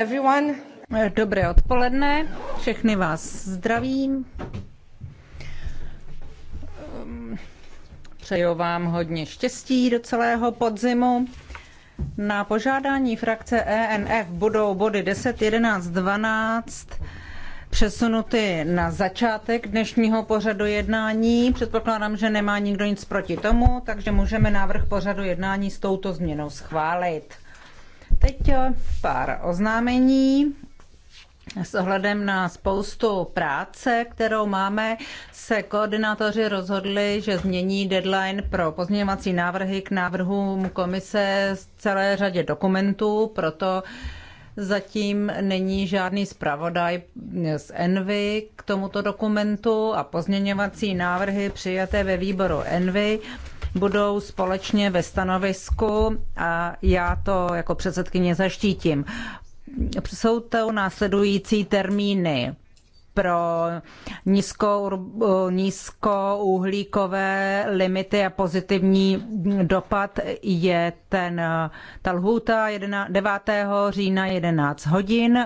Everyone. Dobré odpoledne, všechny vás zdravím. Ehm, přeju vám hodně štěstí do celého podzimu. Na požádání frakce ENF budou body 10, 11, 12 přesunuty na začátek dnešního pořadu jednání. Předpokládám, že nemá nikdo nic proti tomu, takže můžeme návrh pořadu jednání s touto změnou schválit. Teď eh, pár oznámení. S ohledem na spoustu práce, kterou máme, se koordinátoři rozhodli, že změní deadline pro pozměňovací návrhy k návrhům komise z celé řadě dokumentů, proto zatím není žádný zpravodaj z Envy k tomuto dokumentu a pozměňovací návrhy přijaté ve výboru Envy budou společně ve stanovisku a já to jako předsedkyně zaštítím. Jsou to následující termíny pro nízkouhlíkové nízko limity a pozitivní dopad je ten, ta lhůta 9. října 11 hodin.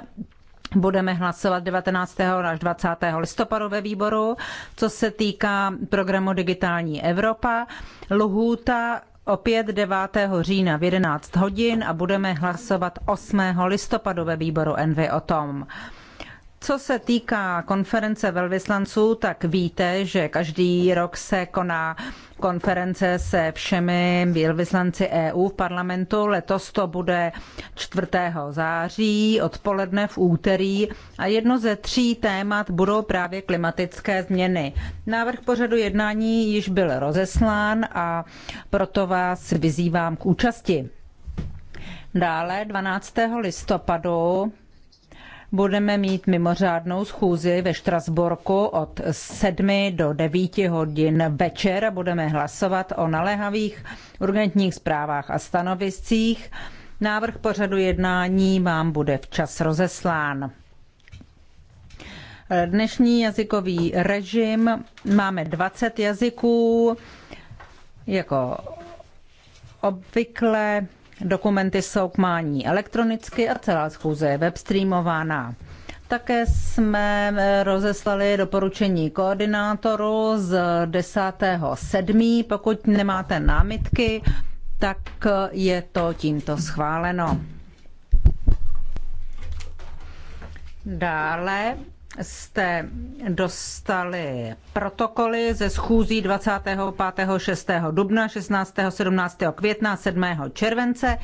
Budeme hlasovat 19. až 20. listopadu ve výboru, co se týká programu Digitální Evropa. Lhůta opět 9. října v 11 hodin a budeme hlasovat 8. listopadu ve výboru Envy o tom. Co se týká konference velvyslanců, tak víte, že každý rok se koná konference se všemi velvyslanci EU v parlamentu. Letos to bude 4. září, odpoledne v úterý a jedno ze tří témat budou právě klimatické změny. Návrh pořadu jednání již byl rozeslán a proto vás vyzývám k účasti. Dále 12. listopadu budeme mít mimořádnou schůzi ve Štrasborku od 7 do 9 hodin večer a budeme hlasovat o naléhavých urgentních zprávách a stanoviscích. Návrh pořadu jednání vám bude včas rozeslán. Dnešní jazykový režim máme 20 jazyků, jako obvykle Dokumenty jsou k mání elektronicky a celá schůze je webstreamována. Také jsme rozeslali doporučení koordinátoru z 10.7. Pokud nemáte námitky, tak je to tímto schváleno. Dále jste dostali protokoly ze schůzí 25. 6. dubna, 16. 17. května, 7. července.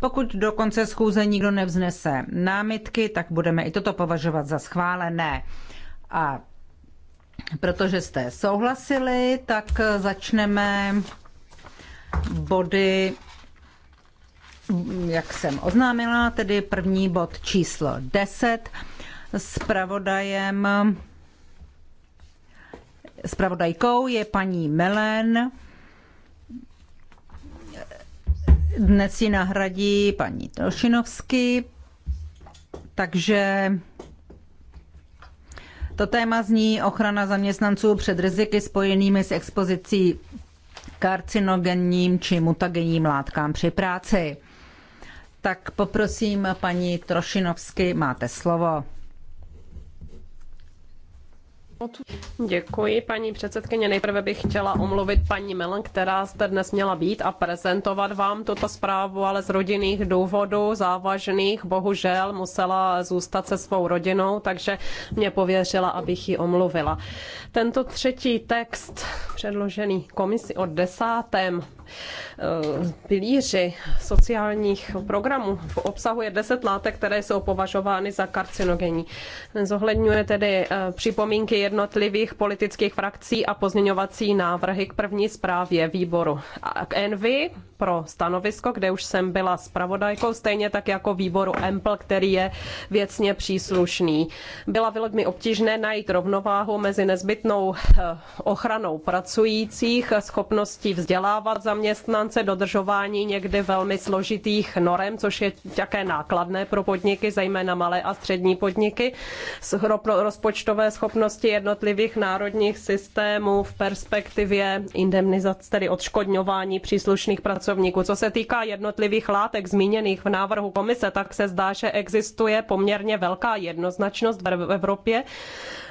Pokud do konce schůze nikdo nevznese námitky, tak budeme i toto považovat za schválené. A protože jste souhlasili, tak začneme body, jak jsem oznámila, tedy první bod číslo 10 Spravodajem Spravodajkou je paní Melen. Dnes ji nahradí paní Tošinovsky, takže to téma zní ochrana zaměstnanců před riziky spojenými s expozicí karcinogenním či mutagenním látkám při práci. Tak poprosím paní Trošinovsky, máte slovo. Děkuji, paní předsedkyně. Nejprve bych chtěla omluvit paní Melan, která zde dnes měla být a prezentovat vám tuto zprávu, ale z rodinných důvodů závažných bohužel musela zůstat se svou rodinou, takže mě pověřila, abych ji omluvila. Tento třetí text předložený komisi o desátém Eh, pilíři sociálních programů obsahuje 10 látek, které jsou považovány za karcinogenní. Zohledňuje tedy eh, připomínky jednotlivých politických frakcí a pozměňovací návrhy k první zprávě výboru. A k Envy pro stanovisko, kde už jsem byla zpravodajkou, stejně tak jako výboru EMPL, který je věcně příslušný. Byla velmi obtížné najít rovnováhu mezi nezbytnou eh, ochranou pracujících, schopností vzdělávat zaměstnanců, zaměstnance, dodržování někdy velmi složitých norem, což je také nákladné pro podniky, zejména malé a střední podniky, rozpočtové schopnosti jednotlivých národních systémů v perspektivě indemnizace, tedy odškodňování příslušných pracovníků. Co se týká jednotlivých látek zmíněných v návrhu komise, tak se zdá, že existuje poměrně velká jednoznačnost v Evropě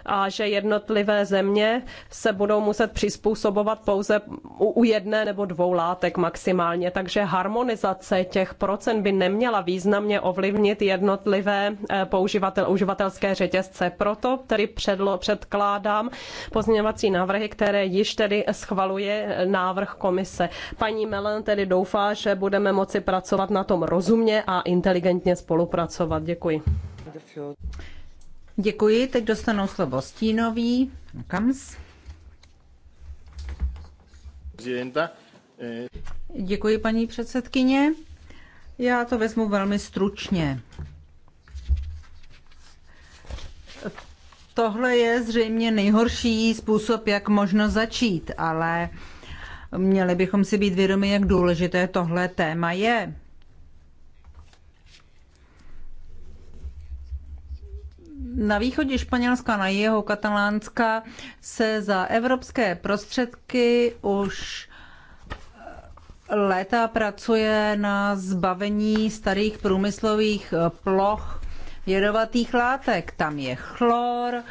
a že jednotlivé země se budou muset přizpůsobovat pouze u jedné nebo dvou látek maximálně. Takže harmonizace těch procent by neměla významně ovlivnit jednotlivé eh, uživatelské řetězce. Proto tedy předlo, předkládám pozměňovací návrhy, které již tedy schvaluje eh, návrh komise. Paní Melen tedy doufá, že budeme moci pracovat na tom rozumně a inteligentně spolupracovat. Děkuji. Děkuji, teď dostanou slovo Stínový. Kams. Eh, Děkuji, paní předsedkyně. Já to vezmu velmi stručně. Tohle je zřejmě nejhorší způsob, jak možno začít, ale měli bychom si být vědomi, jak důležité tohle téma je. Na východě Španělska, na jihu Katalánska se za evropské prostředky už eh, léta pracuje na zbavení starých průmyslových eh, ploch jedovatých látek. Tam je chlor,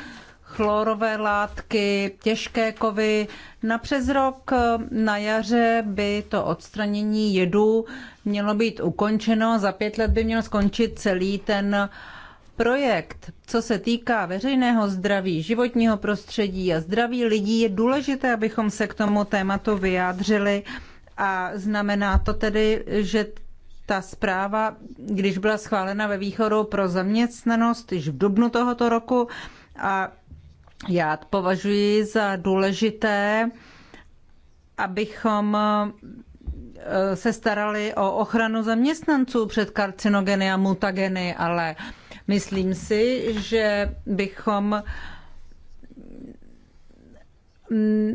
chlorové látky, těžké kovy. Na přes rok eh, na jaře by to odstranění jedu mělo být ukončeno, za pět let by měl skončit celý ten uh, projekt, co se týká veřejného zdraví, životního prostředí a zdraví lidí, je důležité, abychom se k tomu tématu vyjádřili. A znamená to tedy, že ta zpráva, když byla schválena ve východu pro zaměstnanost již v dubnu tohoto roku a já považuji za důležité, abychom eh, se starali o ochranu zaměstnanců před karcinogeny a mutageny, ale Myslím si, že bychom mm,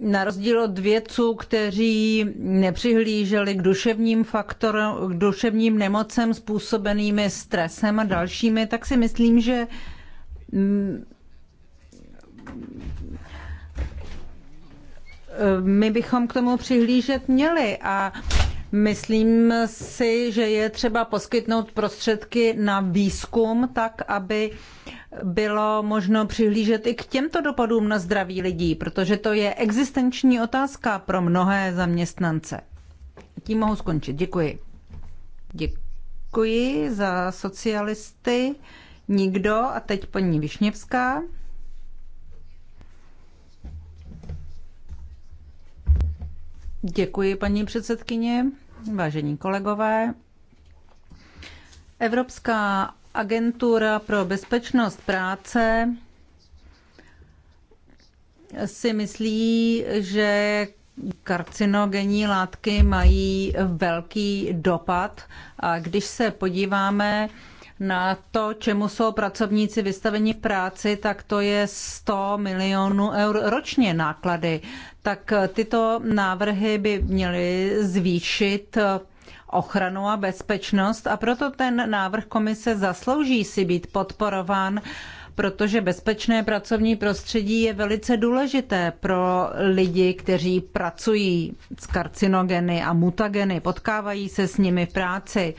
na rozdíl od vědců, kteří nepřihlíželi k duševním faktorům, k duševním nemocem způsobenými stresem a dalšími, tak si myslím, že mm, my bychom k tomu přihlížet měli a Myslím si, že je třeba poskytnout prostředky na výzkum, tak aby bylo možno přihlížet i k těmto dopadům na zdraví lidí, protože to je existenční otázka pro mnohé zaměstnance. Tím mohu skončit. Děkuji. Děkuji za socialisty. Nikdo. A teď paní Višněvská. Děkuji, paní předsedkyně vážení kolegové. Evropská agentura pro bezpečnost práce si myslí, že karcinogenní látky mají velký dopad. A když se podíváme na to, čemu jsou pracovníci vystaveni v práci, tak to je 100 milionů eur ročně náklady tak tyto návrhy by měly zvýšit ochranu a bezpečnost a proto ten návrh komise zaslouží si být podporován, protože bezpečné pracovní prostředí je velice důležité pro lidi, kteří pracují s karcinogeny a mutageny, potkávají se s nimi v práci.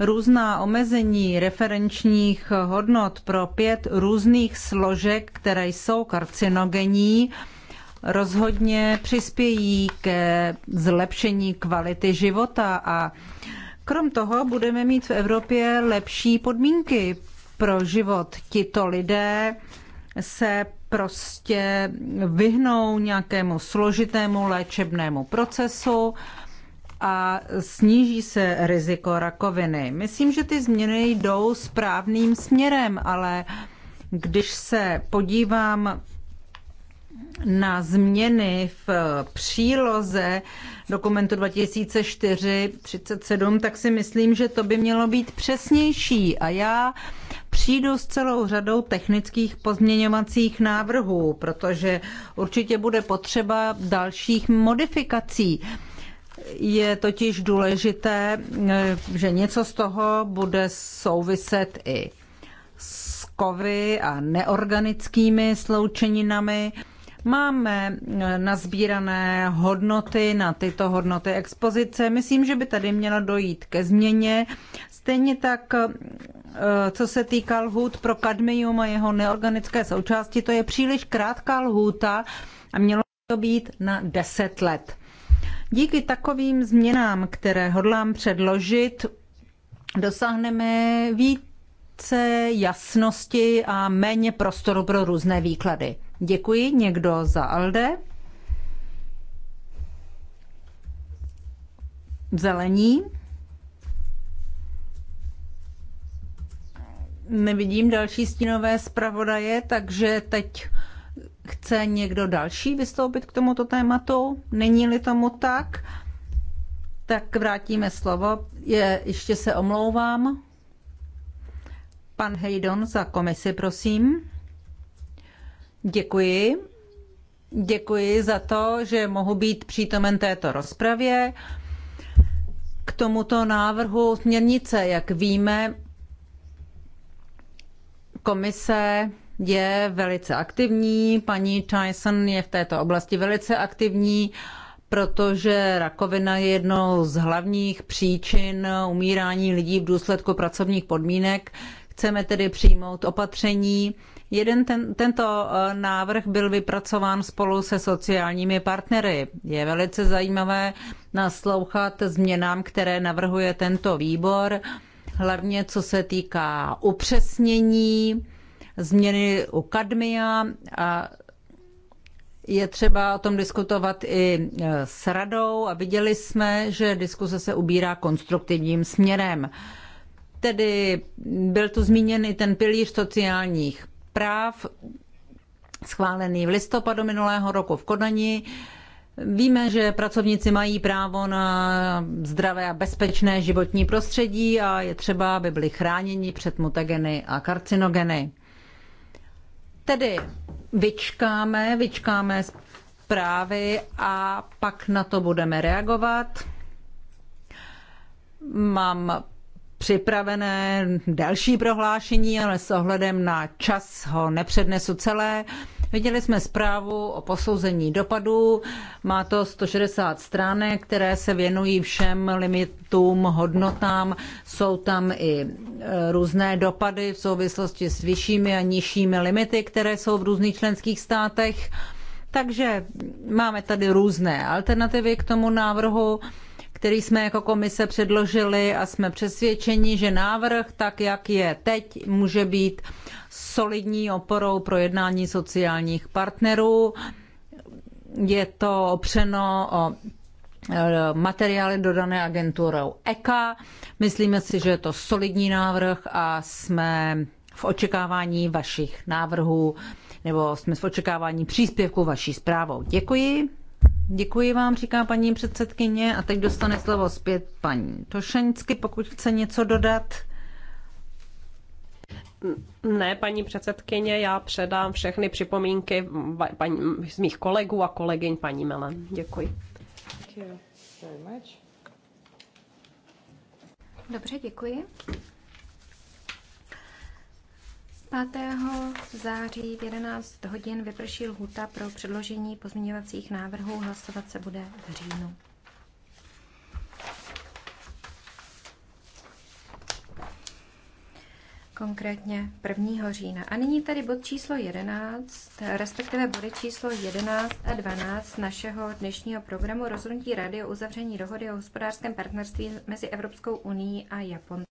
Různá omezení referenčních hodnot pro pět různých složek, které jsou karcinogenní, rozhodně přispějí ke zlepšení kvality života a krom toho budeme mít v Evropě lepší podmínky pro život. Tito lidé se prostě vyhnou nějakému složitému léčebnému procesu a sníží se riziko rakoviny. Myslím, že ty změny jdou správným směrem, ale když se podívám na změny v příloze dokumentu 2004-37, tak si myslím, že to by mělo být přesnější. A já přijdu s celou řadou technických pozměňovacích návrhů, protože určitě bude potřeba dalších modifikací. Je totiž důležité, že něco z toho bude souviset i s kovy a neorganickými sloučeninami. Máme e, nazbírané hodnoty na tyto hodnoty expozice. Myslím, že by tady mělo dojít ke změně. Stejně tak, e, co se týká lhůt pro kadmium a jeho neorganické součásti, to je příliš krátká lhůta a mělo by to být na 10 let. Díky takovým změnám, které hodlám předložit, dosáhneme více jasnosti a méně prostoru pro různé výklady. Děkuji. Někdo za ALDE? Zelení? Nevidím další stínové zpravodaje, takže teď chce někdo další vystoupit k tomuto tématu. Není-li tomu tak, tak vrátíme slovo. Je, ještě se omlouvám. Pan Hejdon za komisi, prosím. Děkuji. Děkuji za to, že mohu být přítomen této rozpravě. K tomuto návrhu směrnice, jak víme, komise je velice aktivní, paní Tyson je v této oblasti velice aktivní, protože rakovina je jednou z hlavních příčin umírání lidí v důsledku pracovních podmínek. Chceme tedy přijmout opatření, Jeden ten, tento eh, návrh byl vypracován spolu se sociálními partnery. Je velice zajímavé naslouchat změnám, které navrhuje tento výbor, hlavně co se týká upřesnění, změny u kadmia a je třeba o tom diskutovat i eh, s radou a viděli jsme, že diskuse se ubírá konstruktivním směrem. Tedy byl tu zmíněn i ten pilíř sociálních práv, schválený v listopadu minulého roku v Kodani. Víme, že pracovníci mají právo na zdravé a bezpečné životní prostředí a je třeba, aby byli chráněni před mutageny a karcinogeny. Tedy vyčkáme, vyčkáme zprávy a pak na to budeme reagovat. Mám připravené další prohlášení, ale s ohledem na čas ho nepřednesu celé. Viděli jsme zprávu o posouzení dopadů. Má to 160 stránek, které se věnují všem limitům, hodnotám. Jsou tam i e, různé dopady v souvislosti s vyššími a nižšími limity, které jsou v různých členských státech. Takže máme tady různé alternativy k tomu návrhu který jsme jako komise předložili a jsme přesvědčeni, že návrh, tak jak je teď, může být solidní oporou pro jednání sociálních partnerů. Je to opřeno o e, materiály dodané agenturou ECA. Myslíme si, že je to solidní návrh a jsme v očekávání vašich návrhů nebo jsme v očekávání příspěvku vaší zprávou. Děkuji. Děkuji vám, říká paní předsedkyně. A teď dostane slovo zpět paní Tošeňsky, pokud chce něco dodat. Ne, paní předsedkyně, já předám všechny připomínky paní, z mých kolegů a kolegyň paní Mele. Děkuji. Dobře, děkuji. 5. září v 11 hodin vyprší lhuta pro předložení pozměňovacích návrhů. Hlasovat se bude v říjnu. Konkrétně 1. října. A nyní tady bod číslo 11, respektive body číslo 11 a 12 našeho dnešního programu rozhodnutí Rady o uzavření dohody o hospodářském partnerství mezi Evropskou unii a Japonskou.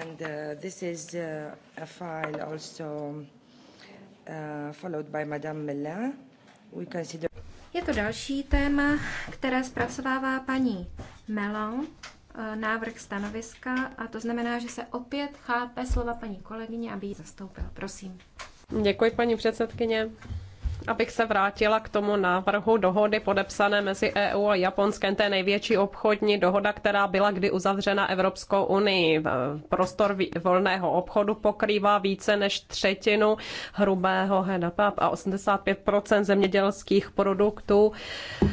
and uh, this is uh, a file also uh, followed by Madame Mella. We consider je to další téma, které zpracovává paní Melon, uh, návrh stanoviska, a to znamená, že se opět chápe slova paní kolegyně, aby ji zastoupil. Prosím. Děkuji, paní předsedkyně. Abych se vrátila k tomu návrhu dohody podepsané mezi EU a Japonskem, té největší obchodní dohoda, která byla kdy uzavřena Evropskou unii. Prostor volného obchodu pokrývá více než třetinu hrubého HDP a 85 zemědělských produktů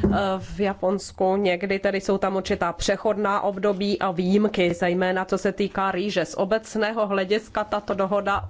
e, v Japonsku. Někdy tedy jsou tam určitá přechodná období a výjimky, zejména co se týká rýže. Z obecného hlediska tato dohoda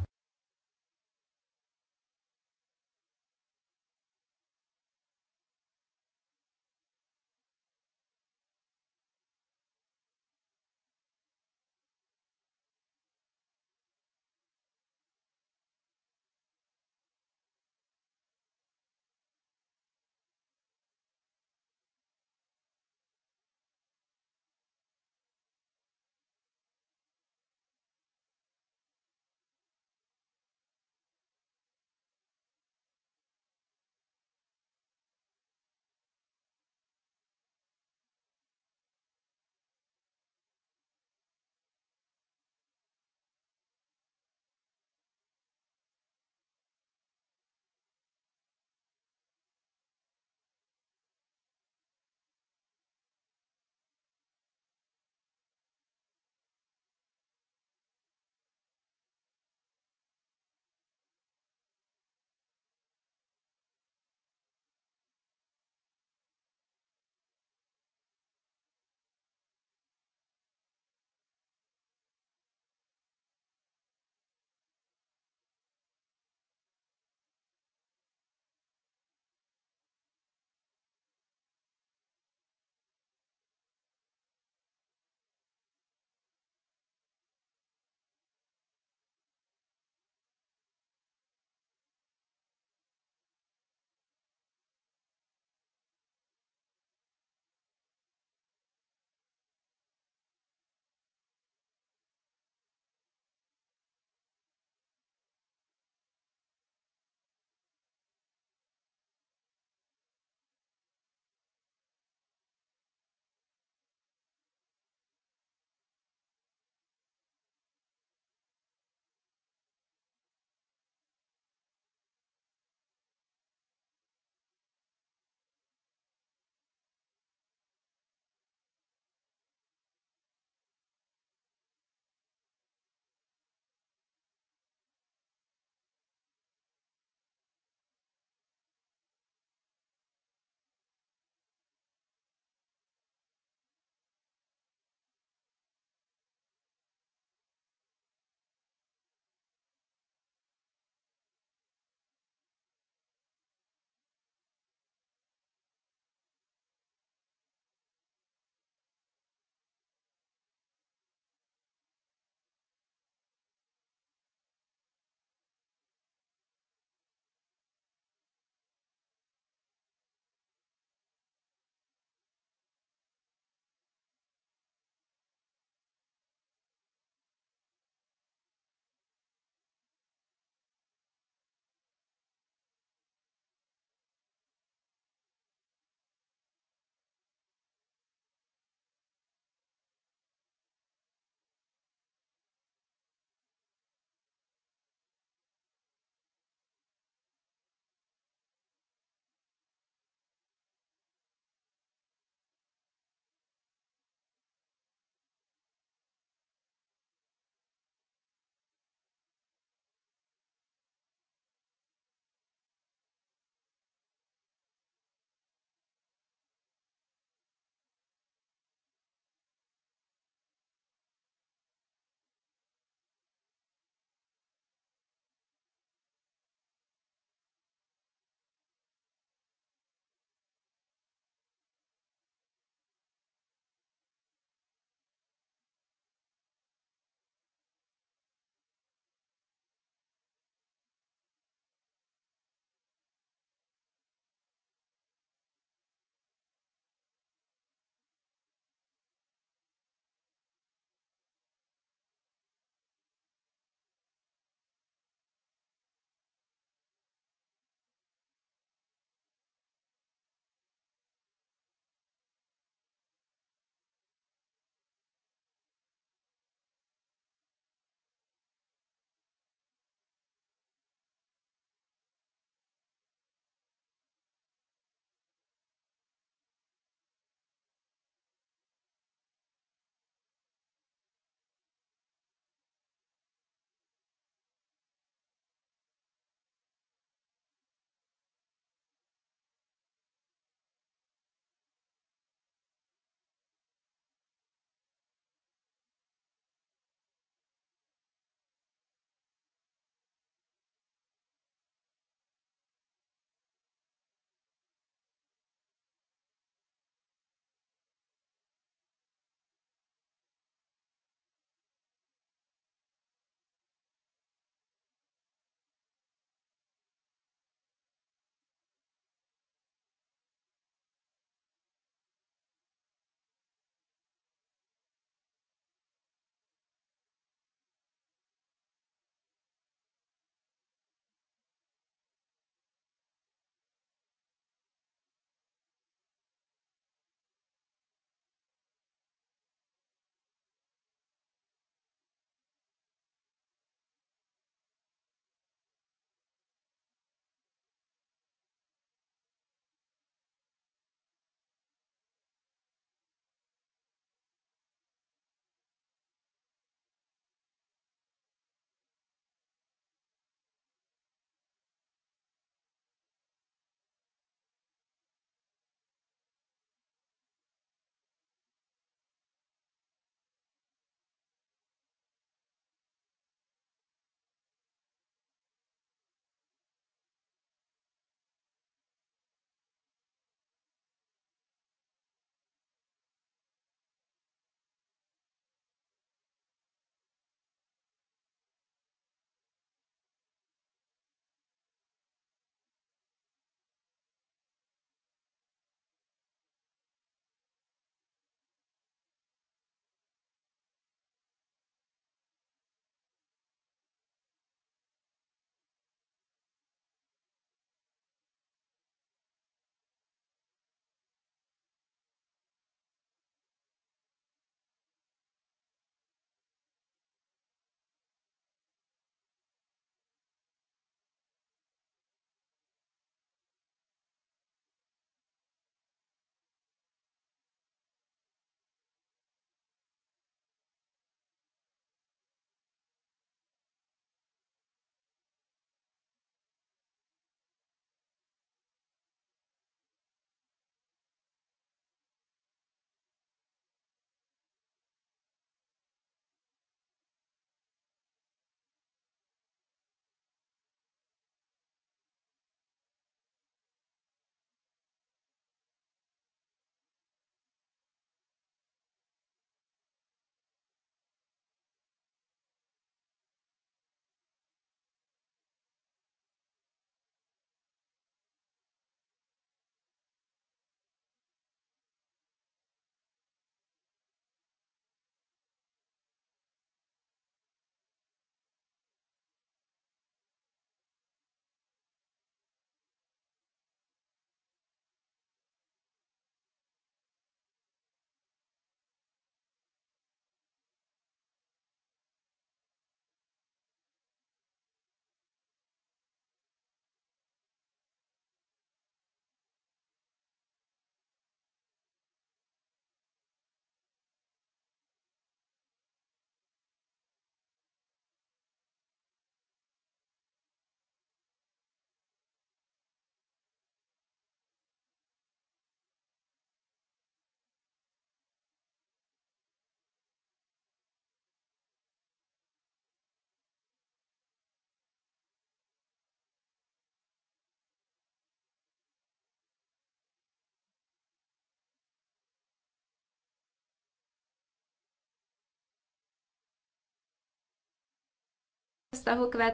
vztahu k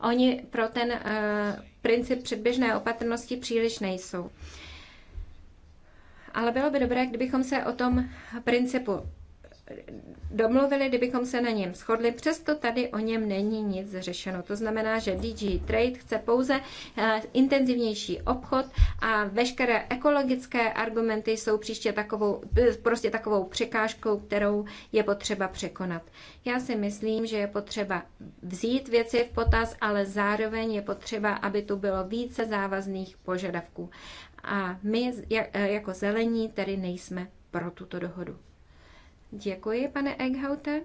oni pro ten eh, princip předběžné opatrnosti příliš nejsou. Ale bylo by dobré, kdybychom se o tom principu domluvili, kdybychom se na něm shodli, přesto tady o něm není nic řešeno. To znamená, že DG Trade chce pouze eh, intenzivnější obchod a veškeré ekologické argumenty jsou příště takovou, eh, prostě takovou překážkou, kterou je potřeba překonat. Já si myslím, že je potřeba vzít věci v potaz, ale zároveň je potřeba, aby tu bylo více závazných požadavků. A my eh, jako zelení tedy nejsme pro tuto dohodu. Děkuji, pane Eghaute.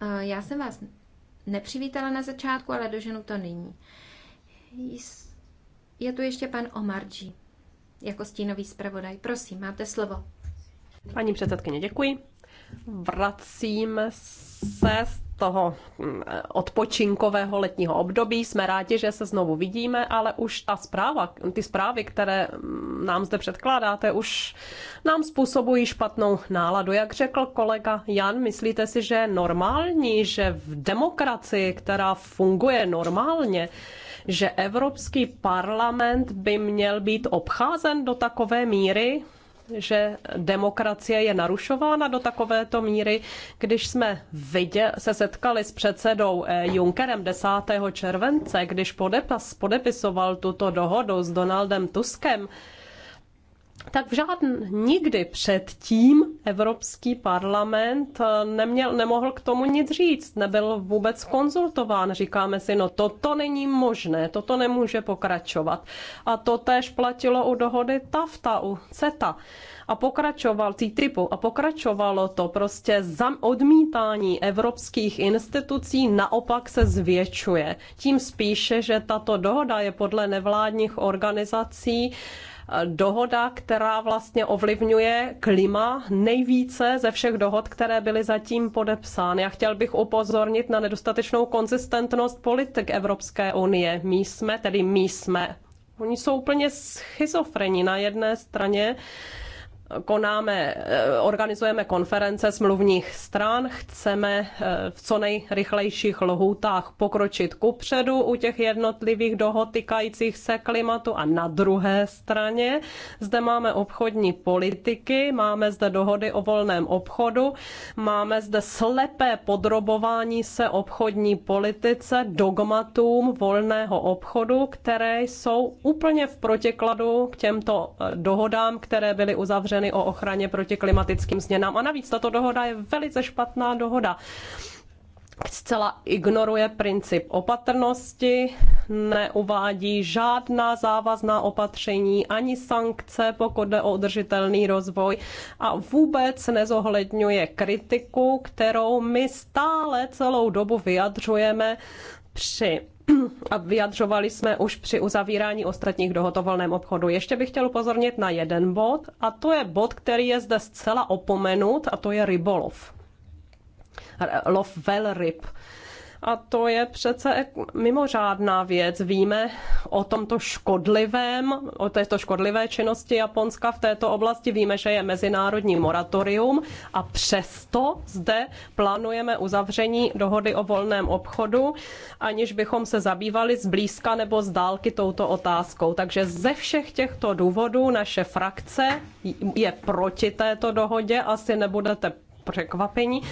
Eh, já jsem vás nepřivítala na začátku, ale doženu to nyní. Je tu ještě pan Omarji jako stínový zpravodaj. Prosím, máte slovo. Paní předsedkyně, děkuji. Vracíme se toho mm, odpočinkového letního období. Jsme rádi, že se znovu vidíme, ale už ta zpráva, ty zprávy, které mm, nám zde předkládáte, už nám způsobují špatnou náladu. Jak řekl kolega Jan, myslíte si, že je normální, že v demokracii, která funguje normálně, že Evropský parlament by měl být obcházen do takové míry, že demokracie je narušována do takovéto míry. Když jsme viděl, se setkali s předsedou eh, Junckerem 10. července, když podepas, podepisoval tuto dohodu s Donaldem Tuskem, tak žádný, nikdy předtím Evropský parlament eh, neměl, nemohl k tomu nic říct, nebyl vůbec konzultován. Říkáme si, no toto není možné, toto nemůže pokračovat. A to též platilo u dohody TAFTA, u CETA. A pokračoval TTIPu a pokračovalo to prostě za odmítání evropských institucí naopak se zvětšuje. Tím spíše, že tato dohoda je podle nevládních organizací dohoda, která vlastně ovlivňuje klima nejvíce ze všech dohod, které byly zatím podepsány. Já chtěl bych upozornit na nedostatečnou konzistentnost politik Evropské unie. My jsme, tedy my jsme. Oni jsou úplně schizofreni na jedné straně konáme, eh, organizujeme konference smluvních stran, chceme eh, v co nejrychlejších lhůtách pokročit kupředu u těch jednotlivých dohod týkajících se klimatu a na druhé straně zde máme obchodní politiky, máme zde dohody o volném obchodu, máme zde slepé podrobování se obchodní politice dogmatům volného obchodu, které jsou úplně v protikladu k těmto eh, dohodám, které byly uzavřeny ženy o ochraně proti klimatickým změnám. A navíc tato dohoda je velice špatná dohoda zcela ignoruje princip opatrnosti, neuvádí žádná závazná opatření ani sankce, pokud jde o udržitelný rozvoj a vůbec nezohledňuje kritiku, kterou my stále celou dobu vyjadřujeme při a vyjadřovali jsme už při uzavírání ostatních dohod o volném obchodu. Ještě bych chtěl upozornit na jeden bod a to je bod, který je zde zcela opomenut a to je rybolov. Lov velryb. ryb a to je přece mimořádná věc. Víme o tomto škodlivém, o této škodlivé činnosti Japonska v této oblasti. Víme, že je mezinárodní moratorium a přesto zde plánujeme uzavření dohody o volném obchodu, aniž bychom se zabývali zblízka nebo z dálky touto otázkou. Takže ze všech těchto důvodů naše frakce je proti této dohodě. Asi nebudete překvapení.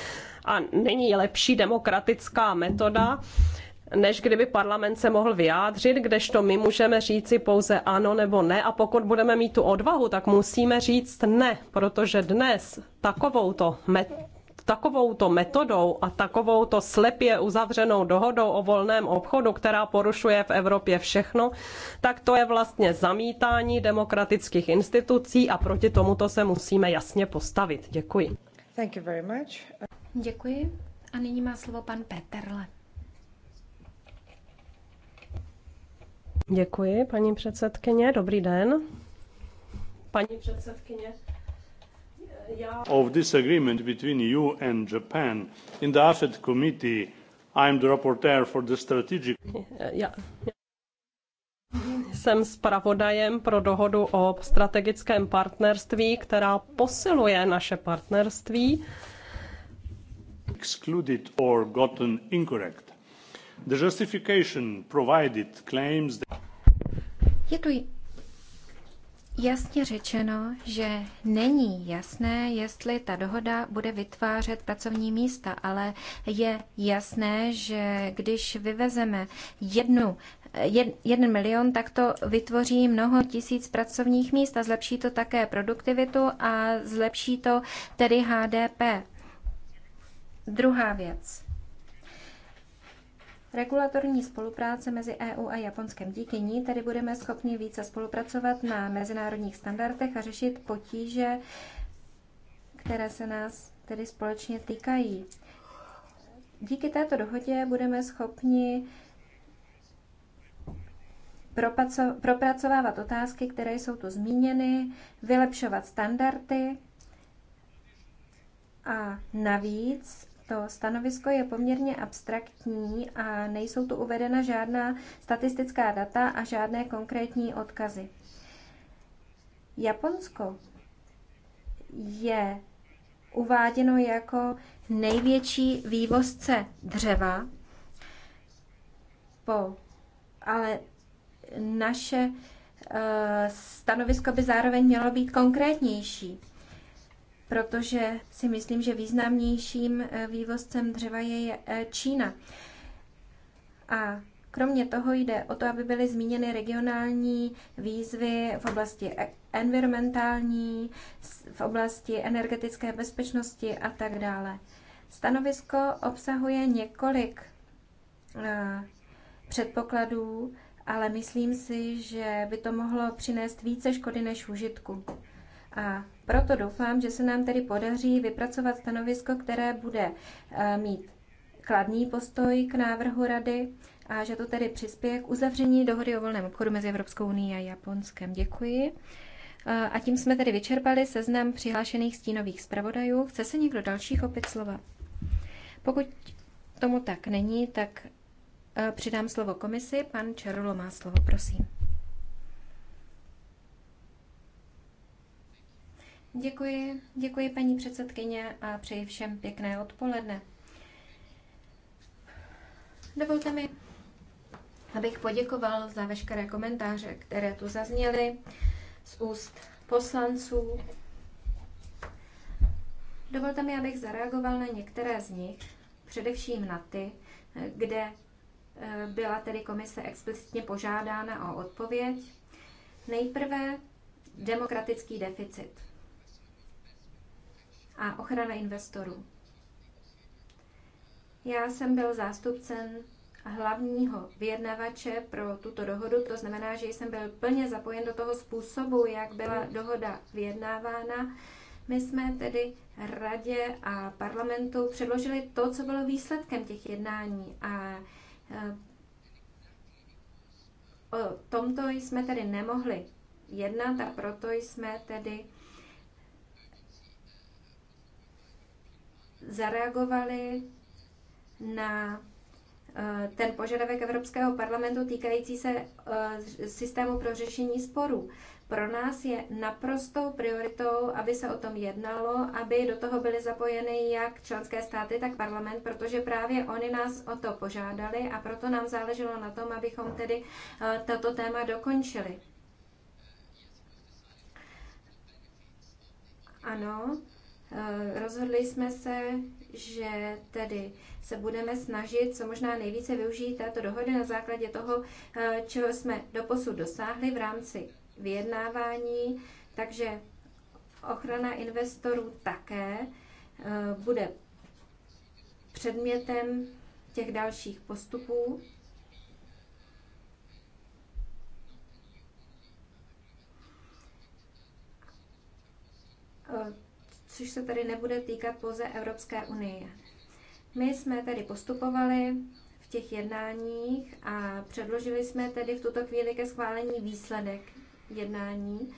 A není lepší demokratická metoda, než kdyby parlament se mohl vyjádřit, kdežto my můžeme říci pouze ano nebo ne. A pokud budeme mít tu odvahu, tak musíme říct ne, protože dnes takovouto met- takovouto metodou a takovouto slepě uzavřenou dohodou o volném obchodu, která porušuje v Evropě všechno, tak to je vlastně zamítání demokratických institucí a proti tomuto se musíme jasně postavit. Děkuji. Thank you very much. Děkuji. A nyní má slovo pan Peterle. Děkuji, paní předsedkyně. Dobrý den. Paní předsedkyně, já... Of this agreement between you and Japan in the AFED committee, I am the rapporteur for the strategic... Yeah. Jsem zpravodajem pro dohodu o strategickém partnerství, která posiluje naše partnerství. Excluded or gotten incorrect. The justification provided claims that... Je tu jasně řečeno, že není jasné, jestli ta dohoda bude vytvářet pracovní místa, ale je jasné, že když vyvezeme jednu jed, jeden milion, tak to vytvoří mnoho tisíc pracovních míst a zlepší to také produktivitu a zlepší to tedy HDP. Druhá věc regulatorní spolupráce mezi EU a Japonskem. Díky ní tedy budeme schopni více spolupracovat na mezinárodních standardech a řešit potíže, které se nás tedy společně týkají. Díky této dohodě budeme schopni propracovávat otázky, které jsou tu zmíněny, vylepšovat standardy a navíc to stanovisko je poměrně abstraktní a nejsou tu uvedena žádná statistická data a žádné konkrétní odkazy. Japonsko je uváděno jako největší vývozce dřeva, po, ale naše eh, stanovisko by zároveň mělo být konkrétnější protože si myslím, že významnějším eh, vývozcem dřeva je eh, Čína. A kromě toho jde o to, aby byly zmíněny regionální výzvy v oblasti e-, environmentální, v oblasti energetické bezpečnosti a tak dále. Stanovisko obsahuje několik eh, předpokladů, ale myslím si, že by to mohlo přinést více škody než užitku. A proto doufám, že se nám tedy podaří vypracovat stanovisko, které bude eh, mít kladný postoj k návrhu rady a že to tedy přispěje k uzavření dohody o volném obchodu mezi Evropskou unii a Japonskem. Děkuji. Eh, a tím jsme tedy vyčerpali seznam přihlášených stínových zpravodajů. Chce se někdo dalších opět slova? Pokud tomu tak není, tak eh, přidám slovo komisi. Pan Čerulo má slovo, prosím. Děkuji, děkuji paní předsedkyně a přeji všem pěkné odpoledne. Dovolte mi, abych poděkoval za veškeré komentáře, které tu zazněly z úst poslanců. Dovolte mi, abych zareagoval na některé z nich, především na ty, kde eh, byla tedy komise explicitně požádána o odpověď. Nejprve demokratický deficit a ochrana investorů. Já jsem byl zástupcem hlavního vyjednavače pro tuto dohodu, to znamená, že jsem byl plně zapojen do toho způsobu, jak byla dohoda vyjednávána. My jsme tedy radě a parlamentu předložili to, co bylo výsledkem těch jednání a eh, o tomto jsme tedy nemohli jednat a proto jsme tedy zareagovali na eh, ten požadavek Evropského parlamentu týkající se eh, systému pro řešení sporů. Pro nás je naprostou prioritou, aby se o tom jednalo, aby do toho byly zapojeny jak členské státy, tak parlament, protože právě oni nás o to požádali a proto nám záleželo na tom, abychom tedy eh, toto téma dokončili. Ano, Eh, rozhodli jsme se, že tedy se budeme snažit co možná nejvíce využít této dohody na základě toho, eh, čeho jsme doposud dosáhli v rámci vyjednávání, takže ochrana investorů také eh, bude předmětem těch dalších postupů. Uh, což se tedy nebude týkat pouze Evropské unie. My jsme tedy postupovali v těch jednáních a předložili jsme tedy v tuto chvíli ke schválení výsledek jednání.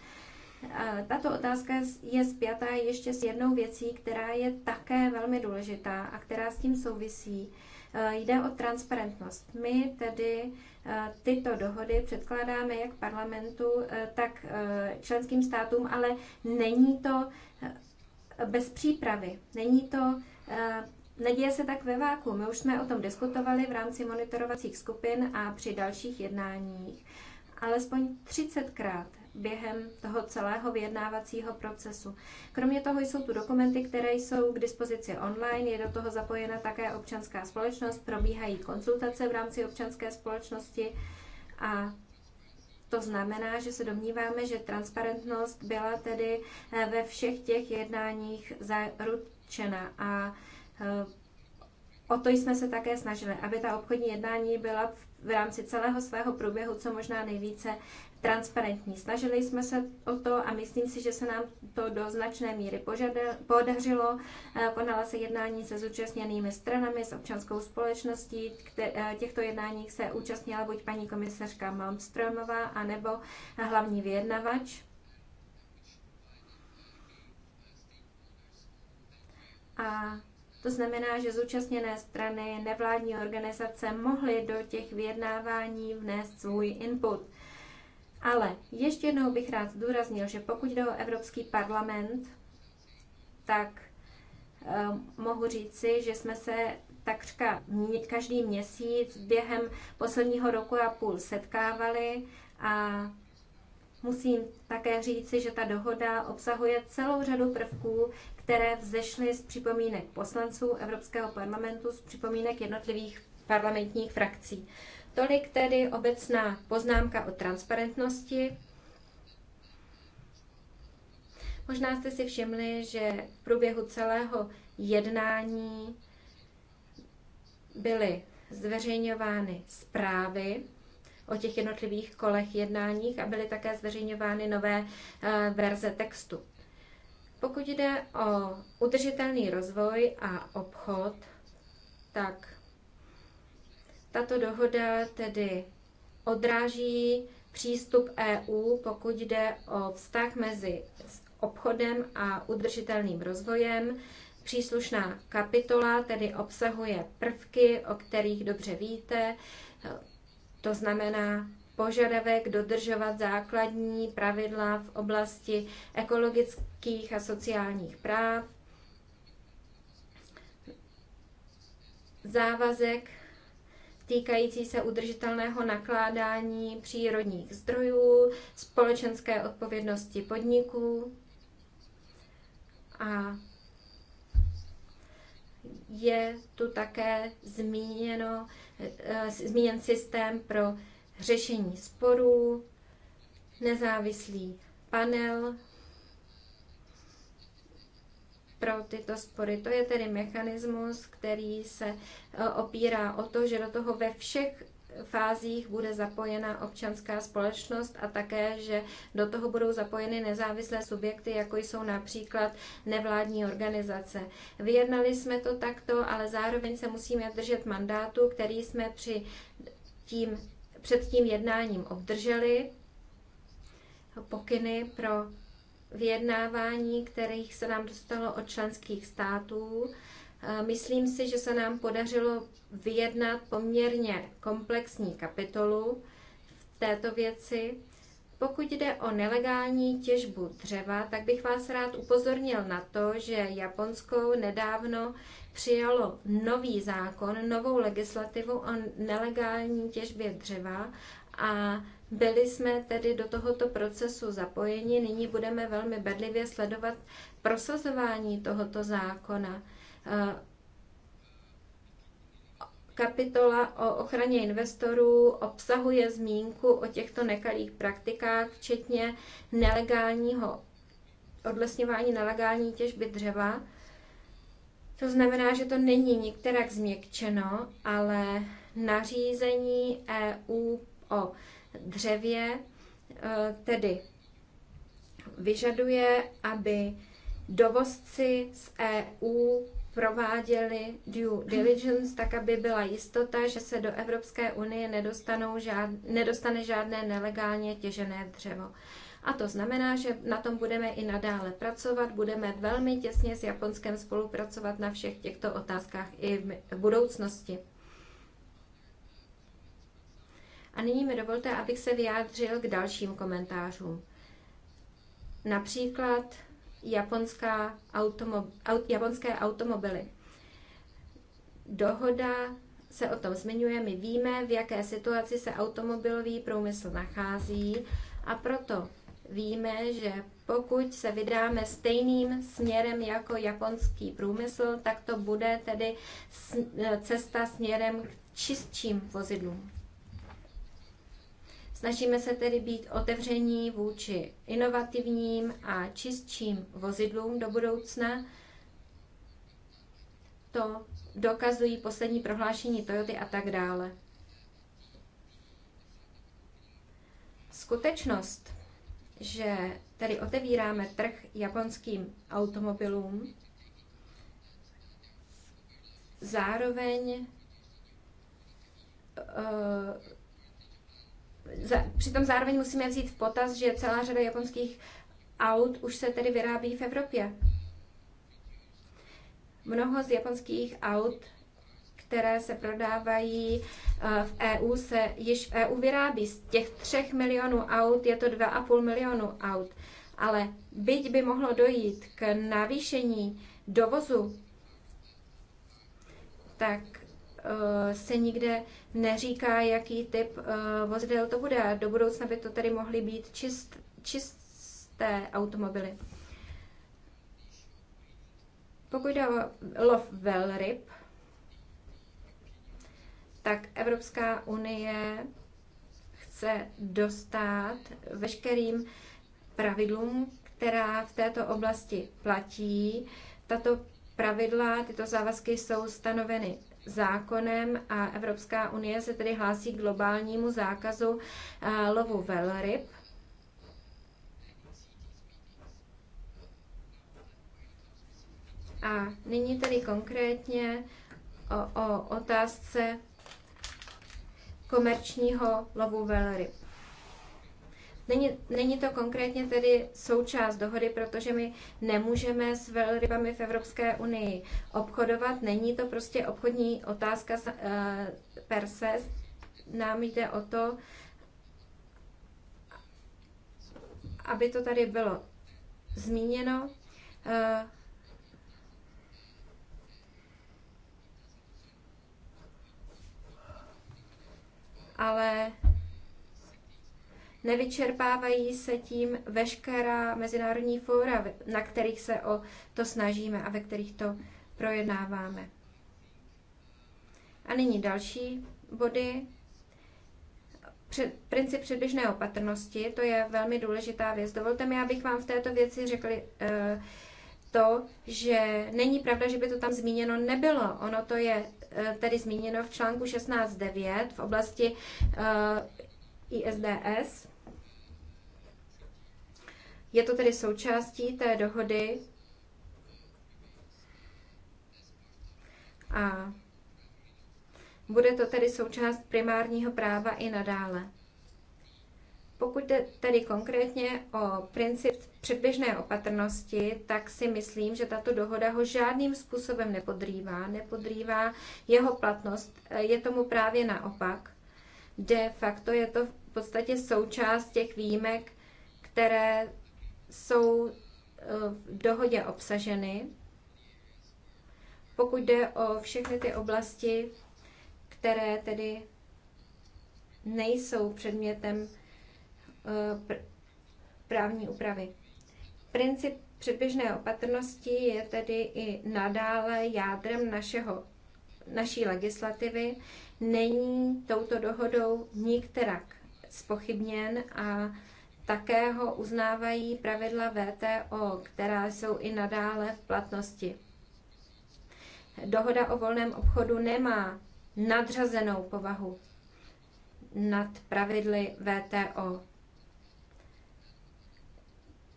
Tato otázka je zpětá ještě s jednou věcí, která je také velmi důležitá a která s tím souvisí. E, jde o transparentnost. My tedy e, tyto dohody předkládáme jak parlamentu, e, tak členským státům, ale není to bez přípravy. Není to eh, Neděje se tak ve váku. My už jsme o tom diskutovali v rámci monitorovacích skupin a při dalších jednáních. Alespoň 30krát během toho celého vyjednávacího procesu. Kromě toho jsou tu dokumenty, které jsou k dispozici online, je do toho zapojena také občanská společnost, probíhají konzultace v rámci občanské společnosti a to znamená, že se domníváme, že transparentnost byla tedy eh, ve všech těch jednáních zaručena a eh, O to jsme se také snažili, aby ta obchodní jednání byla v rámci celého svého průběhu co možná nejvíce transparentní. Snažili jsme se o to a myslím si, že se nám to do značné míry podařilo. Eh, konala se jednání se zúčastněnými stranami, s občanskou společností. Eh, těchto jednáních se účastnila buď paní komisařka Malmströmová, anebo hlavní vyjednavač. A to znamená, že zúčastněné strany, nevládní organizace mohly do těch vyjednávání vnést svůj input. Ale ještě jednou bych rád zdůraznil, že pokud jde o Evropský parlament, tak eh, mohu říci, že jsme se takřka každý měsíc během posledního roku a půl setkávali a musím také říci, že ta dohoda obsahuje celou řadu prvků, které vzešly z připomínek poslanců Evropského parlamentu, z připomínek jednotlivých parlamentních frakcí. Tolik tedy obecná poznámka o transparentnosti. Možná jste si všimli, že v průběhu celého jednání byly zveřejňovány zprávy o těch jednotlivých kolech jednáních a byly také zveřejňovány nové eh, verze textu. Pokud jde o udržitelný rozvoj a obchod, tak tato dohoda tedy odráží přístup EU, pokud jde o vztah mezi obchodem a udržitelným rozvojem. Příslušná kapitola tedy obsahuje prvky, o kterých dobře víte, to znamená požadavek dodržovat základní pravidla v oblasti ekologických a sociálních práv, závazek týkající se udržitelného nakládání přírodních zdrojů, společenské odpovědnosti podniků a je tu také zmíněno, eh, zmíněn systém pro řešení sporů, nezávislý panel pro tyto spory. To je tedy mechanismus, který se e, opírá o to, že do toho ve všech fázích bude zapojena občanská společnost a také, že do toho budou zapojeny nezávislé subjekty, jako jsou například nevládní organizace. Vyjednali jsme to takto, ale zároveň se musíme držet mandátu, který jsme při tím, před tím jednáním obdrželi, pokyny pro vyjednávání, kterých se nám dostalo od členských států. E, myslím si, že se nám podařilo vyjednat poměrně komplexní kapitolu v této věci. Pokud jde o nelegální těžbu dřeva, tak bych vás rád upozornil na to, že Japonsko nedávno přijalo nový zákon, novou legislativu o nelegální těžbě dřeva a byli jsme tedy do tohoto procesu zapojeni. Nyní budeme velmi bedlivě sledovat prosazování tohoto zákona. Eh, kapitola o ochraně investorů obsahuje zmínku o těchto nekalých praktikách, včetně nelegálního odlesňování nelegální těžby dřeva. To znamená, že to není nikterak změkčeno, ale nařízení EU o dřevě, e, tedy vyžaduje, aby dovozci z EU prováděli due diligence, tak aby byla jistota, že se do Evropské unie nedostanou žád, nedostane žádné nelegálně těžené dřevo. A to znamená, že na tom budeme i nadále pracovat, budeme velmi těsně s Japonskem spolupracovat na všech těchto otázkách i v budoucnosti. A nyní mi dovolte, abych se vyjádřil k dalším komentářům. Například japonská automob- aut- japonské automobily. Dohoda se o tom zmiňuje, my víme, v jaké situaci se automobilový průmysl nachází a proto víme, že pokud se vydáme stejným směrem jako japonský průmysl, tak to bude tedy cesta směrem k čistším vozidlům. Snažíme se tedy být otevření vůči inovativním a čistším vozidlům do budoucna. To dokazují poslední prohlášení Toyoty a tak dále. Skutečnost, že tedy otevíráme trh japonským automobilům, zároveň uh, za, přitom zároveň musíme vzít v potaz, že celá řada japonských aut už se tedy vyrábí v Evropě. Mnoho z japonských aut, které se prodávají eh, v EU, se již v EU vyrábí. Z těch 3 milionů aut je to 2,5 milionu aut. Ale byť by mohlo dojít k navýšení dovozu, tak Eh, se nikde neříká, jaký typ eh, vozidel to bude. do budoucna by to tady mohly být čist, čisté automobily. Pokud jde o lov velryb, tak Evropská unie chce dostat veškerým pravidlům, která v této oblasti platí. Tato pravidla, tyto závazky jsou stanoveny zákonem a Evropská unie se tedy hlásí k globálnímu zákazu eh, lovu velryb. A nyní tedy konkrétně o, o otázce komerčního lovu velryb. Není, není to konkrétně tedy součást dohody, protože my nemůžeme s velrybami v Evropské unii obchodovat. Není to prostě obchodní otázka eh, per se. Nám jde o to, aby to tady bylo zmíněno. Eh, ale nevyčerpávají se tím veškerá mezinárodní fóra, na kterých se o to snažíme a ve kterých to projednáváme. A nyní další body. Před, princip předběžné opatrnosti, to je velmi důležitá věc. Dovolte mi, abych vám v této věci řekl eh, to, že není pravda, že by to tam zmíněno nebylo. Ono to je eh, tedy zmíněno v článku 16.9 v oblasti eh, ISDS. Je to tedy součástí té dohody a bude to tedy součást primárního práva i nadále. Pokud jde tedy konkrétně o princip předběžné opatrnosti, tak si myslím, že tato dohoda ho žádným způsobem nepodrývá, nepodrývá jeho platnost, je tomu právě naopak. De facto je to v podstatě součást těch výjimek, které jsou eh, v dohodě obsaženy. Pokud jde o všechny ty oblasti, které tedy nejsou předmětem eh, právní úpravy. Princip předběžné opatrnosti je tedy i nadále jádrem našeho, naší legislativy není touto dohodou nikterak spochybněn a také ho uznávají pravidla VTO, která jsou i nadále v platnosti. Dohoda o volném obchodu nemá nadřazenou povahu nad pravidly VTO.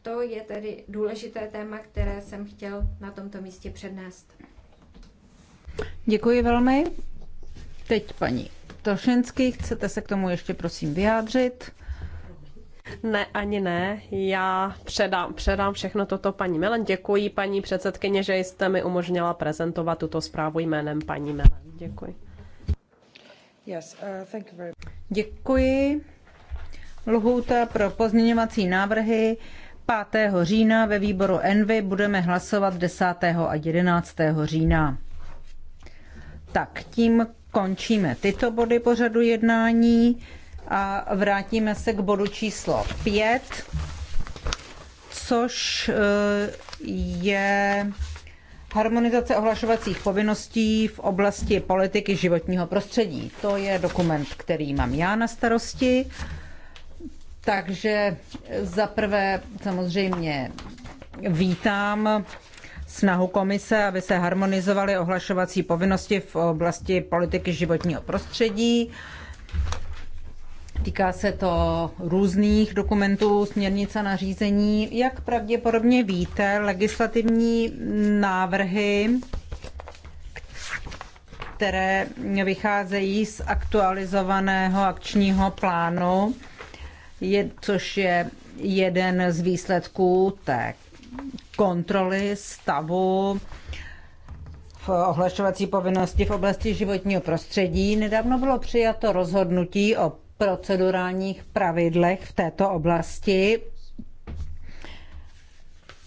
To je tedy důležité téma, které jsem chtěl na tomto místě přednést. Děkuji velmi. Teď paní Tošinský, chcete se k tomu ještě prosím vyjádřit? Ne, ani ne. Já předám, předám všechno toto paní Melen. Děkuji, paní předsedkyně, že jste mi umožnila prezentovat tuto zprávu jménem paní Melen. Děkuji. Yes, uh, thank you very much. Děkuji. Lhůta pro pozměňovací návrhy 5. října ve výboru Envy budeme hlasovat 10. a 11. října. Tak tím končíme tyto body pořadu jednání a vrátíme se k bodu číslo 5, což eh, je harmonizace ohlašovacích povinností v oblasti politiky životního prostředí. To je dokument, který mám já na starosti. Takže za prvé samozřejmě vítám snahu komise, aby se harmonizovaly ohlašovací povinnosti v oblasti politiky životního prostředí. Týká se to různých dokumentů, směrnic a nařízení. Jak pravděpodobně víte, legislativní návrhy, které vycházejí z aktualizovaného akčního plánu, je, což je jeden z výsledků té kontroly stavu v ohlašovací povinnosti v oblasti životního prostředí. Nedávno bylo přijato rozhodnutí o procedurálních pravidlech v této oblasti.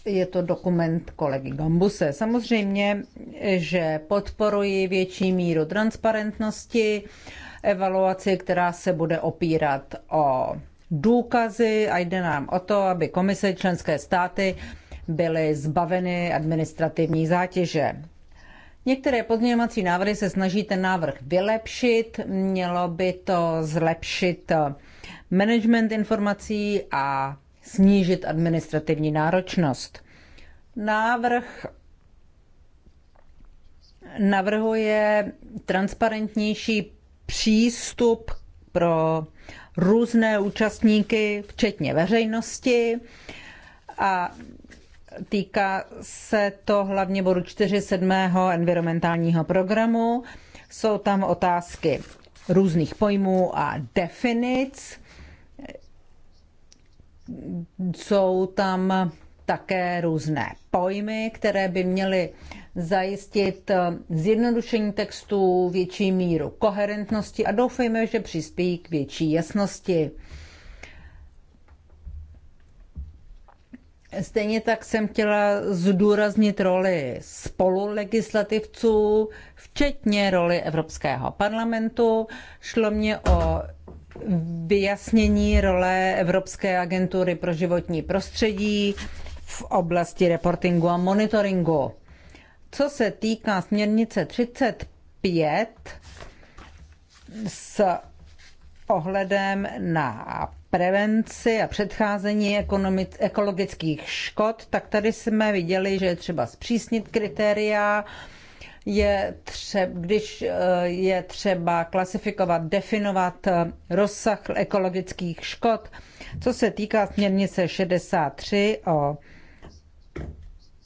Je to dokument kolegy Gambuse. Samozřejmě, že podporuji větší míru transparentnosti, evaluaci, která se bude opírat o důkazy a jde nám o to, aby komise členské státy byly zbaveny administrativní zátěže. Některé pozměňovací návrhy se snaží ten návrh vylepšit, mělo by to zlepšit management informací a snížit administrativní náročnost. Návrh navrhuje transparentnější přístup pro různé účastníky, včetně veřejnosti. A Týká se to hlavně bodu čtyři sedmého environmentálního programu. Jsou tam otázky různých pojmů a definic. Jsou tam také různé pojmy, které by měly zajistit eh, zjednodušení textů, větší míru koherentnosti a doufejme, že přispějí k větší jasnosti. Stejně tak jsem chtěla zdůraznit roli spolulegislativců, včetně roli Evropského parlamentu. Šlo mě o vyjasnění role Evropské agentury pro životní prostředí v oblasti reportingu a monitoringu. Co se týká směrnice 35 s ohledem na prevenci a předcházení ekologických škod, tak tady jsme viděli, že je třeba zpřísnit kritéria, je třeba, když eh, je třeba klasifikovat, definovat eh, rozsah ekologických škod. Co se týká směrnice 63 o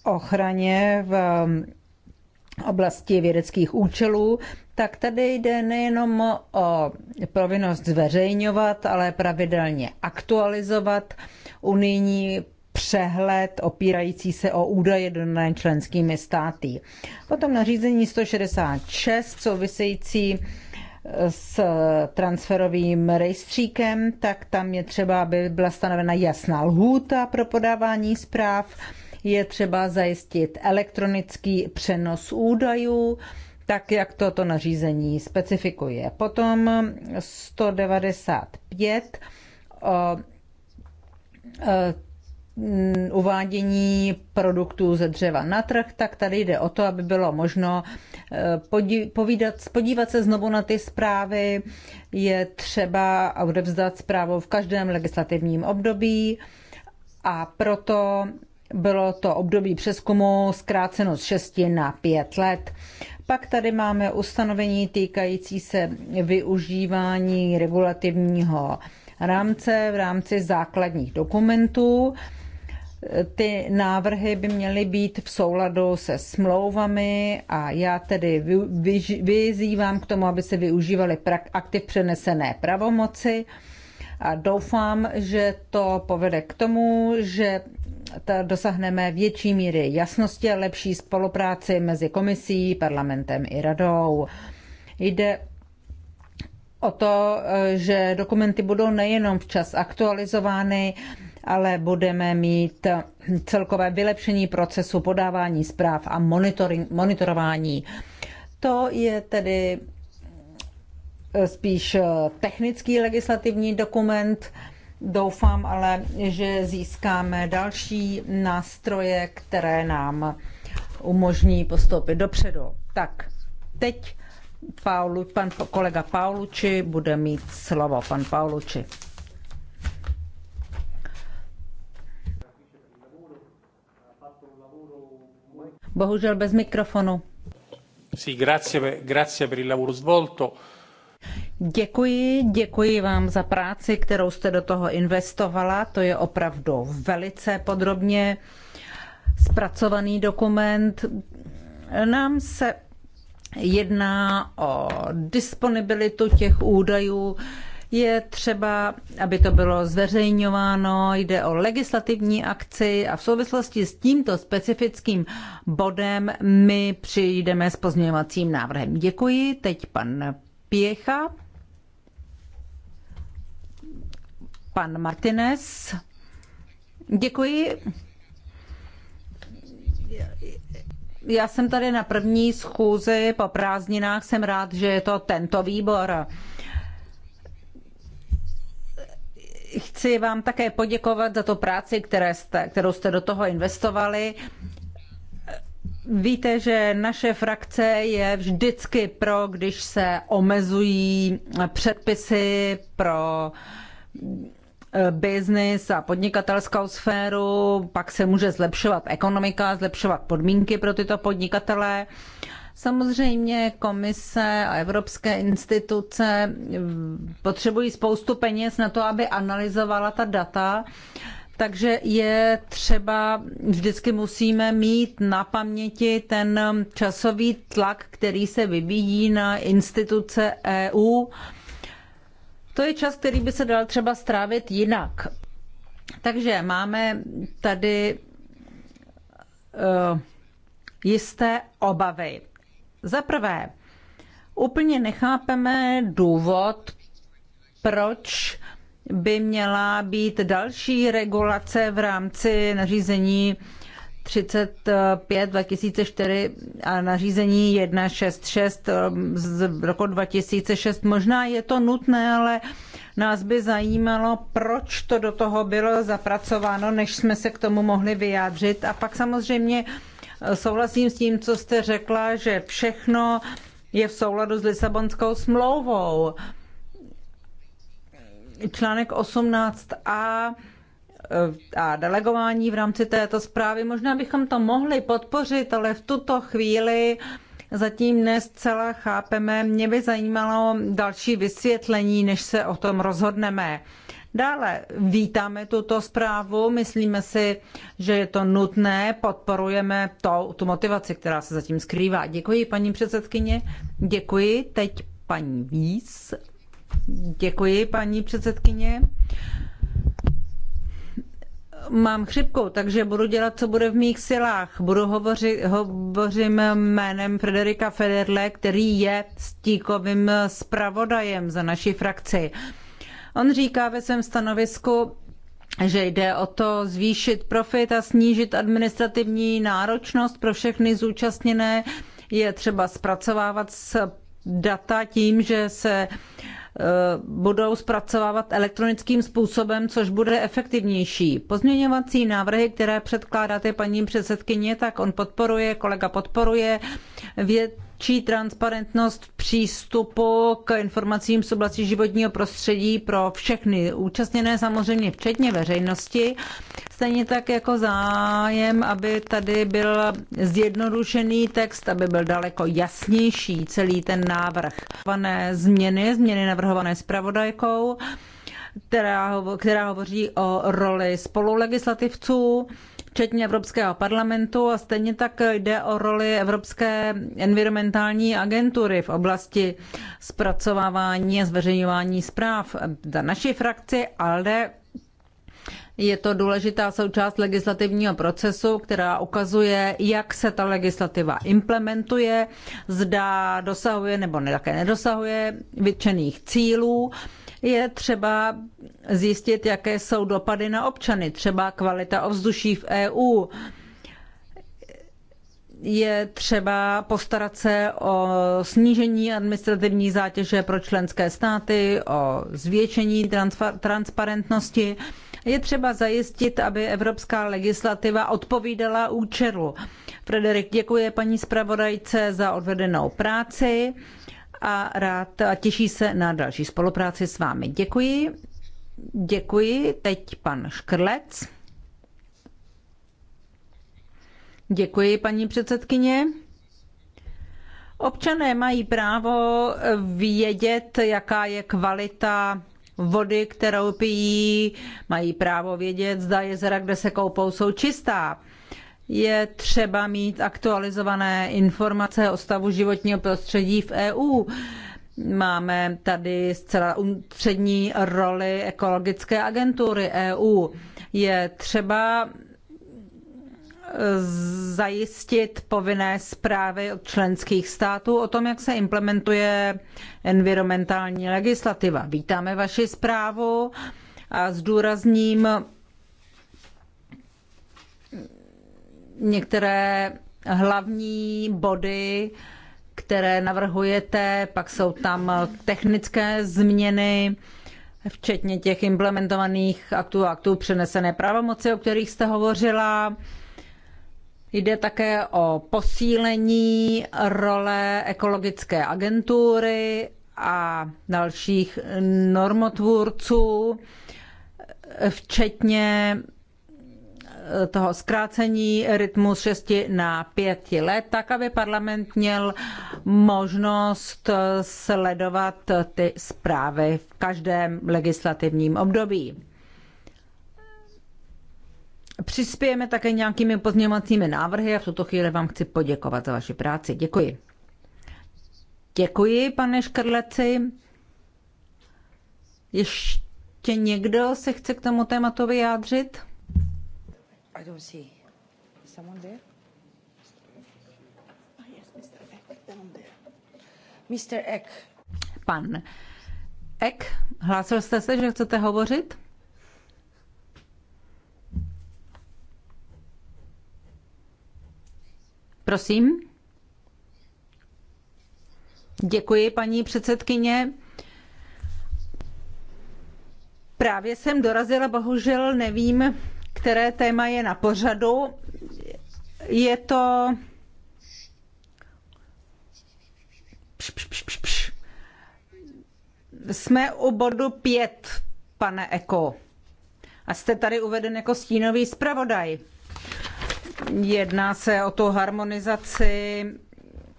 ochraně v eh, oblasti vědeckých účelů, tak tady jde nejenom o povinnost zveřejňovat, ale pravidelně aktualizovat unijní přehled opírající se o údaje dané členskými státy. Potom nařízení 166 související s transferovým rejstříkem, tak tam je třeba, aby byla stanovena jasná lhůta pro podávání zpráv, je třeba zajistit elektronický přenos údajů, tak jak toto nařízení specifikuje. Potom 195 o e, uvádění produktů ze dřeva na trh, tak tady jde o to, aby bylo možno e, podívat, podívat se znovu na ty zprávy. Je třeba odevzdat zprávu v každém legislativním období a proto bylo to období přeskumu zkráceno z 6 na 5 let. Pak tady máme ustanovení týkající se využívání regulativního rámce v rámci základních dokumentů. Ty návrhy by měly být v souladu se smlouvami a já tedy vyzývám k tomu, aby se využívaly aktiv přenesené pravomoci a doufám, že to povede k tomu, že dosáhneme větší míry jasnosti a lepší spolupráci mezi komisí, parlamentem i radou. Jde o to, že dokumenty budou nejenom včas aktualizovány, ale budeme mít celkové vylepšení procesu podávání zpráv a monitorování. To je tedy spíš technický legislativní dokument, Doufám ale, že získáme další nástroje, které nám umožní postoupit dopředu. Tak, teď Paulu, pan kolega Pauluči bude mít slovo. Pan Pauluči. Bohužel bez mikrofonu. Sì, grazie, grazie per il lavoro svolto. Děkuji, děkuji vám za práci, kterou jste do toho investovala. To je opravdu velice podrobně zpracovaný dokument. Nám se jedná o disponibilitu těch údajů. Je třeba, aby to bylo zveřejňováno, jde o legislativní akci a v souvislosti s tímto specifickým bodem my přijdeme s pozměňovacím návrhem. Děkuji. Teď pan Pěcha, pan Martinez. Děkuji. Já jsem tady na první schůzi po prázdninách, jsem rád, že je to tento výbor. Chci vám také poděkovat za tu práci, které jste, kterou jste do toho investovali. Víte, že naše frakce je vždycky pro, když se omezují předpisy pro eh, biznis a podnikatelskou sféru, pak se může zlepšovat ekonomika, zlepšovat podmínky pro tyto podnikatele. Samozřejmě komise a evropské instituce potřebují spoustu peněz na to, aby analyzovala ta data takže je třeba, vždycky musíme mít na paměti ten časový tlak, který se vyvíjí na instituce EU. To je čas, který by se dal třeba strávit jinak. Takže máme tady uh, jisté obavy. Za prvé, úplně nechápeme důvod, proč by měla být další regulace v rámci nařízení 35 2004 a nařízení 166 um, z roku 2006. Možná je to nutné, ale nás by zajímalo, proč to do toho bylo zapracováno, než jsme se k tomu mohli vyjádřit. A pak samozřejmě eh, souhlasím s tím, co jste řekla, že všechno je v souladu s Lisabonskou smlouvou článek 18a eh, a delegování v rámci této zprávy. Možná bychom to mohli podpořit, ale v tuto chvíli zatím ne zcela chápeme. Mě by zajímalo další vysvětlení, než se o tom rozhodneme. Dále vítáme tuto zprávu, myslíme si, že je to nutné, podporujeme to, tu motivaci, která se zatím skrývá. Děkuji, paní předsedkyně. Děkuji. Teď paní Víz. Děkuji, paní předsedkyně. Mám chřipku, takže budu dělat, co bude v mých silách. Budu hovořit, hovořím jménem Frederika Federle, který je stíkovým zpravodajem za naši frakci. On říká ve svém stanovisku, že jde o to zvýšit profit a snížit administrativní náročnost pro všechny zúčastněné. Je třeba zpracovávat data tím, že se uh, Eh, budou zpracovávat elektronickým způsobem, což bude efektivnější. Pozměňovací návrhy, které předkládáte paní předsedkyně, tak on podporuje, kolega podporuje větší transparentnost v přístupu k informacím z oblasti životního prostředí pro všechny účastněné, samozřejmě včetně veřejnosti. Stejně tak jako zájem, aby tady byl zjednodušený text, aby byl daleko jasnější celý ten návrh. Změny, změny navrhované zpravodajkou, která, která hovoří o roli spolulegislativců včetně Evropského parlamentu a stejně tak jde o roli Evropské environmentální agentury v oblasti zpracovávání a zveřejňování zpráv. Za naší frakci ALDE je to důležitá součást legislativního procesu, která ukazuje, jak se ta legislativa implementuje, zda dosahuje nebo také nedosahuje vytčených cílů je třeba zjistit, jaké jsou dopady na občany, třeba kvalita ovzduší v EU. Je třeba postarat se o snížení administrativní zátěže pro členské státy, o zvětšení transparentnosti. Je třeba zajistit, aby evropská legislativa odpovídala účelu. Frederik děkuji, paní zpravodajce za odvedenou práci a rád a těší se na další spolupráci s vámi. Děkuji. Děkuji. Teď pan Škrlec. Děkuji, paní předsedkyně. Občané mají právo vědět, jaká je kvalita vody, kterou pijí, mají právo vědět, zda jezera, kde se koupou, jsou čistá je třeba mít aktualizované informace o stavu životního prostředí v EU. Máme tady zcela ústřední roli ekologické agentury EU. Je třeba eh, zajistit povinné zprávy od členských států o tom, jak se implementuje environmentální legislativa. Vítáme vaši zprávu a zdůrazním některé hlavní body, které navrhujete, pak jsou tam technické změny, včetně těch implementovaných aktů a aktů přenesené pravomoci, o kterých jste hovořila. Jde také o posílení role ekologické agentury a dalších normotvůrců, včetně toho zkrácení rytmu z 6 na 5 let, tak aby parlament měl možnost sledovat ty zprávy v každém legislativním období. Přispějeme také nějakými pozměňovacími návrhy a v tuto chvíli vám chci poděkovat za vaši práci. Děkuji. Děkuji, pane Škrleci. Ještě někdo se chce k tomu tématu vyjádřit? I don't see. Is someone there? Ah, yes, Mr. Eck, down there. Mr. Eck. Pan Eck, hlásil jste se, že chcete hovořit? Prosím. Děkuji, paní předsedkyně. Právě jsem dorazila, bohužel nevím, které téma je na pořadu. Je to pš, pš, pš, pš, Jsme u bodu 5, pane Eko. A jste tady uveden jako stínový zpravodaj. Jedná se o tu harmonizaci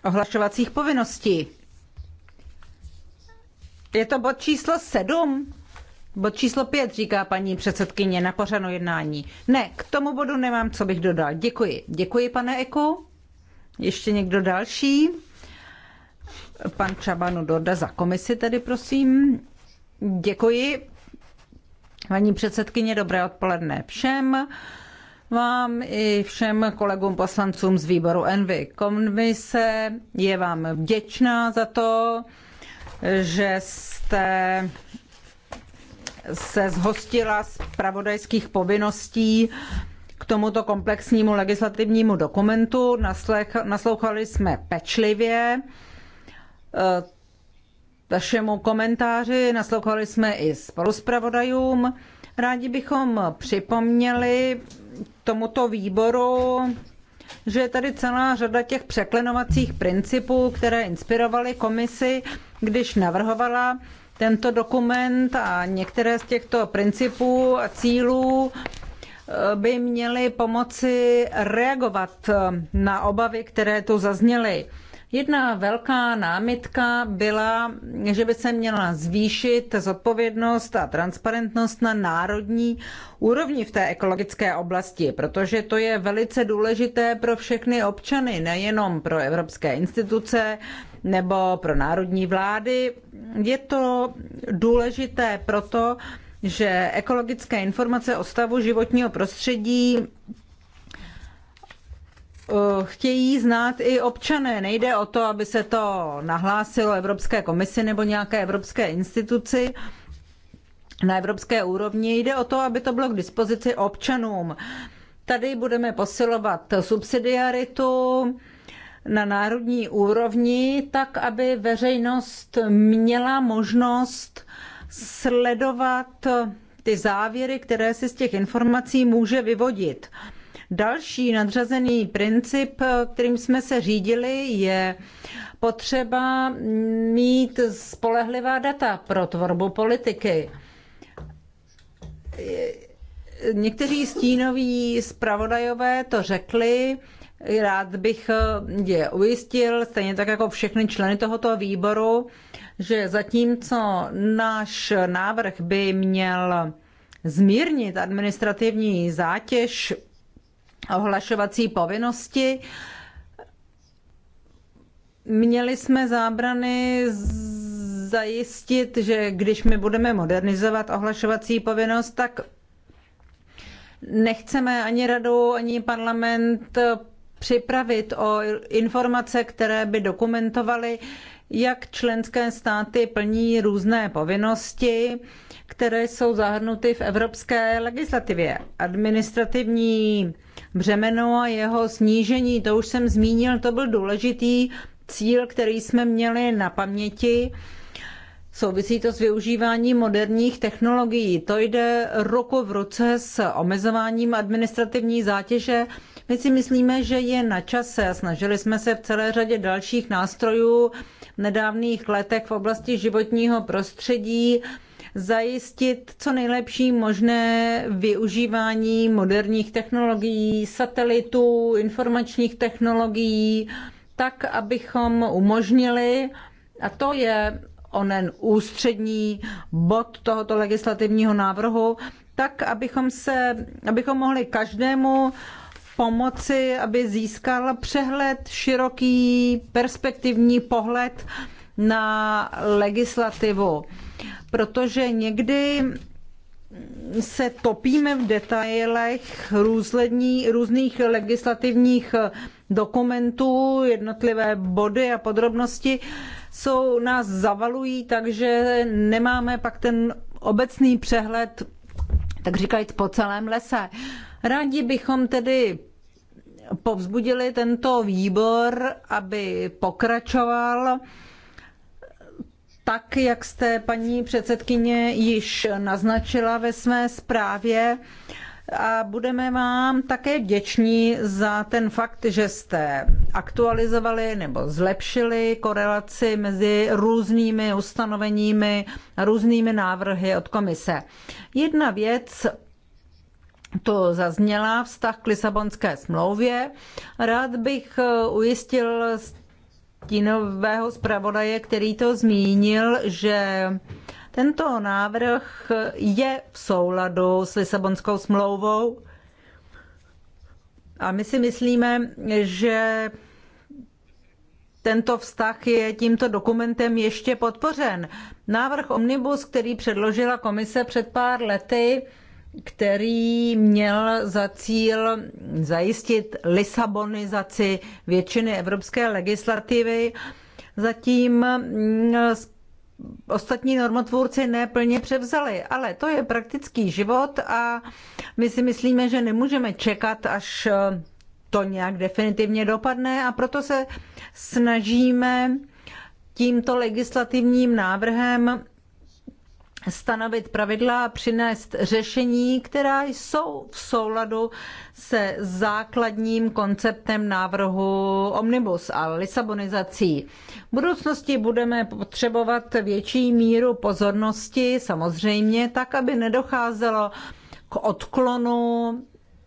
ohlašovacích povinností. Je to bod číslo 7? Bod číslo pět říká paní předsedkyně na pořadu jednání. Ne, k tomu bodu nemám, co bych dodal. Děkuji. Děkuji, pane Eku. Ještě někdo další? Pan Čabanu Doda za komisi tedy, prosím. Děkuji. Paní předsedkyně, dobré odpoledne všem vám i všem kolegům poslancům z výboru Envy. Komise je vám vděčná za to, že jste se zhostila z pravodajských povinností k tomuto komplexnímu legislativnímu dokumentu. Naslouchali jsme pečlivě eh, vašemu komentáři, naslouchali jsme i spoluspravodajům. Rádi bychom připomněli tomuto výboru, že je tady celá řada těch překlenovacích principů, které inspirovaly komisi, když navrhovala tento dokument a některé z těchto principů a cílů eh, by měly pomoci reagovat eh, na obavy, které tu zazněly. Jedna velká námitka byla, že by se měla zvýšit zodpovědnost a transparentnost na národní úrovni v té ekologické oblasti, protože to je velice důležité pro všechny občany, nejenom pro evropské instituce nebo pro národní vlády. Je to důležité proto, že ekologické informace o stavu životního prostředí Eh, chtějí znát i občané. Nejde o to, aby se to nahlásilo Evropské komisi nebo nějaké evropské instituci. Na evropské úrovni jde o to, aby to bylo k dispozici občanům. Tady budeme posilovat subsidiaritu na národní úrovni, tak aby veřejnost měla možnost sledovat ty závěry, které si z těch informací může vyvodit. Další nadřazený princip, kterým jsme se řídili, je potřeba mít spolehlivá data pro tvorbu politiky. Někteří stínoví zpravodajové to řekli, rád bych je ujistil, stejně tak jako všechny členy tohoto výboru, že zatímco náš návrh by měl zmírnit administrativní zátěž ohlašovací povinnosti. Měli jsme zábrany zajistit, že když my budeme modernizovat ohlašovací povinnost, tak nechceme ani radu, ani parlament připravit o informace, které by dokumentovaly, jak členské státy plní různé povinnosti které jsou zahrnuty v evropské legislativě. Administrativní břemeno a jeho snížení, to už jsem zmínil, to byl důležitý cíl, který jsme měli na paměti. Souvisí to s využíváním moderních technologií. To jde ruku v ruce s omezováním administrativní zátěže. My si myslíme, že je na čase. Snažili jsme se v celé řadě dalších nástrojů v nedávných letech v oblasti životního prostředí zajistit co nejlepší možné využívání moderních technologií, satelitů, informačních technologií, tak, abychom umožnili, a to je onen ústřední bod tohoto legislativního návrhu, tak, abychom, se, abychom mohli každému pomoci, aby získal přehled, široký perspektivní pohled na legislativu protože někdy se topíme v detailech růzlední, různých legislativních dokumentů, jednotlivé body a podrobnosti jsou, nás zavalují, takže nemáme pak ten obecný přehled, tak říkajíc, po celém lese. Rádi bychom tedy povzbudili tento výbor, aby pokračoval tak, jak jste paní předsedkyně již naznačila ve své zprávě, a budeme vám také vděční za ten fakt, že jste aktualizovali nebo zlepšili korelaci mezi různými ustanoveními, různými návrhy od komise. Jedna věc, to zazněla vztah k Lisabonské smlouvě. Rád bych ujistil stínového zpravodaje, který to zmínil, že tento návrh je v souladu s Lisabonskou smlouvou a my si myslíme, že tento vztah je tímto dokumentem ještě podpořen. Návrh Omnibus, který předložila komise před pár lety, který měl za cíl zajistit lisabonizaci většiny evropské legislativy. Zatím mm, ostatní normotvůrci neplně převzali, ale to je praktický život a my si myslíme, že nemůžeme čekat, až eh, to nějak definitivně dopadne a proto se snažíme tímto legislativním návrhem stanovit pravidla a přinést řešení, která jsou v souladu se základním konceptem návrhu Omnibus a Lisabonizací. V budoucnosti budeme potřebovat větší míru pozornosti, samozřejmě, tak, aby nedocházelo k odklonu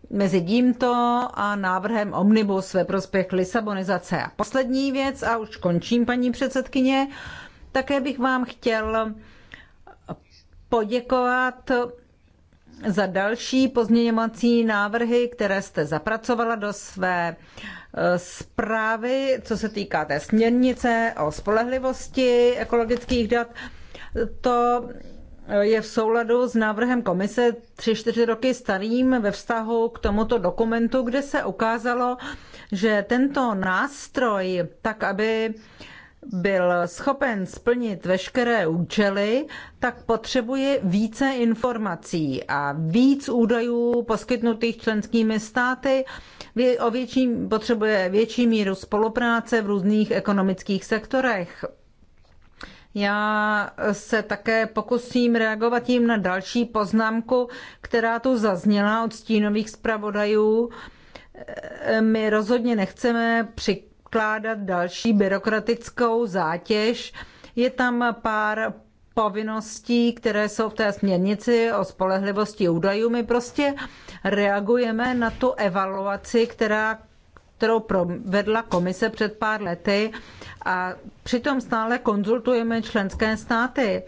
mezi tímto a návrhem Omnibus ve prospěch Lisabonizace. A poslední věc, a už končím, paní předsedkyně, také bych vám chtěl poděkovat za další pozměňovací návrhy, které jste zapracovala do své eh, zprávy, co se týká té směrnice o spolehlivosti ekologických dat. To eh, je v souladu s návrhem komise 3-4 roky starým ve vztahu k tomuto dokumentu, kde se ukázalo, že tento nástroj, tak aby byl schopen splnit veškeré účely, tak potřebuje více informací a víc údajů poskytnutých členskými státy, o větší, potřebuje větší míru spolupráce v různých ekonomických sektorech. Já se také pokusím reagovat tím na další poznámku, která tu zazněla od stínových zpravodajů. My rozhodně nechceme při ukládat další byrokratickou zátěž. Je tam pár povinností, které jsou v té směrnici o spolehlivosti údajů. My prostě reagujeme na tu evaluaci, která kterou provedla komise před pár lety a přitom stále konzultujeme členské státy.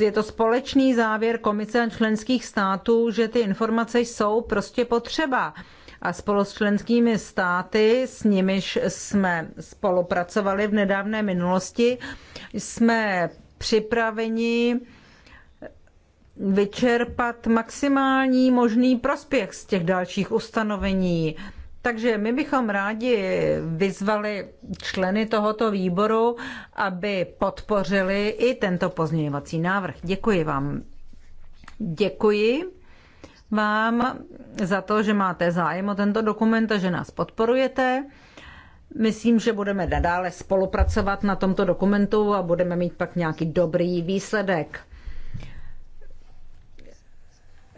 Je to společný závěr komise a členských států, že ty informace jsou prostě potřeba a spolu s členskými státy, s nimiž jsme spolupracovali v nedávné minulosti, jsme připraveni vyčerpat maximální možný prospěch z těch dalších ustanovení. Takže my bychom rádi vyzvali členy tohoto výboru, aby podpořili i tento pozměňovací návrh. Děkuji vám. Děkuji vám za to, že máte zájem o tento dokument a že nás podporujete. Myslím, že budeme nadále spolupracovat na tomto dokumentu a budeme mít pak nějaký dobrý výsledek,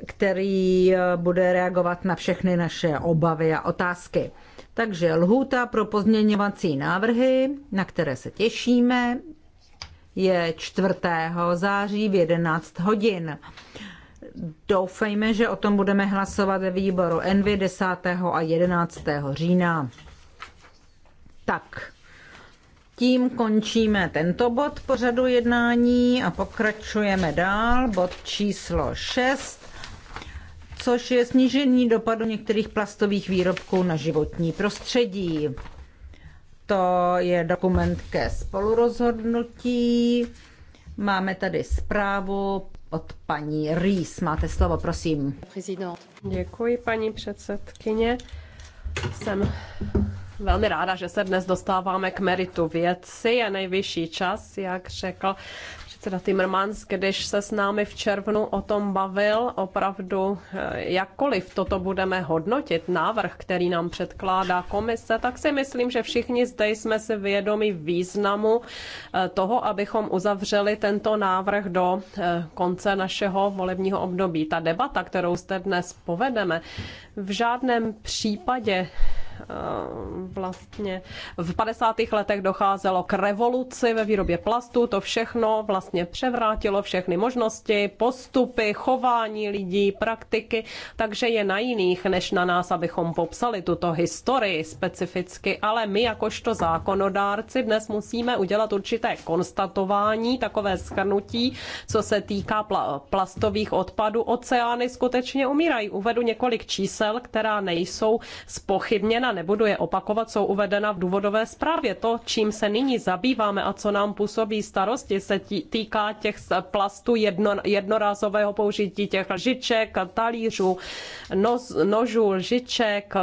který eh, bude reagovat na všechny naše obavy a otázky. Takže lhůta pro pozměňovací návrhy, na které se těšíme, je 4. září v 11 hodin doufejme, že o tom budeme hlasovat ve výboru NV 10. a 11. října. Tak, tím končíme tento bod pořadu jednání a pokračujeme dál. Bod číslo 6, což je snížení dopadu některých plastových výrobků na životní prostředí. To je dokument ke spolurozhodnutí. Máme tady zprávu od paní Rýs. Máte slovo, prosím. Děkuji, paní předsedkyně. Jsem velmi ráda, že se dnes dostáváme k meritu věci. Je nejvyšší čas, jak řekl předseda Timmermans, když se s námi v červnu o tom bavil, opravdu eh, jakkoliv toto budeme hodnotit, návrh, který nám předkládá komise, tak si myslím, že všichni zde jsme si vědomi významu eh, toho, abychom uzavřeli tento návrh do eh, konce našeho volebního období. Ta debata, kterou zde dnes povedeme, v žádném případě Eh, vlastně v 50. letech docházelo k revoluci ve výrobě plastu, to všechno vlastně převrátilo všechny možnosti, postupy, chování lidí, praktiky, takže je na jiných než na nás, abychom popsali tuto historii specificky, ale my jakožto zákonodárci dnes musíme udělat určité konstatování, takové skrnutí, co se týká plastových odpadů. Oceány skutečně umírají. Uvedu několik čísel, která nejsou spochybněna nebudu je opakovat, jsou uvedena v důvodové zprávě. To, čím se nyní zabýváme a co nám působí starosti, se týká těch plastů jedno, jednorázového použití, těch lžiček, talířů, noz, nožů, lžiček,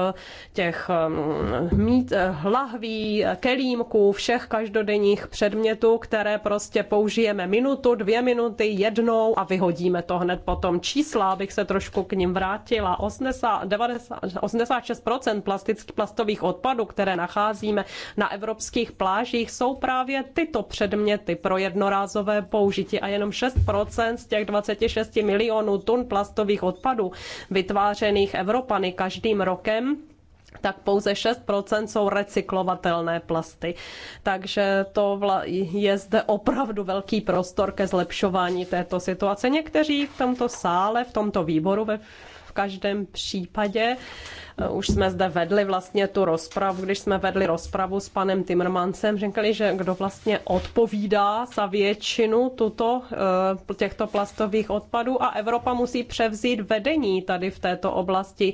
těch mm, mít, lahví, kelímků, všech každodenních předmětů, které prostě použijeme minutu, dvě minuty, jednou a vyhodíme to hned potom. Čísla, abych se trošku k ním vrátila. 80, 90, 86% plastických spoušť plastových odpadů, které nacházíme na evropských plážích, jsou právě tyto předměty pro jednorázové použití a jenom 6% z těch 26 milionů tun plastových odpadů vytvářených Evropany každým rokem tak pouze 6% jsou recyklovatelné plasty. Takže to je zde opravdu velký prostor ke zlepšování této situace. Někteří v tomto sále, v tomto výboru ve v každém případě už jsme zde vedli vlastně tu rozpravu, když jsme vedli rozpravu s panem Timmermansem, říkali, že kdo vlastně odpovídá za většinu tuto, eh, těchto plastových odpadů a Evropa musí převzít vedení tady v této oblasti.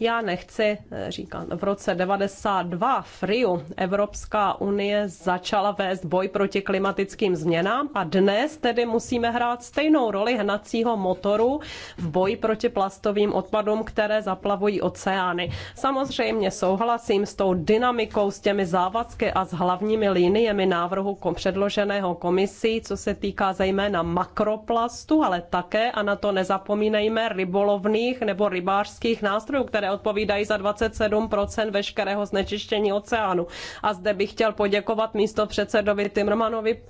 Já nechci eh, říkat, v roce 92 v Riu Evropská unie začala vést boj proti klimatickým změnám a dnes tedy musíme hrát stejnou roli hnacího motoru v boji proti plastovým odpadům, které zaplavují oceány problémy. Samozřejmě souhlasím s tou dynamikou, s těmi závazky a s hlavními liniemi návrhu předloženého komisí, co se týká zejména makroplastu, ale také, a na to nezapomínejme, rybolovných nebo rybářských nástrojů, které odpovídají za 27% veškerého znečištění oceánu. A zde bych chtěl poděkovat místo předsedovi Timrmanovi,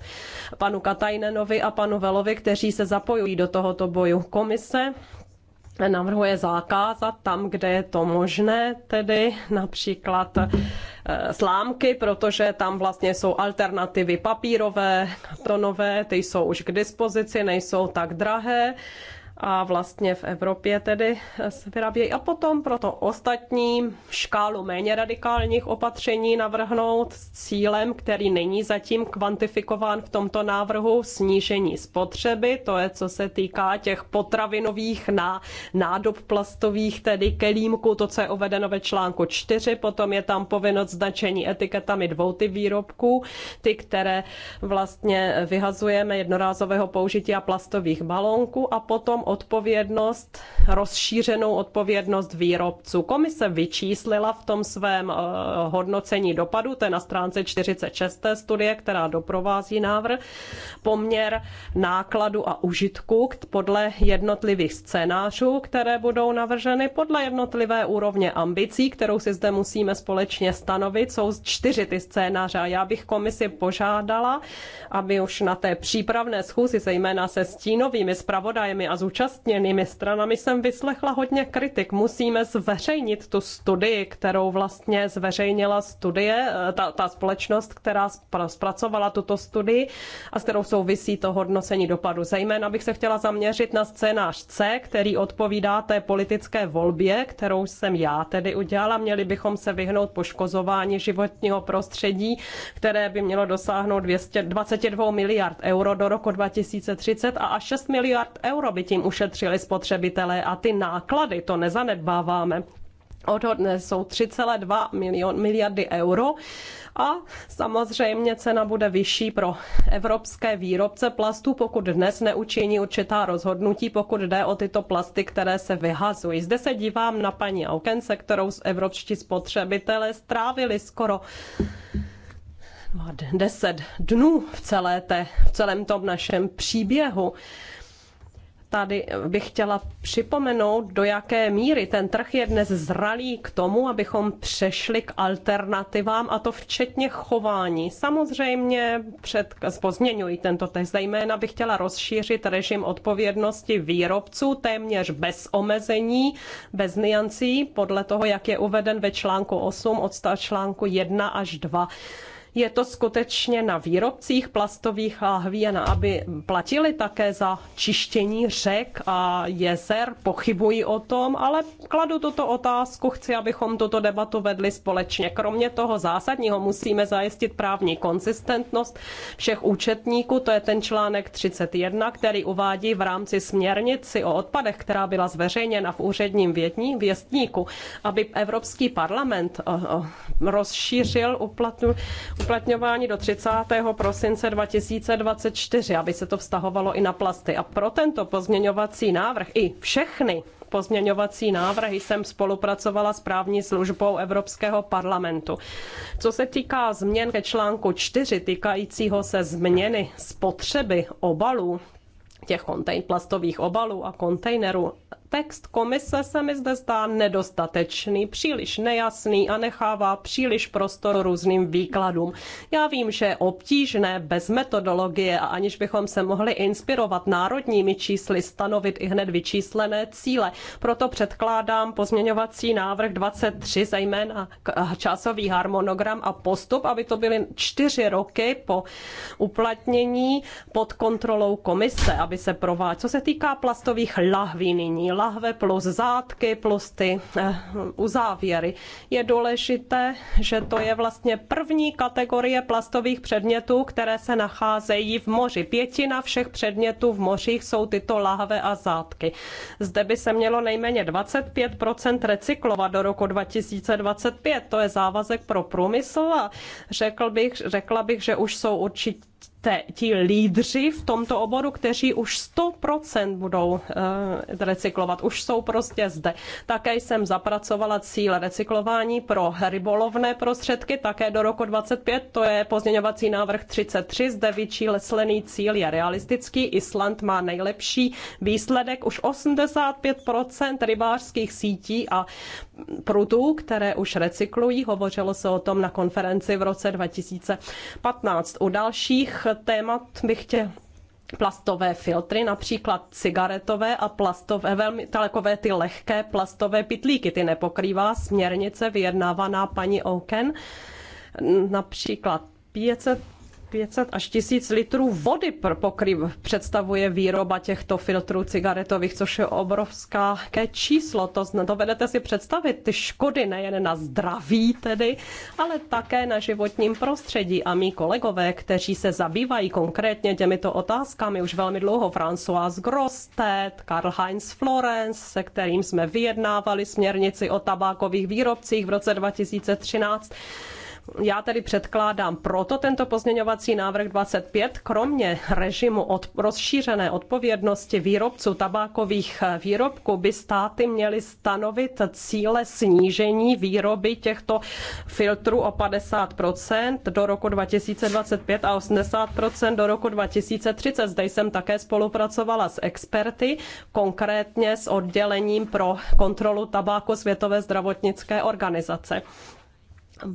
panu Katajnenovi a panu Velovi, kteří se zapojují do tohoto boju. Komise navrhuje zakázat tam, kde je to možné, tedy například eh, slámky, protože tam vlastně jsou alternativy papírové, kartonové, ty jsou už k dispozici, nejsou tak drahé a vlastně v Evropě tedy se vyrábějí a potom proto ostatní škálu méně radikálních opatření navrhnout s cílem, který není zatím kvantifikován v tomto návrhu, snížení spotřeby, to je co se týká těch potravinových na nádob plastových, tedy kelímku, to, co je uvedeno ve článku 4, potom je tam povinnost značení etiketami dvou ty výrobků, ty, které vlastně vyhazujeme jednorázového použití a plastových balónků a potom odpovědnost, rozšířenou odpovědnost výrobců. Komise vyčíslila v tom svém eh, hodnocení dopadu, to je na stránce 46. Té studie, která doprovází návrh, poměr nákladu a užitku podle jednotlivých scénářů, které budou navrženy podle jednotlivé úrovně ambicí, kterou si zde musíme společně stanovit. Jsou čtyři ty scénáře a já bych komisi požádala, aby už na té přípravné schůzi, zejména se stínovými zpravodajemi a zúčastněnými zúčastněnými stranami jsem vyslechla hodně kritik. Musíme zveřejnit tu studii, kterou vlastně zveřejnila studie, eh, ta, ta společnost, která zpracovala tuto studii a s kterou souvisí to hodnocení dopadu. Zejména bych se chtěla zaměřit na scénář C, který odpovídá té politické volbě, kterou jsem já tedy udělala. Měli bychom se vyhnout poškozování životního prostředí, které by mělo dosáhnout 222 miliard euro do roku 2030 a až 6 miliard euro by tím ušetřili spotřebitelé a ty náklady, to nezanedbáváme odhodné jsou 3,2 milion, miliardy euro a samozřejmě cena bude vyšší pro evropské výrobce plastů, pokud dnes neučiní určitá rozhodnutí, pokud jde o tyto plasty, které se vyhazují. Zde se dívám na paní Auken, se kterou evropští spotřebitelé strávili skoro 10 dnů v, celé té, v celém tom našem příběhu tady bych chtěla připomenout, do jaké míry ten trh je dnes zralý k tomu, abychom přešli k alternativám, a to včetně chování. Samozřejmě před, pozměňuji tento text, zejména bych chtěla rozšířit režim odpovědnosti výrobců téměř bez omezení, bez niancí, podle toho, jak je uveden ve článku 8 od článku 1 až 2 je to skutečně na výrobcích plastových na, aby platili také za čištění řek a jezer. Pochybuji o tom, ale kladu tuto otázku. Chci, abychom tuto debatu vedli společně. Kromě toho zásadního musíme zajistit právní konsistentnost všech účetníků. To je ten článek 31, který uvádí v rámci směrnici o odpadech, která byla zveřejněna v úředním vědní, věstníku, aby Evropský parlament eh, eh, rozšířil uplatnu, uplatňováni do 30. prosince 2024, aby se to vztahovalo i na plasty. A pro tento pozměňovací návrh i všechny pozměňovací návrhy jsem spolupracovala s právní službou Evropského parlamentu. Co se týká změn ke článku 4 týkajícího se změny spotřeby obalů, těch plastových obalů a kontejnerů Text komise se mi zde zdá nedostatečný, příliš nejasný a nechává příliš prostor různým výkladům. Já vím, že je obtížné bez metodologie a aniž bychom se mohli inspirovat národními čísly stanovit i hned vyčíslené cíle. Proto předkládám pozměňovací návrh 23, zejména časový harmonogram a postup, aby to byly čtyři roky po uplatnění pod kontrolou komise, aby se prováděl. Co se týká plastových lahví nyní, lahve plus zátky plus ty eh, uzávěry. Je důležité, že to je vlastně první kategorie plastových předmětů, které se nacházejí v moři. Pětina všech předmětů v mořích jsou tyto lahve a zátky. Zde by se mělo nejméně 25 recyklovat do roku 2025. To je závazek pro průmysl a řekl bych, řekla bych, že už jsou určitě te, ti lídři v tomto oboru, kteří už 100% budou uh, recyklovat, už jsou prostě zde. Také jsem zapracovala cíl recyklování pro rybolovné prostředky, také do roku 25, to je pozměňovací návrh 33, zde vyčíslený cíl je realistický, Island má nejlepší výsledek, už 85% rybářských sítí a prutů, které už recyklují, hovořilo se o tom na konferenci v roce 2015. U dalších dalších témat bych chtěl plastové filtry, například cigaretové a plastové, velmi takové ty lehké plastové pitlíky, ty nepokrývá směrnice vyjednávaná paní Oken, například 500 500 až 1000 litrů vody pokryv představuje výroba těchto filtrů cigaretových, což je obrovská ke číslo. To dovedete si představit ty škody nejen na zdraví tedy, ale také na životním prostředí. A mý kolegové, kteří se zabývají konkrétně těmito otázkami už velmi dlouho, François Grostet, Karl Heinz Florenz, se kterým jsme vyjednávali směrnici o tabákových výrobcích v roce 2013, já tedy předkládám proto tento pozměňovací návrh 25, kromě režimu od rozšířené odpovědnosti výrobců tabákových eh, výrobků by státy měly stanovit cíle snížení výroby těchto filtrů o 50% do roku 2025 a 80% do roku 2030. Zde jsem také spolupracovala s experty, konkrétně s oddělením pro kontrolu tabáku Světové zdravotnické organizace.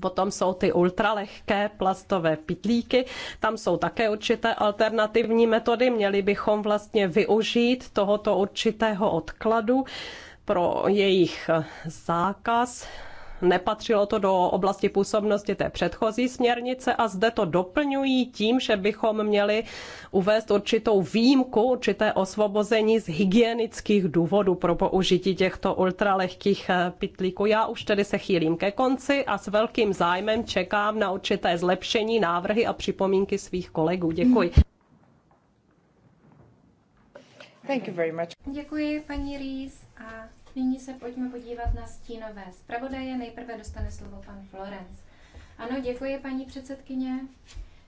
Potom jsou ty ultralehké plastové pitlíky, tam jsou také určité alternativní metody. Měli bychom vlastně využít tohoto určitého odkladu pro jejich zákaz nepatřilo to do oblasti působnosti té předchozí směrnice a zde to doplňují tím, že bychom měli uvést určitou výjimku, určité osvobození z hygienických důvodů pro použití těchto ultralehkých eh, pitlíků. Já už tedy se chýlím ke konci a s velkým zájmem čekám na určité zlepšení, návrhy a připomínky svých kolegů. Děkuji. Thank you very much. Děkuji, paní Rees. A Nyní se pojďme podívat na stínové zpravodaje. Nejprve dostane slovo pan Florence. Ano, děkuji, paní předsedkyně.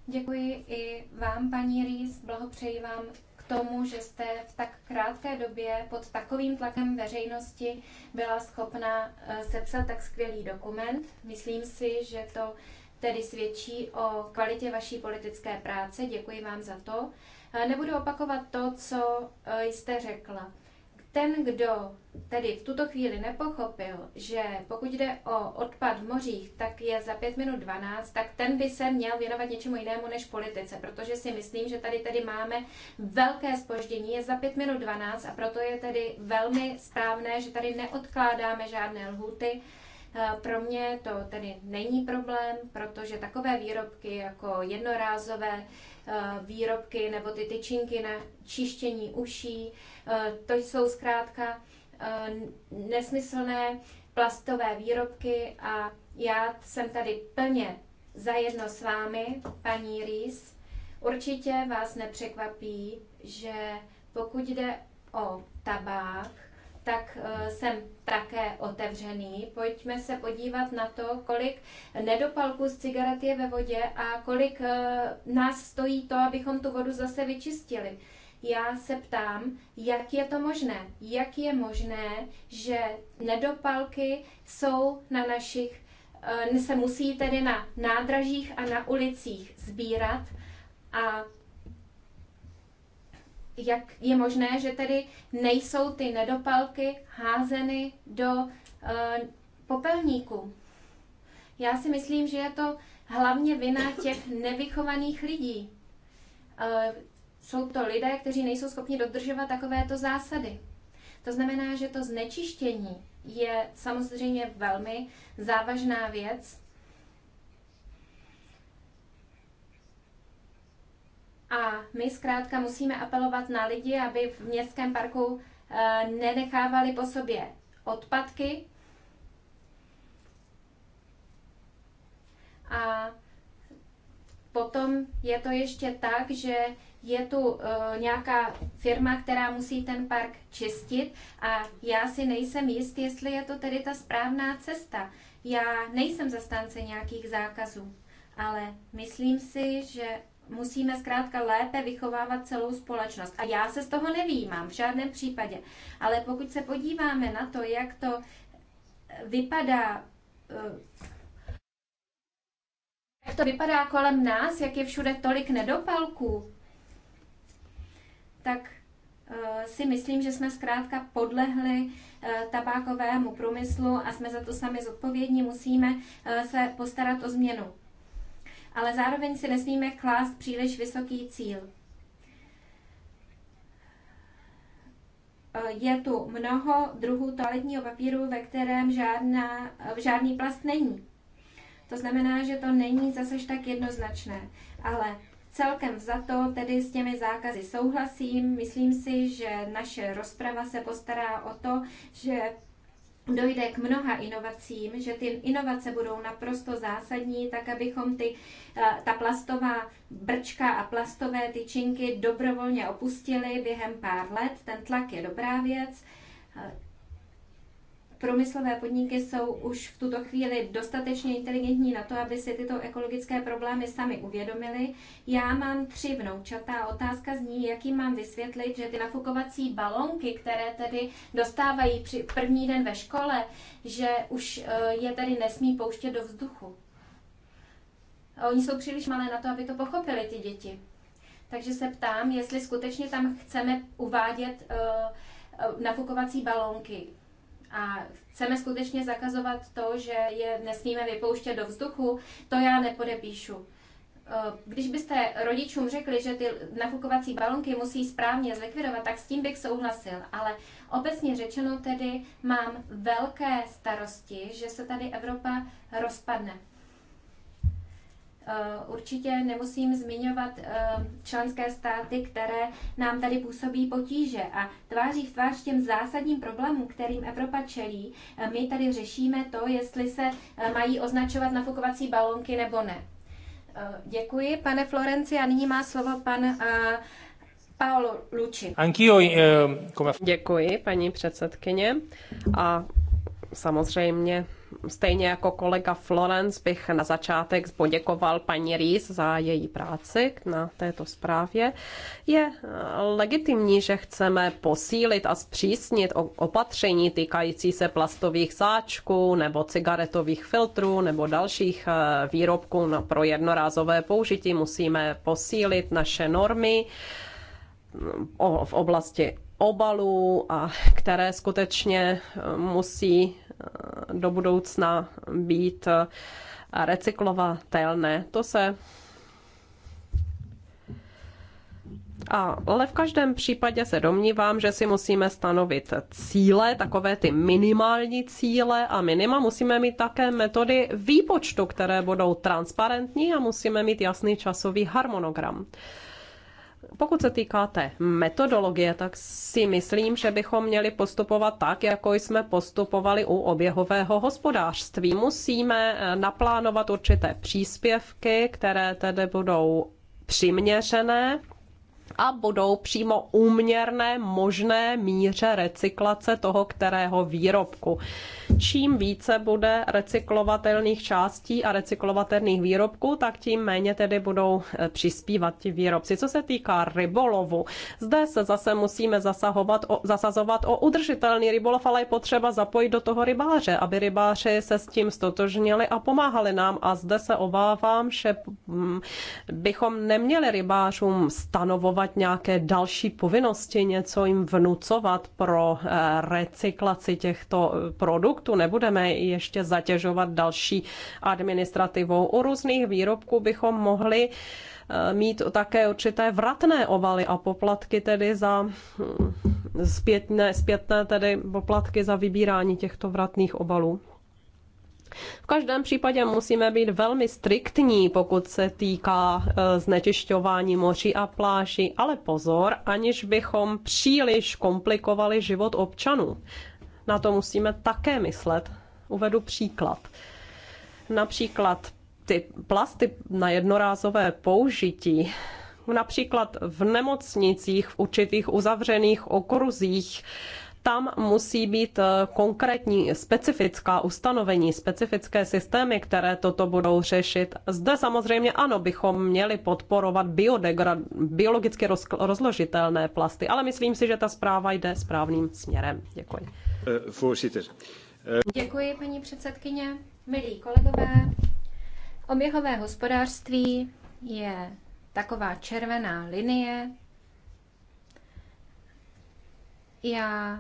Děkuji i vám, paní Rýs. Blahopřeji vám k tomu, že jste v tak krátké době pod takovým tlakem veřejnosti byla schopna eh, sepsat tak skvělý dokument. Myslím si, že to tedy svědčí o kvalitě vaší politické práce. Děkuji vám za to. Eh, nebudu opakovat to, co eh, jste řekla. Ten, kdo tedy v tuto chvíli nepochopil, že pokud jde o odpad v mořích, tak je za 5 minut 12, tak ten by se měl věnovat něčemu jinému než politice, protože si myslím, že tady tedy máme velké spoždění, je za 5 minut 12 a proto je tedy velmi správné, že tady neodkládáme žádné lhuty, Eh, pro mě to tedy není problém, protože takové výrobky jako jednorázové eh, výrobky nebo ty tyčinky na čištění uší, eh, to jsou zkrátka nesmyslné plastové výrobky a já jsem tady plně zajedno s vámi, paní Rýs. Určitě vás nepřekvapí, že pokud jde o tabák, tak eh, jsem také otevřený. Pojďme se podívat na to, kolik nedopalků z cigaret je ve vodě a kolik eh, nás stojí to, abychom tu vodu zase vyčistili. Já se ptám, jak je to možné? Jak je možné, že nedopalky jsou na našich, eh, se musí tedy na nádražích a na ulicích sbírat a jak je možné, že tedy nejsou ty nedopalky házeny do uh, popelníku. Já si myslím, že je to hlavně vina těch nevychovaných lidí. Uh, jsou to lidé, kteří nejsou schopni dodržovat takovéto zásady. To znamená, že to znečištění je samozřejmě velmi závažná věc A my zkrátka musíme apelovat na lidi, aby v městském parku eh, nenechávali po sobě odpadky. A potom je to ještě tak, že je tu e, nějaká firma, která musí ten park čistit a já si nejsem jist, jestli je to tedy ta správná cesta. Já nejsem zastánce nějakých zákazů, ale myslím si, že musíme zkrátka lépe vychovávat celou společnost. A já se z toho nevýjímám v žádném případě. Ale pokud se podíváme na to, jak to eh, vypadá eh, jak to vypadá kolem nás, jak je všude tolik nedopalků, tak eh, si myslím, že jsme zkrátka podlehli tabákovému průmyslu a jsme za to sami zodpovědní. Musíme se postarat o změnu ale zároveň si nesmíme klást příliš vysoký cíl. Eh, je tu mnoho druhů toaletního papíru, ve kterém žádná, eh, žádný plast není. To znamená, že to není zase tak jednoznačné, ale Celkem za to tedy s těmi zákazy souhlasím. Myslím si, že naše rozprava se postará o to, že dojde k mnoha inovacím, že ty inovace budou naprosto zásadní, tak abychom ty, eh, ta plastová brčka a plastové tyčinky dobrovolně opustili během pár let. Ten tlak je dobrá věc průmyslové podniky jsou už v tuto chvíli dostatečně inteligentní na to, aby si tyto ekologické problémy sami uvědomili. Já mám tři vnoučata a otázka zní, jak jim mám vysvětlit, že ty nafukovací balonky, které tedy dostávají při první den ve škole, že už eh, je tedy nesmí pouštět do vzduchu. Oni jsou příliš malé na to, aby to pochopili ty děti. Takže se ptám, jestli skutečně tam chceme uvádět uh, nafukovací balónky a chceme skutečně zakazovat to, že je nesmíme vypouštět do vzduchu, to já nepodepíšu. E, když byste rodičům řekli, že ty nafukovací balonky musí správně zlikvidovat, tak s tím bych souhlasil. Ale obecně řečeno tedy mám velké starosti, že se tady Evropa rozpadne. Eh, určitě nemusím zmiňovat eh, členské státy, které nám tady působí potíže a tváří v tvář těm zásadním problémům, kterým Evropa čelí, eh, my tady řešíme to, jestli se mají označovat nafukovací balonky nebo ne. Děkuji, pane Florenci, a nyní má slovo pan Paolo Luči. Děkuji, paní předsedkyně. A samozřejmě Stejně jako kolega Florence bych na začátek poděkoval paní Rýs za její práci na této zprávě. Je legitimní, že chceme posílit a zpřísnit opatření týkající se plastových sáčků nebo cigaretových filtrů nebo dalších eh, výrobků pro jednorázové použití. Musíme posílit naše normy mm, v oblasti obalů, a které skutečně eh, musí do budoucna být recyklovatelné. To se A, ale v každém případě se domnívám, že si musíme stanovit cíle, takové ty minimální cíle a minima. Musíme mít také metody výpočtu, které budou transparentní a musíme mít jasný časový harmonogram. Uh, pokud se týká té metodologie, tak si myslím, že bychom měli postupovat tak, jako jsme postupovali u oběhového hospodářství. Musíme eh, naplánovat určité příspěvky, které tedy budou přiměřené a budou přímo úměrné možné míře recyklace toho kterého výrobku. Čím více bude recyklovatelných částí a recyklovatelných výrobků, tak tím méně tedy budou eh, přispívat ti výrobci. Co se týká rybolovu, zde se zase musíme zasahovat o, zasazovat o udržitelný rybolov, ale je potřeba zapojit do toho rybáře, aby rybáři se s tím stotožnili a pomáhali nám. A zde se obávám, že mm, bychom neměli rybářům stanovovat stanovovat nějaké další povinnosti, něco jim vnucovat pro eh, recyklaci těchto eh, produktů. Nebudeme ještě zatěžovat další administrativou. U různých výrobků bychom mohli eh, mít také určité vratné ovaly a poplatky tedy za hm, zpětné, zpětné tedy poplatky za vybírání těchto vratných obalů. V každém případě musíme být velmi striktní, pokud se týká e, znečišťování moří a pláží, ale pozor, aniž bychom příliš komplikovali život občanů. Na to musíme také myslet. Uvedu příklad. Například ty plasty na jednorázové použití, například v nemocnicích, v určitých uzavřených okruzích, tam musí být eh, konkrétní, specifická ustanovení, specifické systémy, které toto budou řešit. Zde samozřejmě ano, bychom měli podporovat biodegrad, biologicky rozložitelné plasty, ale myslím si, že ta zpráva jde správným směrem. Děkuji. Eh, eh, Děkuji, paní předsedkyně. Milí kolegové, oběhové hospodářství je taková červená linie. Já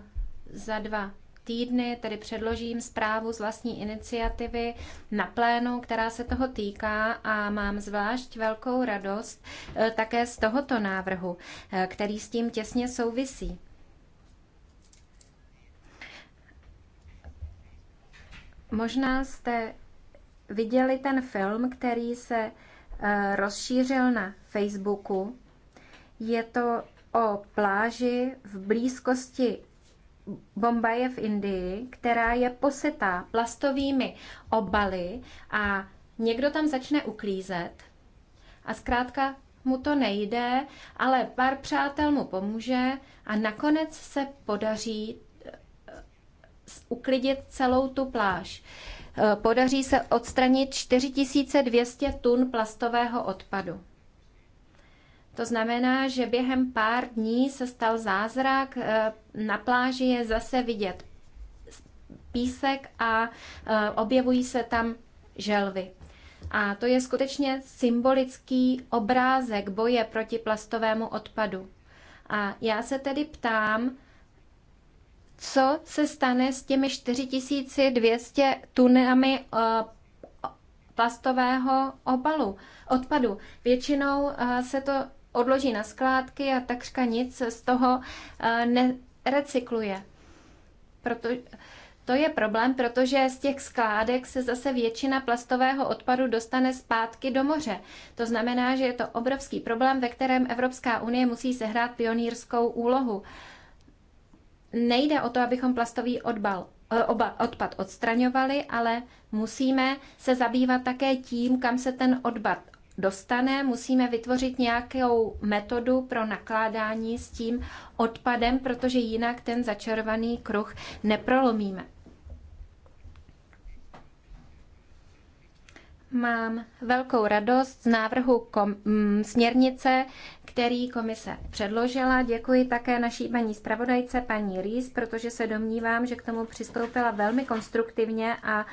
za dva týdny tedy předložím zprávu z vlastní iniciativy na plénu, která se toho týká a mám zvlášť velkou radost eh, také z tohoto návrhu, eh, který s tím těsně souvisí. Možná jste viděli ten film, který se eh, rozšířil na Facebooku. Je to o pláži v blízkosti Bombaje v Indii, která je posetá plastovými obaly a někdo tam začne uklízet a zkrátka mu to nejde, ale pár přátel mu pomůže a nakonec se podaří eh, uklidit celou tu pláž. Eh, podaří se odstranit 4200 tun plastového odpadu. To znamená, že během pár dní se stal zázrak, eh, na pláži je zase vidět písek a eh, objevují se tam želvy. A to je skutečně symbolický obrázek boje proti plastovému odpadu. A já se tedy ptám, co se stane s těmi 4200 tunami eh, plastového obalu, odpadu. Většinou se to odloží na skládky a takřka nic z toho eh, nerecykluje. Proto, to je problém, protože z těch skládek se zase většina plastového odpadu dostane zpátky do moře. To znamená, že je to obrovský problém, ve kterém Evropská unie musí sehrát pionýrskou úlohu. Nejde o to, abychom plastový odbal, eh, oba, odpad odstraňovali, ale musíme se zabývat také tím, kam se ten odpad, dostane, musíme vytvořit nějakou metodu pro nakládání s tím odpadem, protože jinak ten začarovaný kruh neprolomíme. Mám velkou radost z návrhu kom, m, mm, směrnice, který komise předložila. Děkuji také naší paní zpravodajce, paní Rýs, protože se domnívám, že k tomu přistoupila velmi konstruktivně a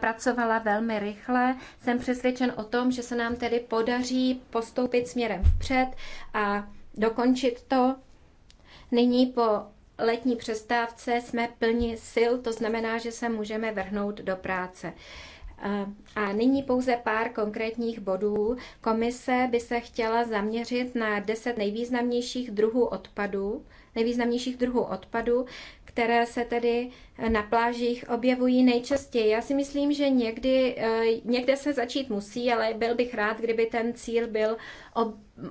pracovala velmi rychle. Jsem přesvědčen o tom, že se nám tedy podaří postoupit směrem vpřed a dokončit to. Nyní po letní přestávce jsme plni sil, to znamená, že se můžeme vrhnout do práce. A nyní pouze pár konkrétních bodů. Komise by se chtěla zaměřit na 10 nejvýznamnějších druhů odpadů. nejvýznamnějších druhů odpadu, které se tedy eh, na plážích objevují nejčastěji. Já si myslím, že někdy, eh, někde se začít musí, ale byl bych rád, kdyby ten cíl byl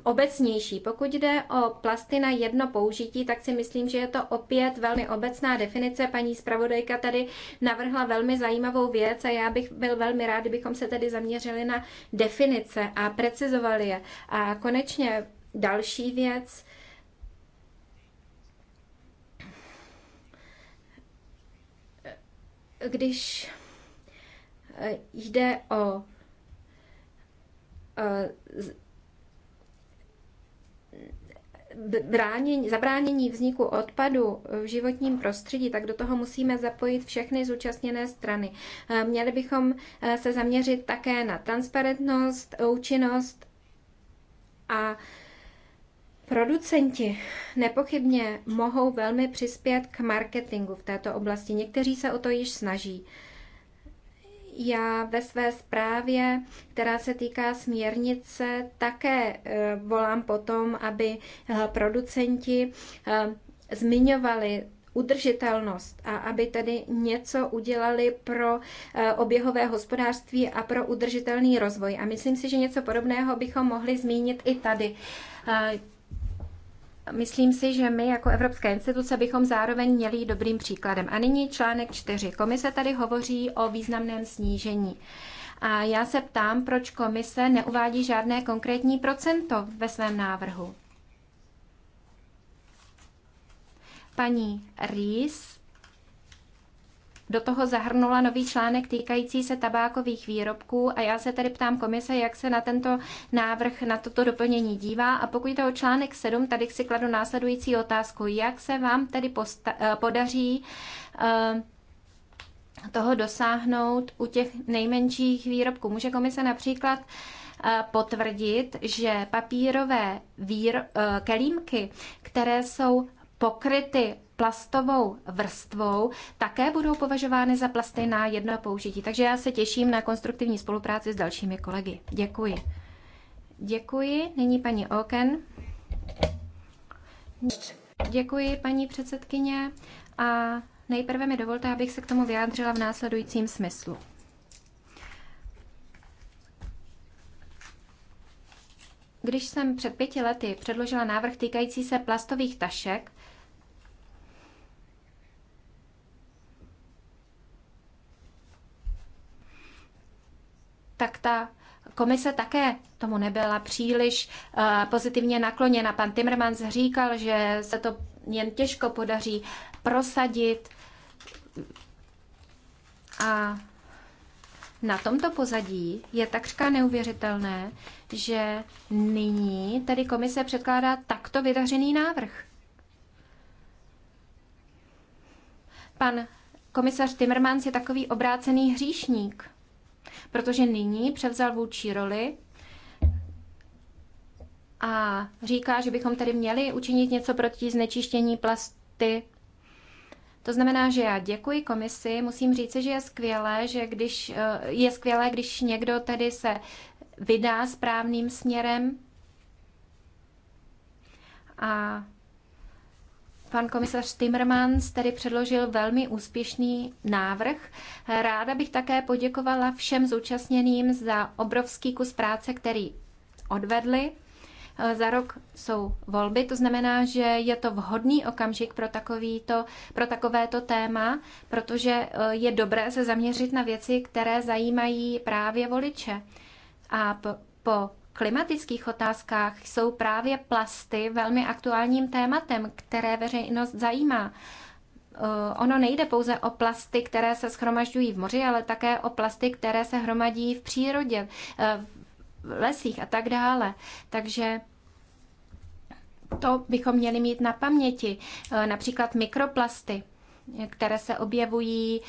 obecnější. Pokud jde o plasty na jedno použití, tak si myslím, že je to opět velmi obecná definice. Paní zpravodajka tady navrhla velmi zajímavou věc a já bych byl velmi rád, kdybychom se tedy zaměřili na definice a precizovali je. A konečně další věc, když eh, jde o eh, bránění, zabránění vzniku odpadu v životním prostředí, tak do toho musíme zapojit všechny zúčastněné strany. Eh, měli bychom se zaměřit také na transparentnost, účinnost a Producenti nepochybně mohou velmi přispět k marketingu v této oblasti. Někteří se o to již snaží. Já ve své zprávě, která se týká směrnice, také eh, volám potom, aby eh, producenti eh, zmiňovali udržitelnost a aby tedy něco udělali pro oběhové hospodářství a pro udržitelný rozvoj. A myslím si, že něco podobného bychom mohli zmínit i tady. Myslím si, že my jako Evropské instituce bychom zároveň měli dobrým příkladem. A nyní článek 4. Komise tady hovoří o významném snížení. A já se ptám, proč komise neuvádí žádné konkrétní procento ve svém návrhu. Paní Ries do toho zahrnula nový článek týkající se tabákových výrobků a já se tedy ptám komise, jak se na tento návrh, na toto doplnění dívá. A pokud jde o článek 7, tady si kladu následující otázku. Jak se vám tedy eh, podaří eh, toho dosáhnout u těch nejmenších výrobků? Může komise například eh, potvrdit, že papírové vír, kelímky, které jsou pokryty plastovou vrstvou, také budou považovány za plasty na jedno použití. Takže já se těším na konstruktivní spolupráci s dalšími kolegy. Děkuji. Děkuji. Nyní paní Oken. Děkuji, paní předsedkyně. A nejprve mi dovolte, abych se k tomu vyjádřila v následujícím smyslu. Když jsem před pěti lety předložila návrh týkající se plastových tašek, tak ta komise také tomu nebyla příliš eh, pozitivně nakloněna. Pan Timmermans říkal, že se to jen těžko podaří prosadit. A na tomto pozadí je takřka neuvěřitelné, že nyní tedy komise předkládá takto vydařený návrh. Pan komisař Timmermans je takový obrácený hříšník protože nyní převzal vůči roli a říká, že bychom tady měli učinit něco proti znečištění plasty. To znamená, že já děkuji komisi, musím říci, že je skvělé, že když, eh, je skvělé, když někdo tedy se vydá správným směrem a Pan komisař Timmermans tedy předložil velmi úspěšný návrh. Ráda bych také poděkovala všem zúčastněným za obrovský kus práce, který odvedli. Za rok jsou volby, to znamená, že je to vhodný okamžik pro, takovýto, pro takovéto téma, protože eh, je dobré se zaměřit na věci, které zajímají právě voliče. A po klimatických otázkách jsou právě plasty velmi aktuálním tématem, které veřejnost zajímá. Eh, ono nejde pouze o plasty, které se schromažďují v moři, ale také o plasty, které se hromadí v přírodě, eh, v lesích a tak dále. Takže to bychom měli mít na paměti. Eh, například mikroplasty, které se objevují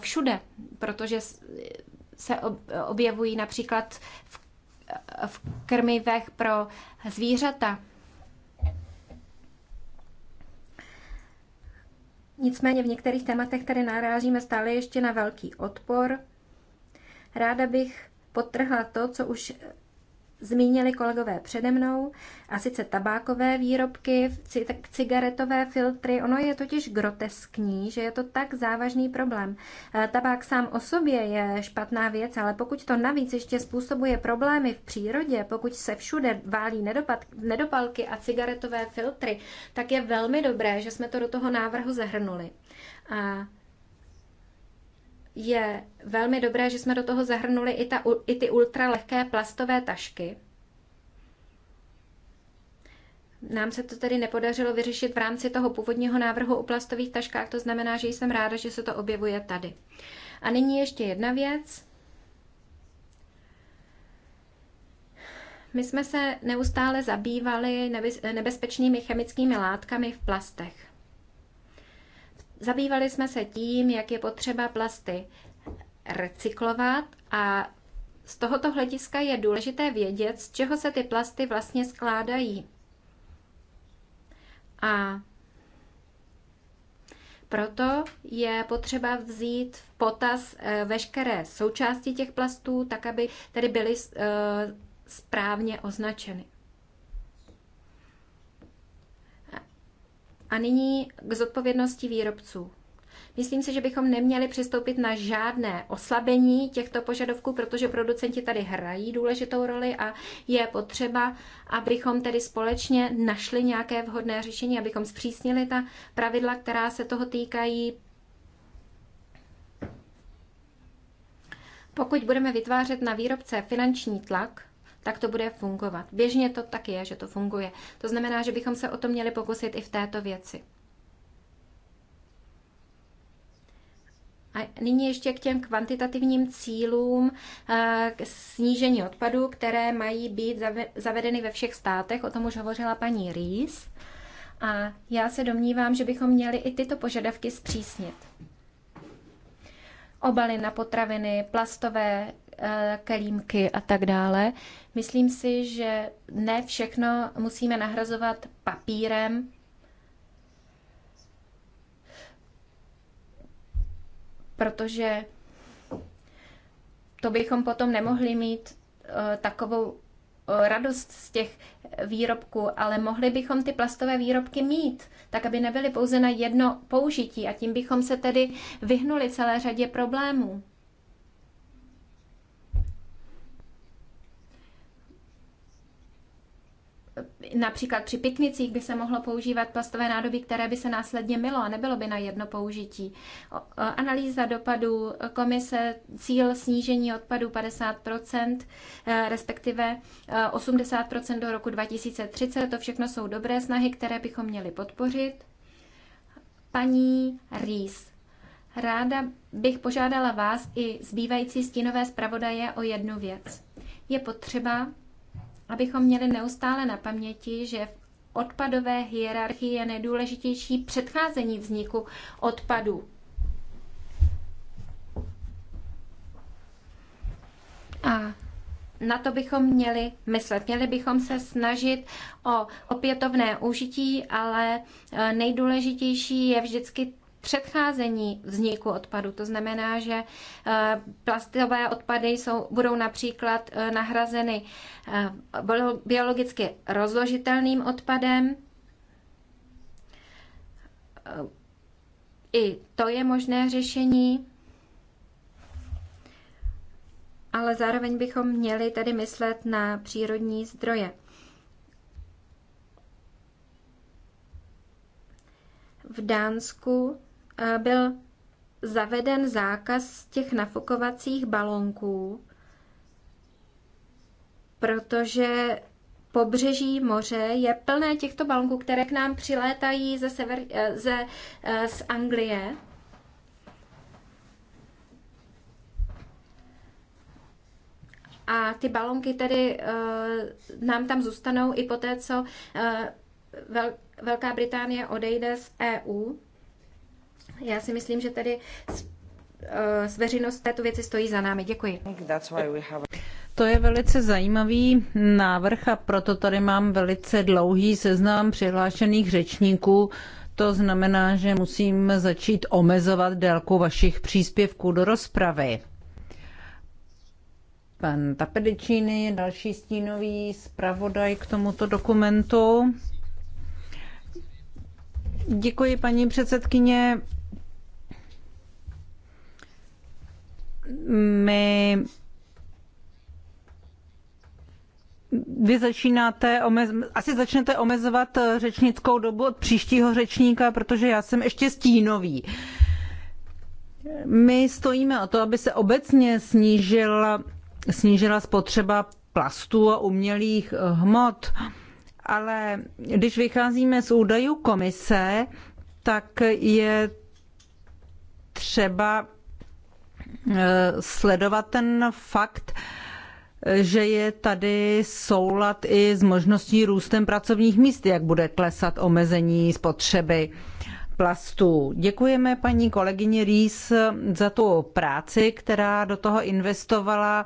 všude, protože se objevují například v v krmivech pro zvířata. Nicméně v některých tématech tady narážíme stále ještě na velký odpor. Ráda bych podtrhla to, co už zmínili kolegové přede mnou, a sice tabákové výrobky, cigaretové filtry. Ono je totiž groteskní, že je to tak závažný problém. E, tabák sám o sobě je špatná věc, ale pokud to navíc ještě způsobuje problémy v přírodě, pokud se všude válí nedopad, nedopalky a cigaretové filtry, tak je velmi dobré, že jsme to do toho návrhu zahrnuli. A je velmi dobré, že jsme do toho zahrnuli i, ta, i ty ultralehké plastové tašky. Nám se to tedy nepodařilo vyřešit v rámci toho původního návrhu o plastových taškách, to znamená, že jsem ráda, že se to objevuje tady. A nyní ještě jedna věc. My jsme se neustále zabývali nebezpečnými chemickými látkami v plastech. Zabývali jsme se tím, jak je potřeba plasty recyklovat a z tohoto hlediska je důležité vědět, z čeho se ty plasty vlastně skládají. A proto je potřeba vzít v potaz eh, veškeré součásti těch plastů, tak aby tedy byly eh, správně označeny. A nyní k zodpovědnosti výrobců. Myslím si, že bychom neměli přistoupit na žádné oslabení těchto požadavků, protože producenti tady hrají důležitou roli a je potřeba, abychom tedy společně našli nějaké vhodné řešení, abychom zpřísnili ta pravidla, která se toho týkají. Pokud budeme vytvářet na výrobce finanční tlak, tak to bude fungovat. Běžně to tak je, že to funguje. To znamená, že bychom se o to měli pokusit i v této věci. A nyní ještě k těm kvantitativním cílům eh, k snížení odpadů, které mají být zavedeny ve všech státech. O tom už hovořila paní Rýs. A já se domnívám, že bychom měli i tyto požadavky zpřísnit. Obaly na potraviny, plastové Eh, kelímky a tak dále. Myslím si, že ne všechno musíme nahrazovat papírem. Protože to bychom potom nemohli mít eh, takovou eh, radost z těch výrobků, ale mohli bychom ty plastové výrobky mít, tak aby nebyly pouze na jedno použití a tím bychom se tedy vyhnuli celé řadě problémů. Například při piknicích by se mohlo používat plastové nádoby, které by se následně milo a nebylo by na jedno použití. Analýza dopadů komise, cíl snížení odpadů 50 eh, respektive 80 eh, do roku 2030, to všechno jsou dobré snahy, které bychom měli podpořit. Paní Rýs, ráda bych požádala vás i zbývající stínové zpravodaje o jednu věc. Je potřeba abychom měli neustále na paměti, že v odpadové hierarchii je nejdůležitější předcházení vzniku odpadů. A na to bychom měli myslet. Měli bychom se snažit o opětovné užití, ale eh, nejdůležitější je vždycky předcházení vzniku odpadu. To znamená, že eh, plastové odpady jsou, budou například eh, nahrazeny eh, biologicky rozložitelným odpadem. I to je možné řešení ale zároveň bychom měli tedy myslet na přírodní zdroje. V Dánsku byl zaveden zákaz těch nafukovacích balonků, protože pobřeží moře je plné těchto balonků, které k nám přilétají ze, sever, eh, ze eh, z Anglie. A ty balonky tedy uh, nám tam zůstanou i poté, co uh, Vel- Velká Británie odejde z EU. Já si myslím, že tady eh, s veřejnost této věci stojí za námi. Děkuji. To je velice zajímavý návrh a proto tady mám velice dlouhý seznam přihlášených řečníků. To znamená, že musím začít omezovat délku vašich příspěvků do rozpravy. Pan Tapedečíny, další stínový zpravodaj k tomuto dokumentu. Děkuji, paní předsedkyně. my vy začínáte, omez, asi začnete omezovat eh, řečnickou dobu od příštího řečníka, protože já jsem ještě stínový. My stojíme o to, aby se obecně snížila, snížila spotřeba plastů a umělých eh, hmot, ale když vycházíme z údajů komise, tak je třeba Eh, sledovat ten fakt, že je tady soulad i s možností růstem pracovních míst, jak bude klesat omezení spotřeby plastů. Děkujeme paní kolegyni Rýs za tu práci, která do toho investovala.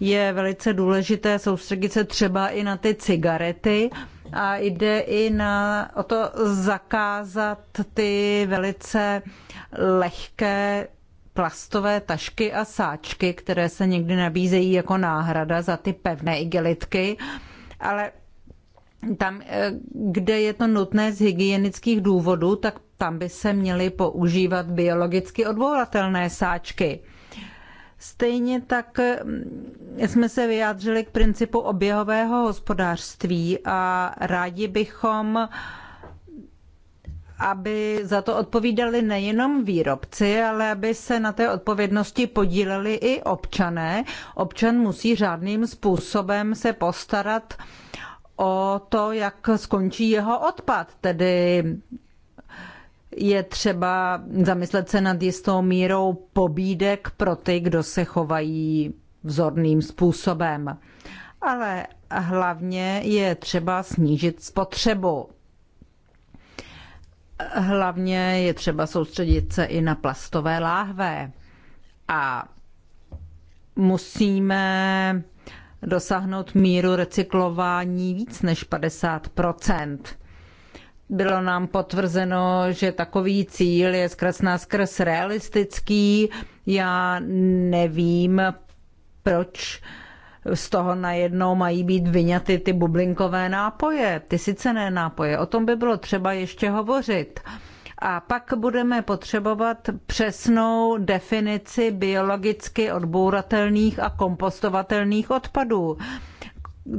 Je velice důležité soustředit se třeba i na ty cigarety a jde i na, o to zakázat ty velice lehké plastové tašky a sáčky, které se někdy nabízejí jako náhrada za ty pevné igelitky, ale tam, eh, kde je to nutné z hygienických důvodů, tak tam by se měly používat biologicky odvolatelné sáčky. Stejně tak eh, jsme se vyjádřili k principu oběhového hospodářství a rádi bychom uh, aby za to odpovídali nejenom výrobci, ale aby se na té odpovědnosti podíleli i občané. Občan musí řádným způsobem se postarat o to, jak skončí jeho odpad, tedy je třeba zamyslet se nad jistou mírou pobídek pro ty, kdo se chovají vzorným způsobem. Ale hlavně je třeba snížit spotřebu. Hlavně je třeba soustředit se i na plastové láhve. A musíme dosáhnout míru recyklování víc než 50 bylo nám potvrzeno, že takový cíl je skrz skrz realistický. Já nevím, proč z toho najednou mají být vyňaty ty bublinkové nápoje, ty sycené nápoje. O tom by bylo třeba ještě hovořit. A pak budeme potřebovat přesnou definici biologicky odbouratelných a kompostovatelných odpadů.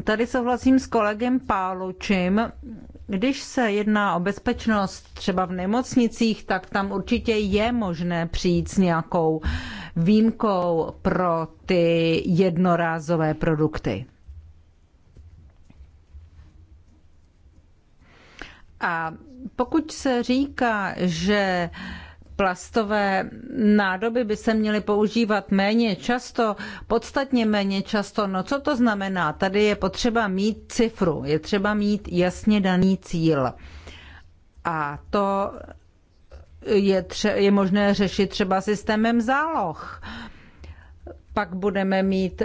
Tady souhlasím s kolegem Pálučím. Když se jedná o bezpečnost třeba v nemocnicích, tak tam určitě je možné přijít s nějakou výjimkou pro ty jednorázové produkty. A pokud se říká, že plastové nádoby by se měly používat méně často, podstatně méně často. No co to znamená? Tady je potřeba mít cifru, je třeba mít jasně daný cíl. A to je, tře- je možné řešit třeba systémem záloh. Pak budeme mít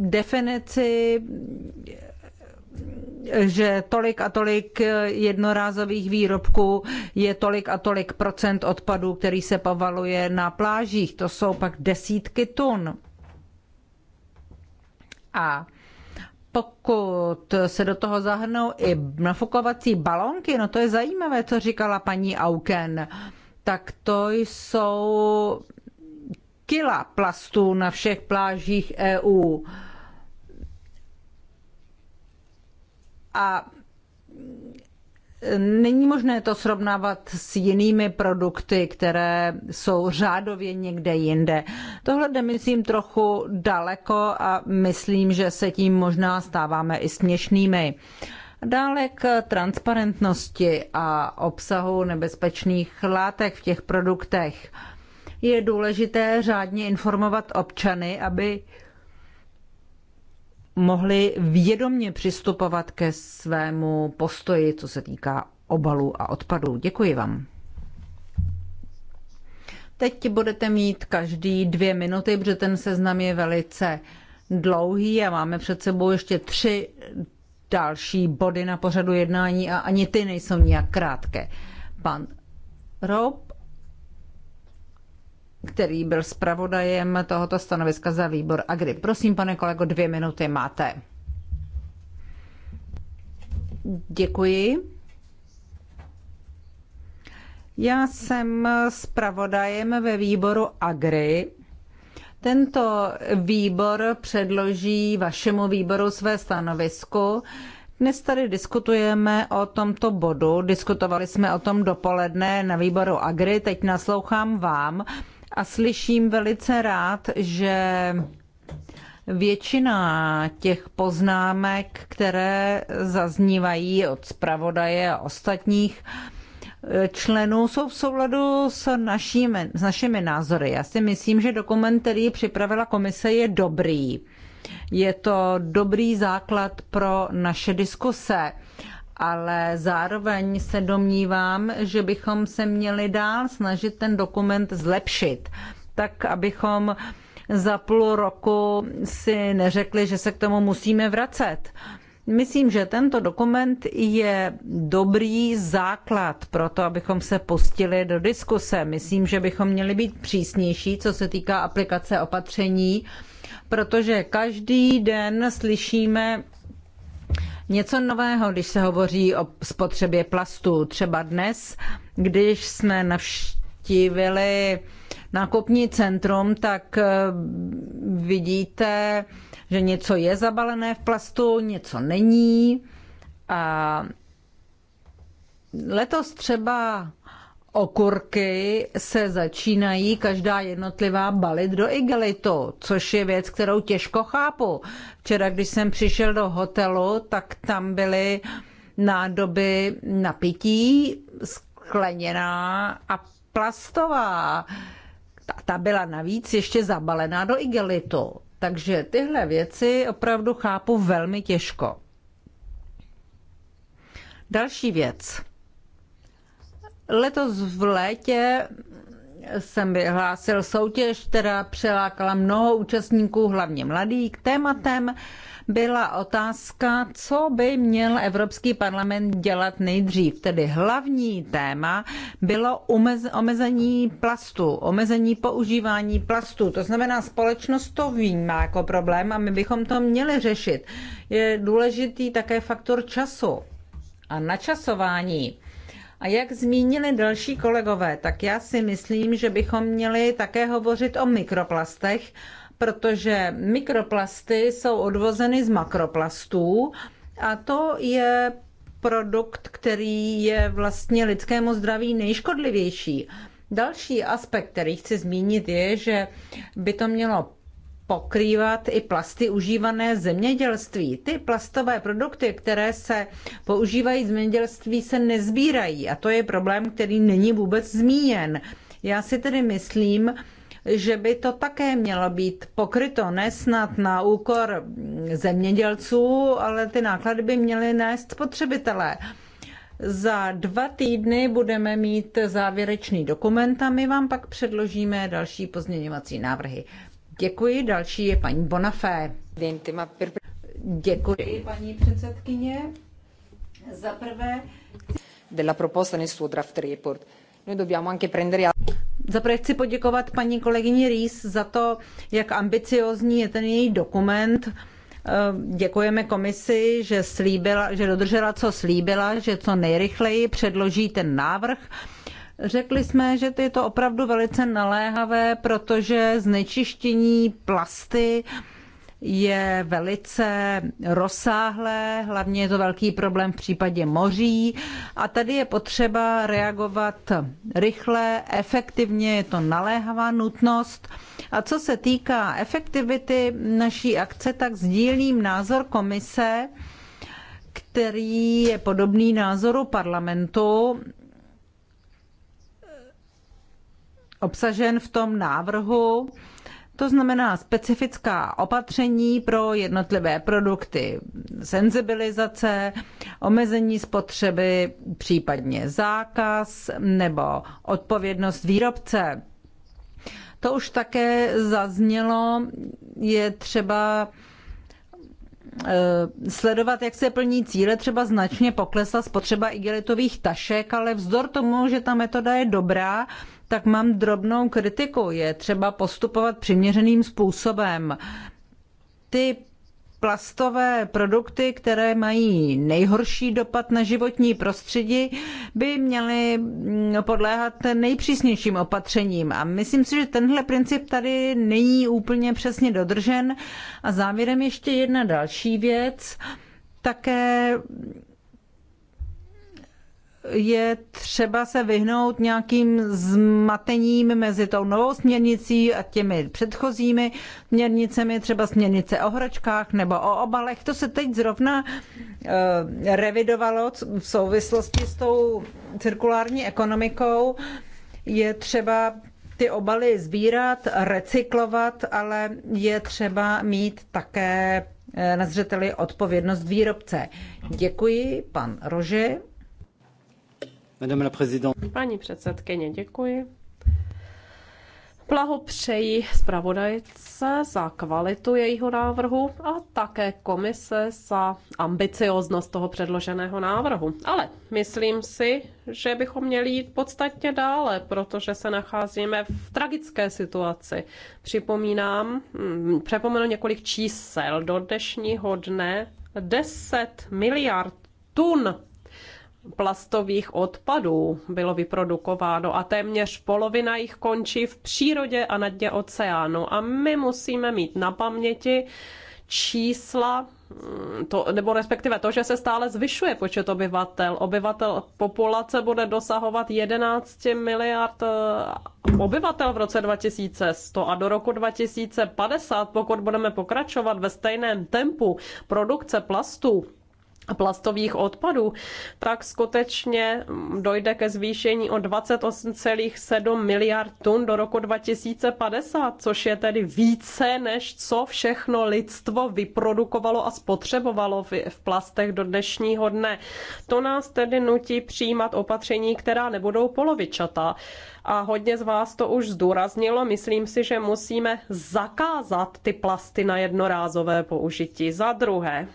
definici, že tolik a tolik jednorázových výrobků je tolik a tolik procent odpadů, který se povaluje na plážích. To jsou pak desítky tun. A pokud se do toho zahrnou i nafukovací balonky, no to je zajímavé, co říkala paní Auken. Um, tak to jsou kila plastů na všech plážích EU. A není možné to srovnávat s jinými produkty, které jsou řádově někde jinde. Tohle jde, myslím, trochu daleko a myslím, že se tím možná stáváme i směšnými. Uh, Dále k transparentnosti a obsahu nebezpečných látek v těch produktech. Je důležité řádně informovat občany, aby mohli vědomně přistupovat ke svému postoji, co se týká obalů a odpadů. Děkuji vám. Teď budete mít každý dvě minuty, protože ten seznam je velice dlouhý a máme před sebou ještě tři další body na pořadu jednání a ani ty nejsou nijak krátké. Pan Rob, který byl zpravodajem tohoto stanoviska za výbor Agri. Prosím, pane kolego, dvě minuty máte. Děkuji. Já jsem zpravodajem ve výboru Agri tento výbor předloží vašemu výboru své stanovisko. Dnes tady diskutujeme o tomto bodu. Diskutovali jsme o tom dopoledne na výboru Agri, teď naslouchám vám a slyším velice rád, že většina těch poznámek, které zaznívají od zpravodaje a ostatních, členů jsou v souladu s našimi, s našimi názory. Já si myslím, že dokument, který připravila komise, je dobrý. Je to dobrý základ pro naše diskuse, ale zároveň se domnívám, že bychom se měli dál snažit ten dokument zlepšit, tak abychom za půl roku si neřekli, že se k tomu musíme vracet Myslím, že tento dokument je dobrý základ pro to, abychom se pustili do diskuse. Myslím, že bychom měli být přísnější, co se týká aplikace opatření, protože každý den slyšíme něco nového, když se hovoří o spotřebě plastu. Třeba dnes, když jsme navštívili nákupní centrum, tak eh, vidíte, že něco je zabalené v plastu, něco není. A letos třeba okurky se začínají každá jednotlivá balit do igelitu, což je věc, kterou těžko chápu. Včera, když jsem přišel do hotelu, tak tam byly nádoby na pití, skleněná a plastová. Ta, ta byla navíc ještě zabalená do igelitu. Takže tyhle věci opravdu chápu velmi těžko. Další věc. Letos v létě jsem vyhlásil soutěž, která přelákala mnoho účastníků, hlavně mladých, tématem byla otázka, co by měl Evropský parlament dělat nejdřív. Tedy hlavní téma bylo omezení plastu, omezení používání plastu. To znamená, společnost to vnímá jako problém a my bychom to měli řešit. Je důležitý také faktor času a načasování. A jak zmínili další kolegové, tak já si myslím, že bychom měli také hovořit o mikroplastech protože mikroplasty jsou odvozeny z makroplastů a to je produkt, který je vlastně lidskému zdraví nejškodlivější. Další aspekt, který chci zmínit, je, že by to mělo pokrývat i plasty užívané v zemědělství. Ty plastové produkty, které se používají v zemědělství, se nezbírají a to je problém, který není vůbec zmíněn. Já si tedy myslím, že by to také mělo být pokryto nesnad na úkor zemědělců, ale ty náklady by měly nést spotřebitelé. Za dva týdny budeme mít závěrečný dokument a my vám pak předložíme další pozměňovací návrhy. Děkuji, další je paní Bonafé. Děkuji, paní předsedkyně. Za prvé... Della proposta nel suo draft report. Noi dobbiamo anche prendere... Zaprvé chci poděkovat paní kolegyni Rýs za to, jak ambiciozní je ten její dokument. Eh, děkujeme komisi, že, slíbila, že dodržela, co slíbila, že co nejrychleji předloží ten návrh. Řekli jsme, že je to opravdu velice naléhavé, protože znečištění plasty je velice rozsáhlé, hlavně je to velký problém v případě moří a tady je potřeba reagovat rychle, efektivně, je to naléhavá nutnost. A co se týká efektivity naší akce, tak sdílím názor komise, který je podobný názoru parlamentu, obsažen v tom návrhu, to znamená specifická opatření pro jednotlivé produkty, senzibilizace, omezení spotřeby, případně zákaz nebo odpovědnost výrobce. To už také zaznělo, je třeba eh, sledovat, jak se plní cíle. Třeba značně poklesla spotřeba igelitových tašek, ale vzdor tomu, že ta metoda je dobrá, tak mám drobnou kritiku. Je třeba postupovat přiměřeným způsobem. Ty plastové produkty, které mají nejhorší dopad na životní prostředí, by měly mm, podléhat nejpřísnějším opatřením. A myslím si, že tenhle princip tady není úplně přesně dodržen. A závěrem ještě jedna další věc. Také je třeba se vyhnout nějakým zmatením mezi tou novou směrnicí a těmi předchozími směrnicemi, třeba směrnice o hračkách nebo o obalech. To se teď zrovna eh, revidovalo v souvislosti s tou cirkulární ekonomikou. Je třeba ty obaly sbírat, recyklovat, ale je třeba mít také eh, na zřeteli odpovědnost výrobce. Děkuji, pan Rože. Madame la présidente. Paní předsedkyně, děkuji. Blahopřeji zpravodajce za kvalitu jejího návrhu a také komise za ambicioznost toho předloženého návrhu. Ale myslím si, že bychom měli jít podstatně dále, protože se nacházíme v tragické situaci. Připomínám, mm, připomenu několik čísel. Do dnešního dne 10 miliard tun plastových odpadů bylo vyprodukováno a téměř polovina jich končí v přírodě a na dně oceánu. A my musíme mít na paměti čísla, mm, to, nebo respektive to, že se stále zvyšuje počet obyvatel. Obyvatel populace bude dosahovat 11 miliard eh, obyvatel v roce 2100 a do roku 2050, pokud budeme pokračovat ve stejném tempu produkce plastů, plastových odpadů, tak skutečně dojde ke zvýšení o 28,7 miliard tun do roku 2050, což je tedy více, než co všechno lidstvo vyprodukovalo a spotřebovalo v plastech do dnešního dne. To nás tedy nutí přijímat opatření, která nebudou polovičatá a hodně z vás to už zdůraznilo. Myslím si, že musíme zakázat ty plasty na jednorázové použití. Za druhé,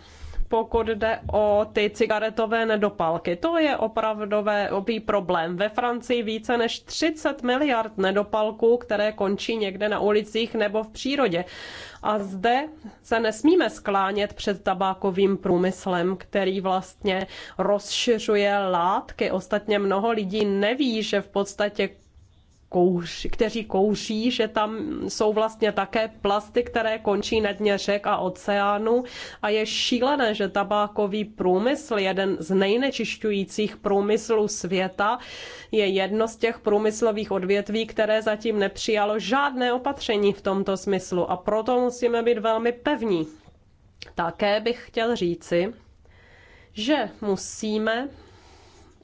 pokud jde o ty cigaretové nedopalky. To je opravdové problém. Ve Francii více než 30 miliard nedopalků, které končí někde na ulicích nebo v přírodě. A zde se nesmíme sklánět před tabákovým průmyslem, který vlastně rozšiřuje látky. Ostatně mnoho lidí neví, že v podstatě kouří, kteří kouří, že tam jsou vlastně také plasty, které končí na dně řek a oceánu a je šílené, že tabákový průmysl, jeden z nejnečišťujících průmyslů světa, je jedno z těch průmyslových odvětví, které zatím nepřijalo žádné opatření v tomto smyslu a proto musíme být velmi pevní. Také bych chtěl říci, že musíme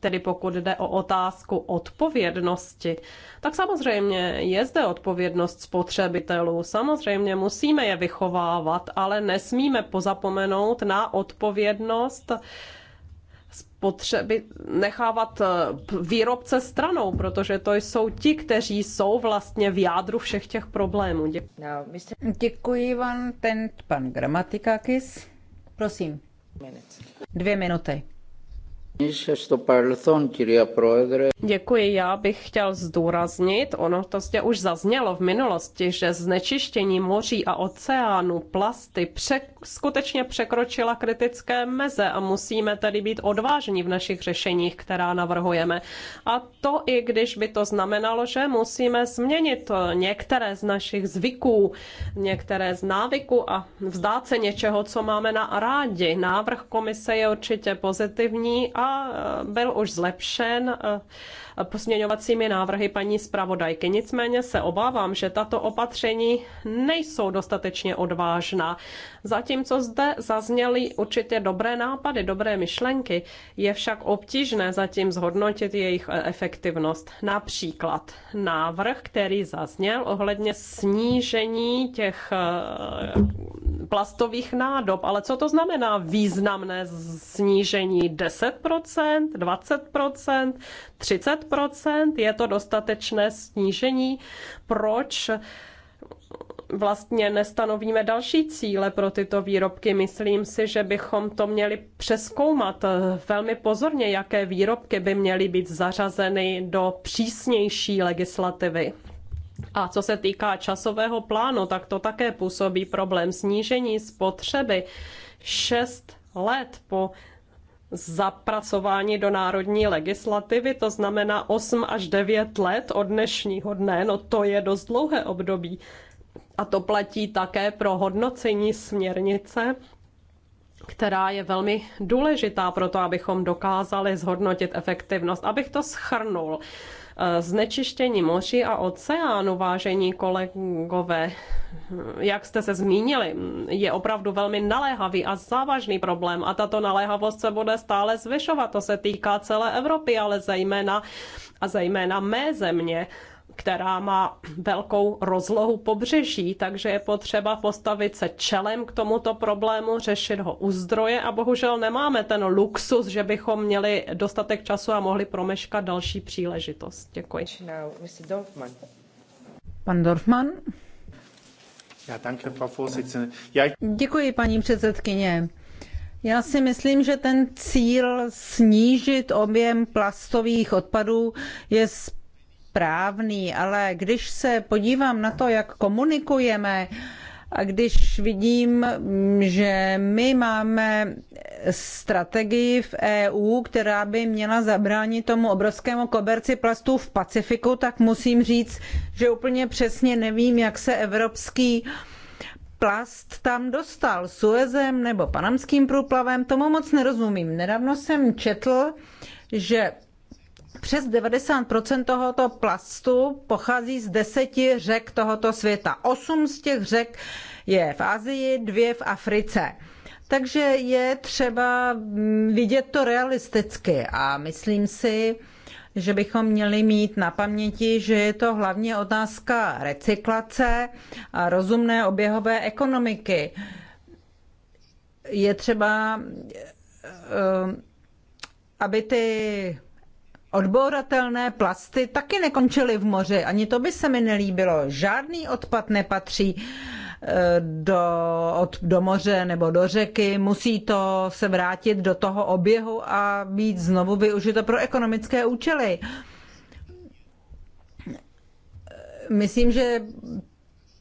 tedy pokud jde o otázku odpovědnosti, tak samozřejmě je zde odpovědnost spotřebitelů. Samozřejmě musíme je vychovávat, ale nesmíme pozapomenout na odpovědnost spotřeby, nechávat eh, výrobce stranou, protože to jsou ti, kteří jsou vlastně v jádru všech těch problémů. Děkuji, Děkuji vám, ten pan Gramatikakis. Prosím. Dvě minuty. Děkuji, já bych chtěl zdůraznit, ono to zde už zaznělo v minulosti, že znečištění moří a oceánu plasty pře- skutečně překročila kritické meze a musíme tedy být odvážní v našich řešeních, která navrhujeme. A to i když by to znamenalo, že musíme změnit některé z našich zvyků, některé z návyků a vzdát se něčeho, co máme na rádi. Návrh komise je určitě pozitivní a byl už zlepšen pozměňovacími návrhy paní zpravodajky. Nicméně se obávám, že tato opatření nejsou dostatečně odvážná. Zatímco zde zazněly určitě dobré nápady, dobré myšlenky, je však obtížné zatím zhodnotit jejich efektivnost. Například návrh, který zazněl ohledně snížení těch eh, plastových nádob. Ale co to znamená významné snížení? 10%, 20%? 30 je to dostatečné snížení. Proč vlastně nestanovíme další cíle pro tyto výrobky. Myslím si, že bychom to měli přeskoumat velmi pozorně, jaké výrobky by měly být zařazeny do přísnější legislativy. A co se týká časového plánu, tak to také působí problém snížení spotřeby 6 let po zapracování do národní legislativy, to znamená 8 až 9 let od dnešního dne, no to je dost dlouhé období. A to platí také pro hodnocení směrnice, která je velmi důležitá pro to, abychom dokázali zhodnotit efektivnost. Abych to schrnul, Eh, znečištění moří a oceánu, vážení kolegové, jak jste se zmínili, je opravdu velmi naléhavý a závažný problém a tato naléhavost se bude stále zvyšovat. To se týká celé Evropy, ale zejména a zejména mé země která má velkou rozlohu pobřeží, takže je potřeba postavit se čelem k tomuto problému, řešit ho u zdroje a bohužel nemáme ten luxus, že bychom měli dostatek času a mohli promeškat další příležitost. Děkuji. Pan Dorfman. Děkuji, paní předsedkyně. Já si myslím, že ten cíl snížit objem plastových odpadů je správný, ale když se podívám na to, jak komunikujeme, a když vidím, že my máme strategii v EU, která by měla zabránit tomu obrovskému koberci plastů v Pacifiku, tak musím říct, že úplně přesně nevím, jak se evropský plast tam dostal. Suezem nebo panamským průplavem, tomu moc nerozumím. Nedávno jsem četl, že přes 90% tohoto plastu pochází z deseti řek tohoto světa. Osm z těch řek je v Asii, dvě v Africe. Takže je třeba mm, vidět to realisticky a myslím si, že bychom měli mít na paměti, že je to hlavně otázka recyklace a rozumné oběhové ekonomiky. Je třeba, eh, aby ty Odbouratelné plasty taky nekončily v moři, ani to by se mi nelíbilo. Žádný odpad nepatří eh, do, od, do moře nebo do řeky, musí to se vrátit do toho oběhu a být znovu využito pro ekonomické účely. Myslím, že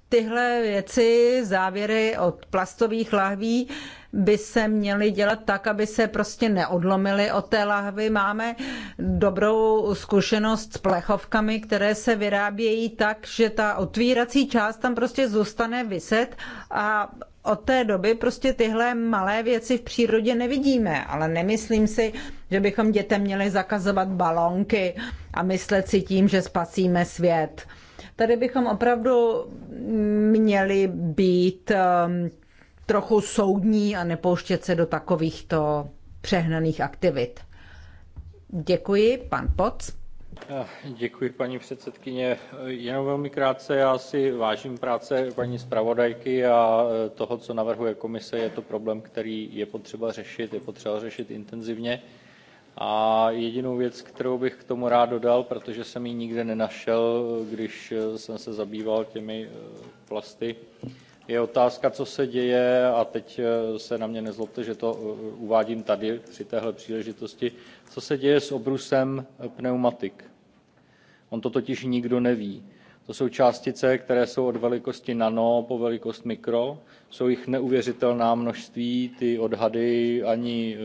tyhle věci, závěry od plastových lahví by se měly dělat tak, aby se prostě neodlomily od té lahvy. Máme dobrou zkušenost s plechovkami, které se vyrábějí tak, že ta otvírací část tam prostě zůstane vyset a od té doby prostě tyhle malé věci v přírodě nevidíme, ale nemyslím si, že bychom dětem měli zakazovat balonky a myslet si tím, že spasíme svět. Tady bychom opravdu měli být um, trochu soudní a nepouštět se do takovýchto přehnaných aktivit. Děkuji, pan Poc. Děkuji, paní předsedkyně. Jenom velmi krátce, já si vážím práce paní zpravodajky a e, toho, co navrhuje komise, je to problém, který je potřeba řešit, je potřeba řešit intenzivně. A jedinou věc, kterou bych k tomu rád dodal, protože jsem ji nikde nenašel, e, když e, jsem se zabýval těmi plasty, je otázka, co se děje, a teď eh, se na mě nezlobte, že to eh, uvádím tady při téhle příležitosti, co se děje s obrusem eh, pneumatik. On to totiž nikdo neví. To jsou částice, které jsou od velikosti nano po velikost mikro. Jsou jich neuvěřitelná množství, ty odhady ani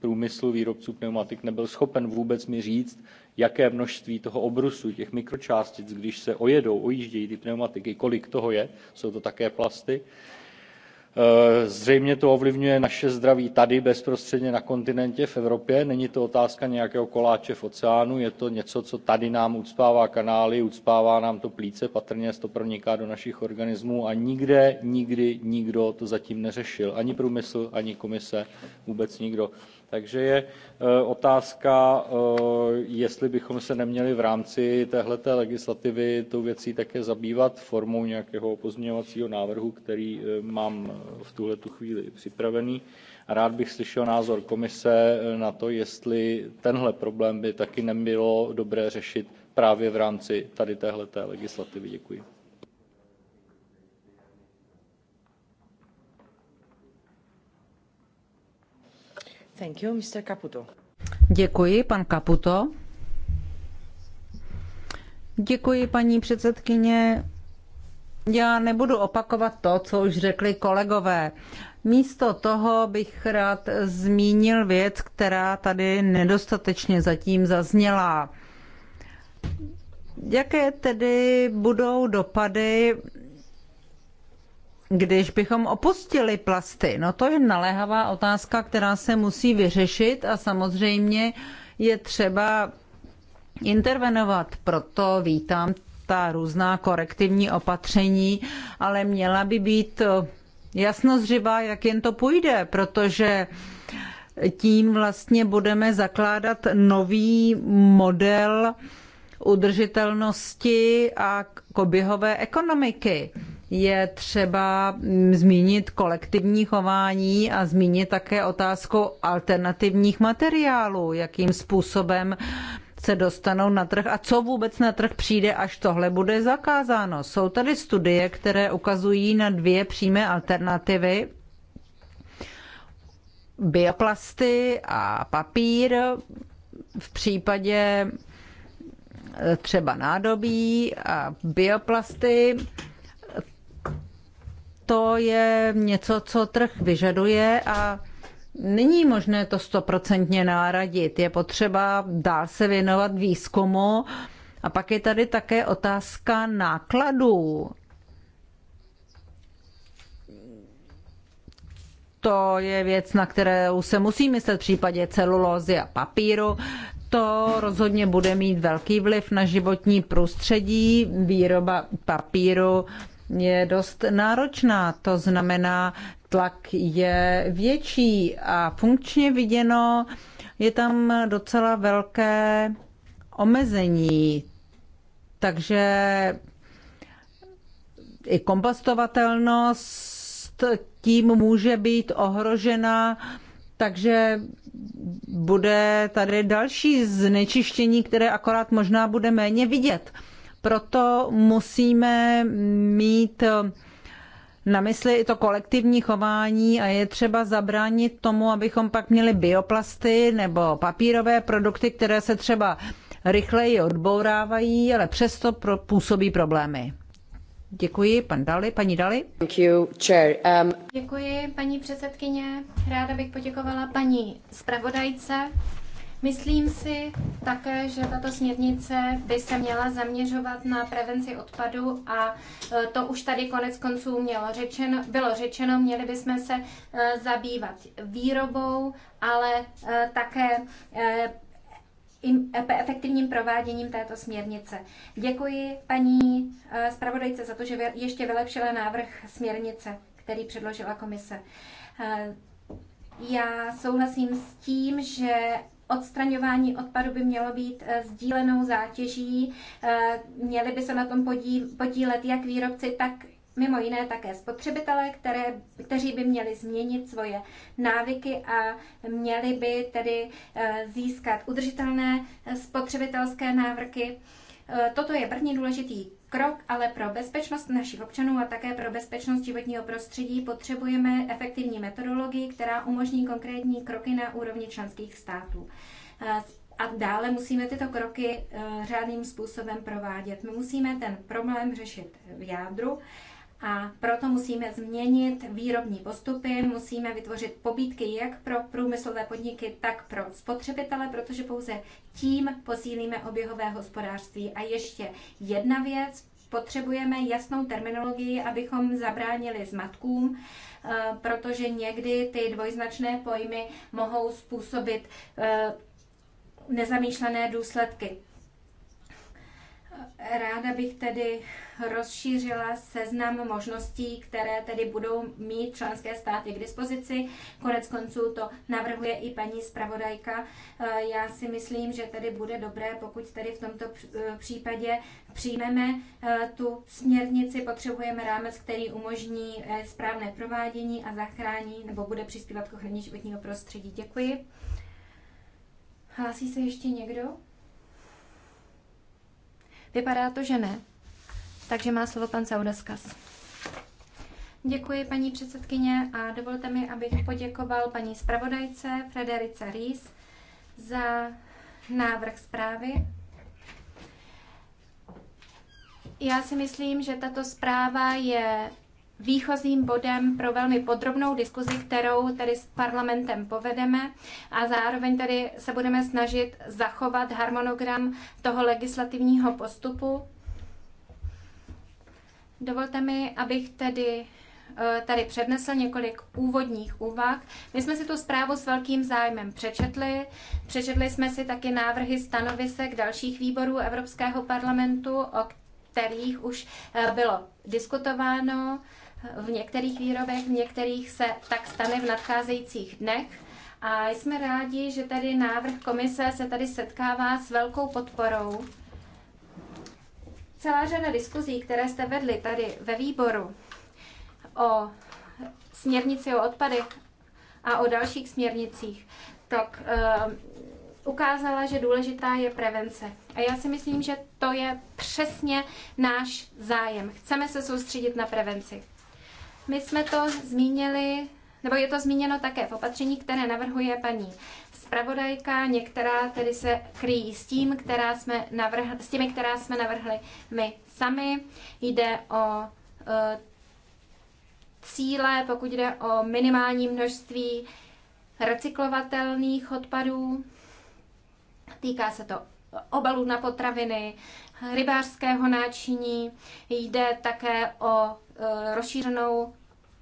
průmysl výrobců pneumatik nebyl schopen vůbec mi říct, jaké množství toho obrusu, těch mikročástic, když se ojedou, ojíždějí ty pneumatiky, kolik toho je, jsou to také plasty. E, zřejmě to ovlivňuje naše zdraví tady bezprostředně na kontinentě v Evropě. Není to otázka nějakého koláče v oceánu, je to něco, co tady nám ucpává kanály, ucpává nám to plíce, patrně to proniká do našich organismů a nikde, nikdy, nikdo to zatím neřešil. Ani průmysl, ani komise, vůbec nikdo. Takže je e, otázka, e, jestli bychom se neměli v rámci téhleté legislativy tou věcí také zabývat formou nějakého pozměňovacího návrhu, který e, mám v tuhle tu chvíli připravený. A rád bych slyšel názor komise na to, jestli tenhle problém by taky nebylo dobré řešit právě v rámci tady téhleté legislativy. Děkuji. Děkuji, pan Caputo. Děkuji, paní předsedkyně. Já nebudu opakovat to, co už řekli kolegové. Místo toho bych rád zmínil věc, která tady nedostatečně zatím zazněla. Jaké tedy budou dopady když bychom opustili plasty? No to je naléhavá otázka, která se musí vyřešit a samozřejmě je třeba intervenovat. Proto vítám ta různá korektivní opatření, ale měla by být jasnozřivá, jak jen to půjde, protože tím vlastně budeme zakládat nový model udržitelnosti a koběhové ekonomiky je třeba mm, zmínit kolektivní chování a zmínit také otázku alternativních materiálů, jakým způsobem se dostanou na trh a co vůbec na trh přijde, až tohle bude zakázáno. Jsou tady studie, které ukazují na dvě přímé alternativy. Bioplasty a papír v případě eh, třeba nádobí a bioplasty to je něco, co trh vyžaduje a není možné to stoprocentně náradit. Je potřeba dál se věnovat výzkumu a pak je tady také otázka nákladů. To je věc, na kterou se musí myslet v případě celulózy a papíru. To rozhodně bude mít velký vliv na životní prostředí. Výroba papíru je dost náročná. To znamená, tlak je větší a funkčně viděno je tam docela velké omezení. Takže i kompostovatelnost tím může být ohrožena, takže bude tady další znečištění, které akorát možná bude méně vidět. Proto musíme mít na mysli i to kolektivní chování a je třeba zabránit tomu, abychom pak měli bioplasty nebo papírové produkty, které se třeba rychleji odbourávají, ale přesto pro, působí problémy. Děkuji, pan Dali, paní Dali. Thank you, chair. Um... Děkuji, paní předsedkyně. Ráda bych poděkovala paní zpravodajce Myslím si také, že tato směrnice by se měla zaměřovat na prevenci odpadu a e, to už tady konec konců mělo řečeno, bylo řečeno, měli bychom se e, zabývat výrobou, ale e, také efektivním prováděním této směrnice. Děkuji paní zpravodajce za to, že ještě vylepšila návrh směrnice, který předložila komise. Já souhlasím s tím, že odstraňování odpadu by mělo být eh, sdílenou zátěží. Eh, měli by se na tom podílet jak výrobci, tak mimo jiné také spotřebitelé, které, kteří by měli změnit svoje návyky a měli by tedy eh, získat udržitelné spotřebitelské návrky. Toto je první důležitý krok, ale pro bezpečnost našich občanů a také pro bezpečnost životního prostředí potřebujeme efektivní metodologii, která umožní konkrétní kroky na úrovni členských států. Eh, a dále musíme tyto kroky eh, řádným způsobem provádět. My musíme ten problém řešit v jádru a proto musíme změnit výrobní postupy, musíme vytvořit pobídky jak pro průmyslové podniky, tak pro spotřebitele, protože pouze tím posílíme oběhové hospodářství. A ještě jedna věc, potřebujeme jasnou terminologii, abychom zabránili zmatkům, eh, protože někdy ty dvojznačné pojmy mohou způsobit eh, nezamýšlené důsledky. Ráda bych tedy rozšířila seznam možností, které tedy budou mít členské státy k dispozici. Konec konců to navrhuje i paní zpravodajka. Eh, já si myslím, že tedy bude dobré, pokud tedy v tomto eh, případě přijmeme eh, tu směrnici, potřebujeme rámec, který umožní správné provádění a zachrání nebo bude přispívat k ochraně životního prostředí. Děkuji. Hlásí se ještě někdo? Vypadá to, že ne. Takže má slovo pan Saudaskas. Děkuji, paní předsedkyně, a dovolte mi, abych poděkoval paní zpravodajce Frederice Ries za návrh zprávy. Já si myslím, že tato zpráva je výchozím bodem pro velmi podrobnou diskuzi, kterou tady s parlamentem povedeme a zároveň tady se budeme snažit zachovat harmonogram toho legislativního postupu. Dovolte mi, abych tedy eh, tady přednesl několik úvodních úvah. My jsme si tu zprávu s velkým zájmem přečetli. Přečetli jsme si taky návrhy stanovisek dalších výborů Evropského parlamentu, o kterých už eh, bylo diskutováno v některých výrobech, v některých se tak stane v nadcházejících dnech. A jsme rádi, že tady návrh komise se tady setkává s velkou podporou. Celá řada diskuzí, které jste vedli tady ve výboru o směrnici o odpadech a o dalších směrnicích, tak eh, ukázala, že důležitá je prevence. A já si myslím, že to je přesně náš zájem. Chceme se soustředit na prevenci. My jsme to zmínili, nebo je to zmíněno také v opatření, které navrhuje paní zpravodajka, některá tedy se kryjí s, tím, která jsme navrhl, s těmi, která jsme navrhli my sami. Jde o uh, cíle, pokud jde o minimální množství recyklovatelných odpadů. Týká se to obalů na potraviny, rybářského náčiní, jde také o e, rozšířenou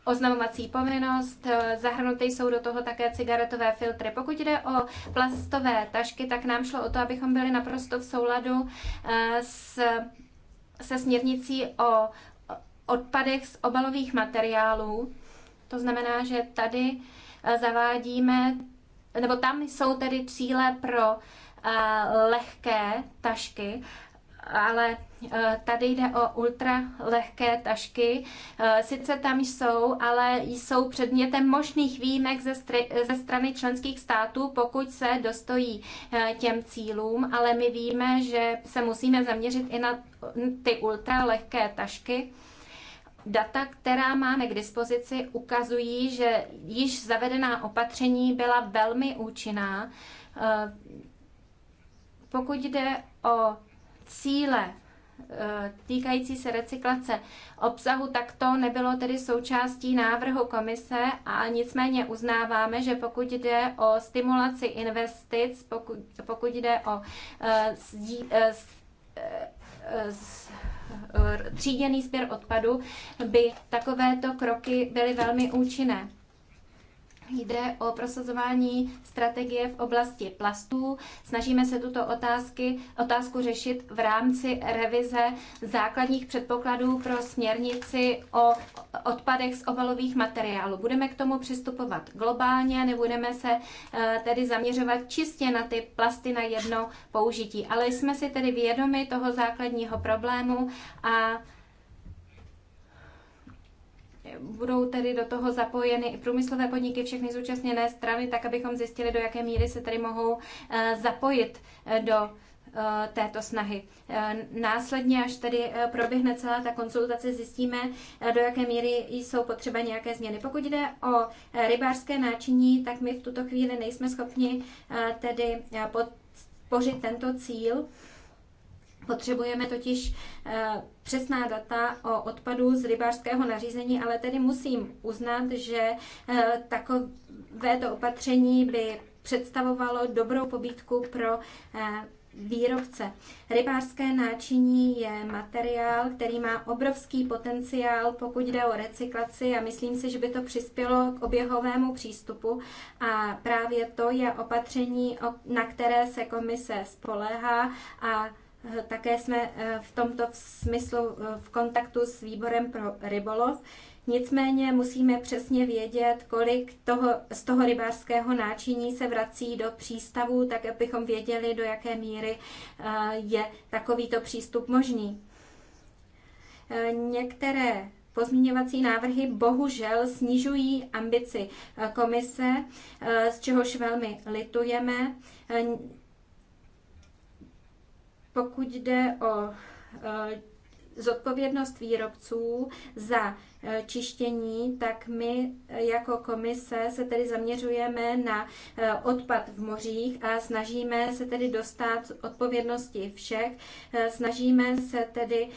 oznamovací povinnost, e, zahrnuty jsou do toho také cigaretové filtry. Pokud jde o plastové tašky, tak nám šlo o to, abychom byli naprosto v souladu e, s, se směrnicí o odpadech z obalových materiálů. To znamená, že tady zavádíme, nebo tam jsou tedy cíle pro lehké tašky ale eh, tady jde o ultralehké tašky. Eh, sice tam jsou, ale jsou předmětem možných výjimek ze, str- ze strany členských států, pokud se dostojí eh, těm cílům, ale my víme, že se musíme zaměřit i na ty ultralehké tašky. Data, která máme k dispozici, ukazují, že již zavedená opatření byla velmi účinná. Pokud jde o cíle eh, týkající se recyklace obsahu takto nebylo tedy součástí návrhu komise a nicméně uznáváme, že pokud jde o stimulaci investic, pokud, pokud jde o uh, tříděný sběr odpadu, by takovéto kroky byly velmi účinné. Jde o prosazování strategie v oblasti plastů. Snažíme se tuto otázky, otázku řešit v rámci revize základních předpokladů pro směrnici o odpadech z obalových materiálů. Budeme k tomu přistupovat globálně, nebudeme se eh, tedy zaměřovat čistě na ty plasty na jedno použití, ale jsme si tedy vědomi toho základního problému a budou tedy do toho zapojeny i průmyslové podniky, všechny zúčastněné strany, tak abychom zjistili, do jaké míry se tedy mohou eh, zapojit eh, do eh, této snahy. Následně, až tedy proběhne celá ta konzultace, zjistíme, do jaké míry jsou potřeba nějaké změny. Pokud jde o rybářské náčiní, tak my v tuto chvíli nejsme schopni tedy podpořit tento cíl. Potřebujeme totiž eh, přesná data o odpadu z rybářského nařízení, ale tedy musím uznat, že eh, takovéto opatření by představovalo dobrou pobídku pro eh, výrobce. Rybářské náčiní je materiál, který má obrovský potenciál, pokud jde o recyklaci a myslím si, že by to přispělo k oběhovému přístupu a právě to je opatření, na které se komise spoléhá a Eh, také jsme eh, v tomto smyslu eh, v kontaktu s výborem pro rybolov. Nicméně musíme přesně vědět, kolik toho, z toho rybářského náčiní se vrací do přístavu, tak abychom věděli, do jaké míry je takovýto přístup možný. Některé pozměňovací návrhy bohužel snižují ambici komise, z čehož velmi litujeme. Pokud jde o eh, zodpovědnost výrobců za eh, čištění, tak my eh, jako komise se tedy zaměřujeme na odpad v mořích a snažíme se tedy dostat odpovědnosti všech. Snažíme se tedy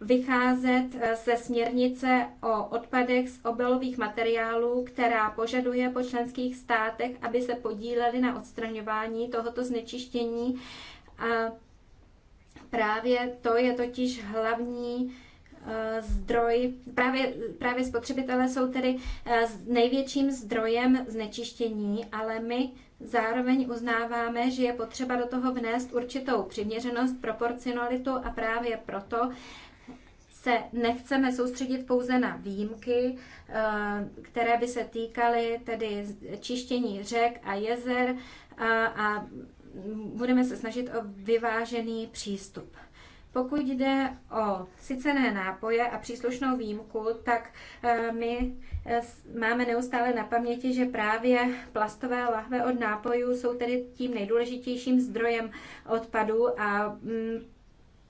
vycházet ze směrnice o odpadech z obalových materiálů, která požaduje po členských státech, aby se podíleli na odstraňování tohoto znečištění a právě to je totiž hlavní eh, zdroj, právě, právě spotřebitelé jsou tedy eh, největším zdrojem znečištění, ale my zároveň uznáváme, že je potřeba do toho vnést určitou přiměřenost, proporcionalitu a právě proto se nechceme soustředit pouze na výjimky, eh, které by se týkaly tedy čištění řek a jezer a, a budeme se snažit o vyvážený přístup. Pokud jde o sycené nápoje a příslušnou výjimku, tak eh, my eh, máme neustále na paměti, že právě plastové lahve od nápojů jsou tedy tím nejdůležitějším zdrojem odpadu a mm,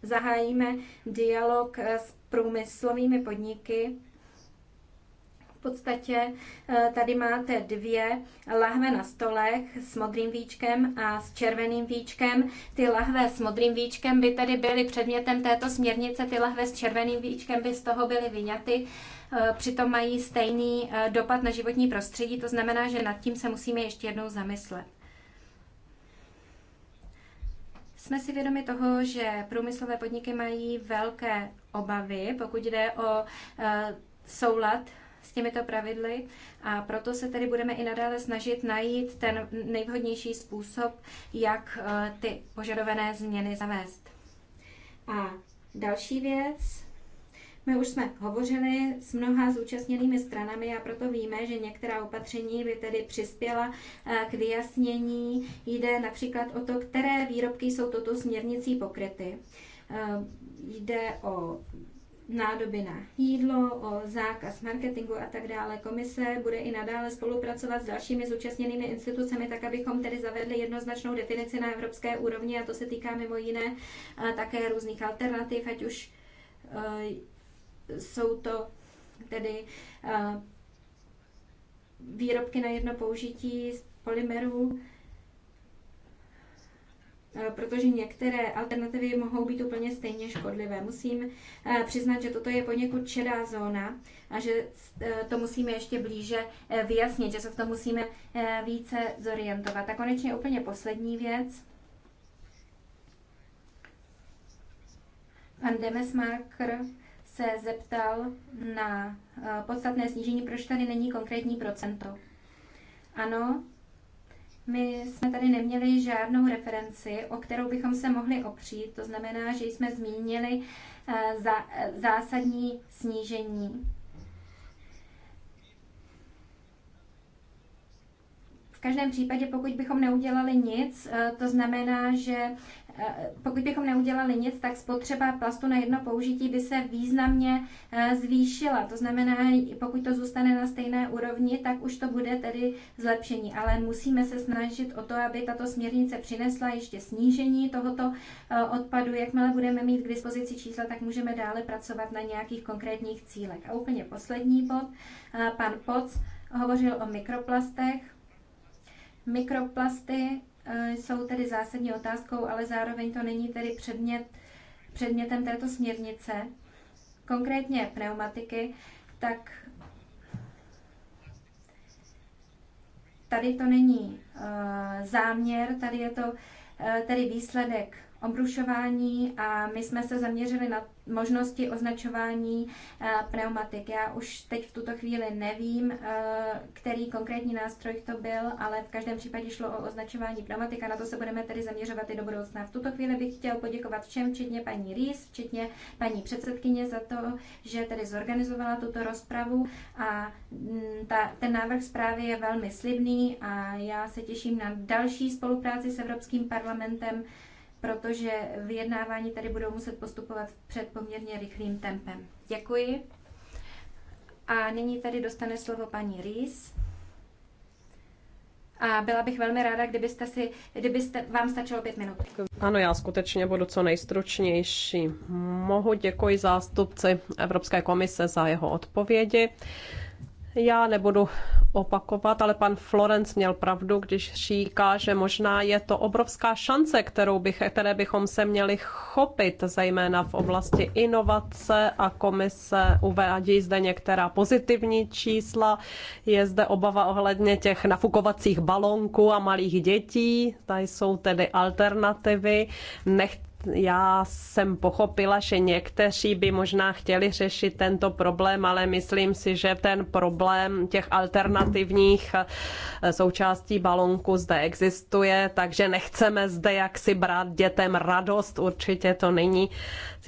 zahájíme dialog eh, s průmyslovými podniky v podstatě eh, tady máte dvě lahve na stolech s modrým víčkem a s červeným víčkem. Ty lahve s modrým víčkem by tedy byly předmětem této směrnice, ty lahve s červeným víčkem by z toho byly vyňaty. Eh, přitom mají stejný eh, dopad na životní prostředí, to znamená, že nad tím se musíme ještě jednou zamyslet. Jsme si vědomi toho, že průmyslové podniky mají velké obavy, pokud jde o soulad s těmito pravidly a proto se tedy budeme i nadále snažit najít ten nejvhodnější způsob, jak eh, ty požadované změny zavést. A další věc, my už jsme hovořili s mnoha zúčastněnými stranami a proto víme, že některá opatření by tedy přispěla eh, k vyjasnění. Jde například o to, které výrobky jsou toto směrnicí pokryty. Eh, jde o nádoby na jídlo, o zákaz marketingu a tak dále. Komise bude i nadále spolupracovat s dalšími zúčastněnými institucemi, tak abychom tedy zavedli jednoznačnou definici na evropské úrovni a to se týká mimo jiné také různých alternativ, ať už e, jsou to tedy e, výrobky na jedno použití z polymerů, Eh, protože některé alternativy mohou být úplně stejně škodlivé. Musím eh, přiznat, že toto je poněkud šedá zóna a že eh, to musíme ještě blíže vyjasnit, že se v tom musíme více zorientovat. A konečně úplně poslední věc. Pan Demesmarker se zeptal na podstatné snížení, proč tady není konkrétní procento. Ano, my jsme tady neměli žádnou referenci, o kterou bychom se mohli opřít, to znamená, že jsme zmínili eh, eh, zásadní snížení. V každém případě, pokud bychom neudělali nic, eh, to znamená, že Eh, pokud bychom neudělali nic, tak spotřeba plastu na jedno použití by se významně eh, zvýšila. To znamená, pokud to zůstane na stejné úrovni, tak už to bude tedy zlepšení. Ale musíme se snažit o to, aby tato směrnice přinesla ještě snížení tohoto eh, odpadu. Jakmile budeme mít k dispozici čísla, tak můžeme dále pracovat na nějakých konkrétních cílech. A úplně poslední bod. Pan Poc hovořil o mikroplastech. Mikroplasty Eh, jsou tedy zásadní otázkou, ale zároveň to není tedy předmět, předmětem této směrnice, konkrétně pneumatiky, tak tady to není eh, záměr, tady je to eh, tedy výsledek obrušování a my jsme se zaměřili na možnosti označování eh, pneumatik. Já už teď v tuto chvíli nevím, eh, který konkrétní nástroj to byl, ale v každém případě šlo o označování pneumatik a na to se budeme tedy zaměřovat i do budoucna. V tuto chvíli bych chtěl poděkovat všem, včetně paní Rýs, včetně paní předsedkyně za to, že tedy zorganizovala tuto rozpravu a mm, ta, ten návrh zprávy je velmi slibný a já se těším na další spolupráci s Evropským parlamentem protože vyjednávání tady budou muset postupovat před poměrně rychlým tempem. Děkuji. A nyní tady dostane slovo paní Rýs. A byla bych velmi ráda, kdybyste, si, kdybyste vám stačilo pět minut. Ano, já skutečně budu co nejstručnější. Mohu děkuji zástupci Evropské komise za jeho odpovědi. Já nebudu opakovat, ale pan Florence měl pravdu, když říká, že možná je to obrovská šance, kterou bych, které bychom se měli chopit, zejména v oblasti inovace a komise uvádí zde některá pozitivní čísla. Je zde obava ohledně těch nafukovacích balonků a malých dětí. Tady jsou tedy alternativy. Nech, já jsem pochopila, že někteří by možná chtěli řešit tento problém, ale myslím si, že ten problém těch alternativních eh, součástí balonku zde existuje, takže nechceme zde jaksi brát dětem radost, určitě to není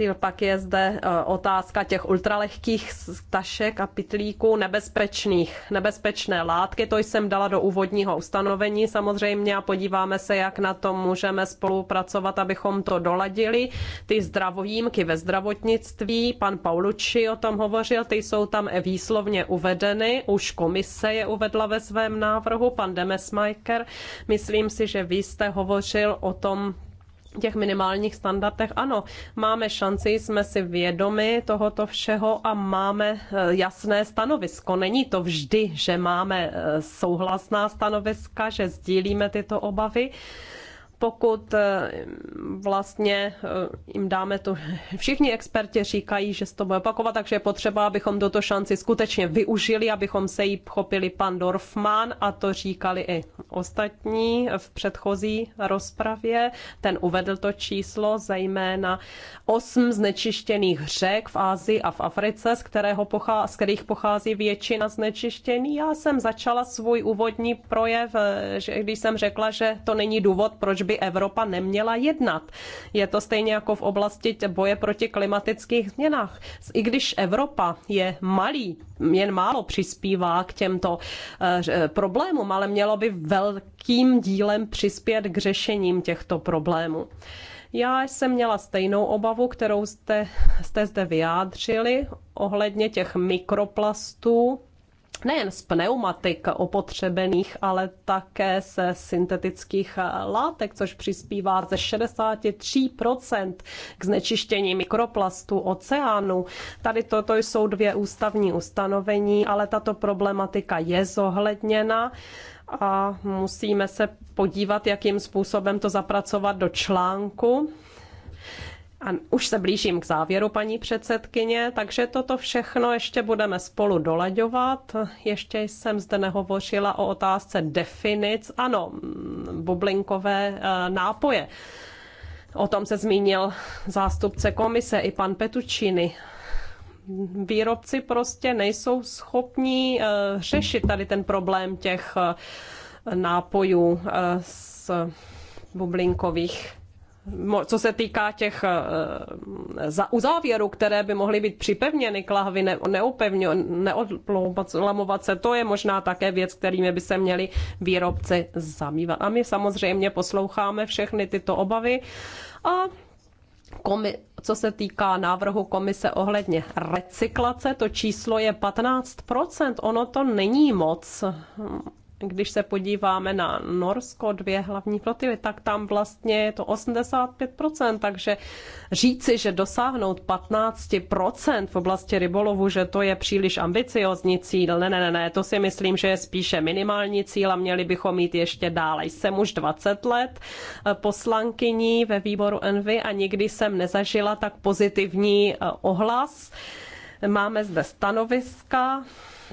cíl. Pak je zde e, otázka těch ultralehkých tašek a pitlíků nebezpečných, nebezpečné látky. To jsem dala do úvodního ustanovení samozřejmě a podíváme se, jak na tom můžeme spolupracovat, abychom to doladili. Ty zdravojímky ve zdravotnictví, pan Paulucci o tom hovořil, ty jsou tam výslovně uvedeny, už komise je uvedla ve svém návrhu, pan Demesmajker. Myslím si, že vy jste hovořil o tom těch minimálních standardech. Ano, máme šanci, jsme si vědomi tohoto všeho a máme eh, jasné stanovisko. Není to vždy, že máme eh, souhlasná stanoviska, že sdílíme tyto obavy pokud eh, vlastně eh, jim dáme to, všichni experti říkají, že se to bude opakovat, takže je potřeba, abychom tuto šanci skutečně využili, abychom se jí chopili pan Dorfman a to říkali i ostatní v předchozí rozpravě. Ten uvedl to číslo, zejména osm znečištěných řek v Ázii a v Africe, z, kterého pochá, z kterých pochází většina znečištění. Já jsem začala svůj úvodní projev, eh, že když jsem řekla, že to není důvod, proč by by Evropa neměla jednat. Je to stejně jako v oblasti boje proti klimatických změnách. I když Evropa je malý, jen málo přispívá k těmto eh, problémům, ale mělo by velkým dílem přispět k řešením těchto problémů. Já jsem měla stejnou obavu, kterou jste, jste zde vyjádřili ohledně těch mikroplastů, nejen z pneumatik opotřebených, ale také se syntetických látek, což přispívá ze 63% k znečištění mikroplastů oceánu. Tady toto jsou dvě ústavní ustanovení, ale tato problematika je zohledněna a musíme se podívat, jakým způsobem to zapracovat do článku a už se blížím k závěru, paní předsedkyně, takže toto všechno ještě budeme spolu dolaďovat. Ještě jsem zde nehovořila o otázce definic, ano, bublinkové eh, nápoje. O tom se zmínil zástupce komise i pan Petučiny. Výrobci prostě nejsou schopni eh, řešit tady ten problém těch eh, nápojů z bublinkových co se týká těch eh, uzávěrů, které by mohly být připevněny k lahvi, ne, neodlamovat se, to je možná také věc, kterými by se měli výrobci zamývat. A my samozřejmě posloucháme všechny tyto obavy a komi, co se týká návrhu komise ohledně recyklace, to číslo je 15%. Ono to není moc když se podíváme na Norsko, dvě hlavní flotily, tak tam vlastně je to 85%, takže říci, že dosáhnout 15% v oblasti rybolovu, že to je příliš ambiciozní cíl, ne, ne, ne, ne, to si myslím, že je spíše minimální cíl a měli bychom mít ještě dále. Jsem už 20 let eh, poslankyní ve výboru Envy a nikdy jsem nezažila tak pozitivní eh, ohlas. Máme zde stanoviska,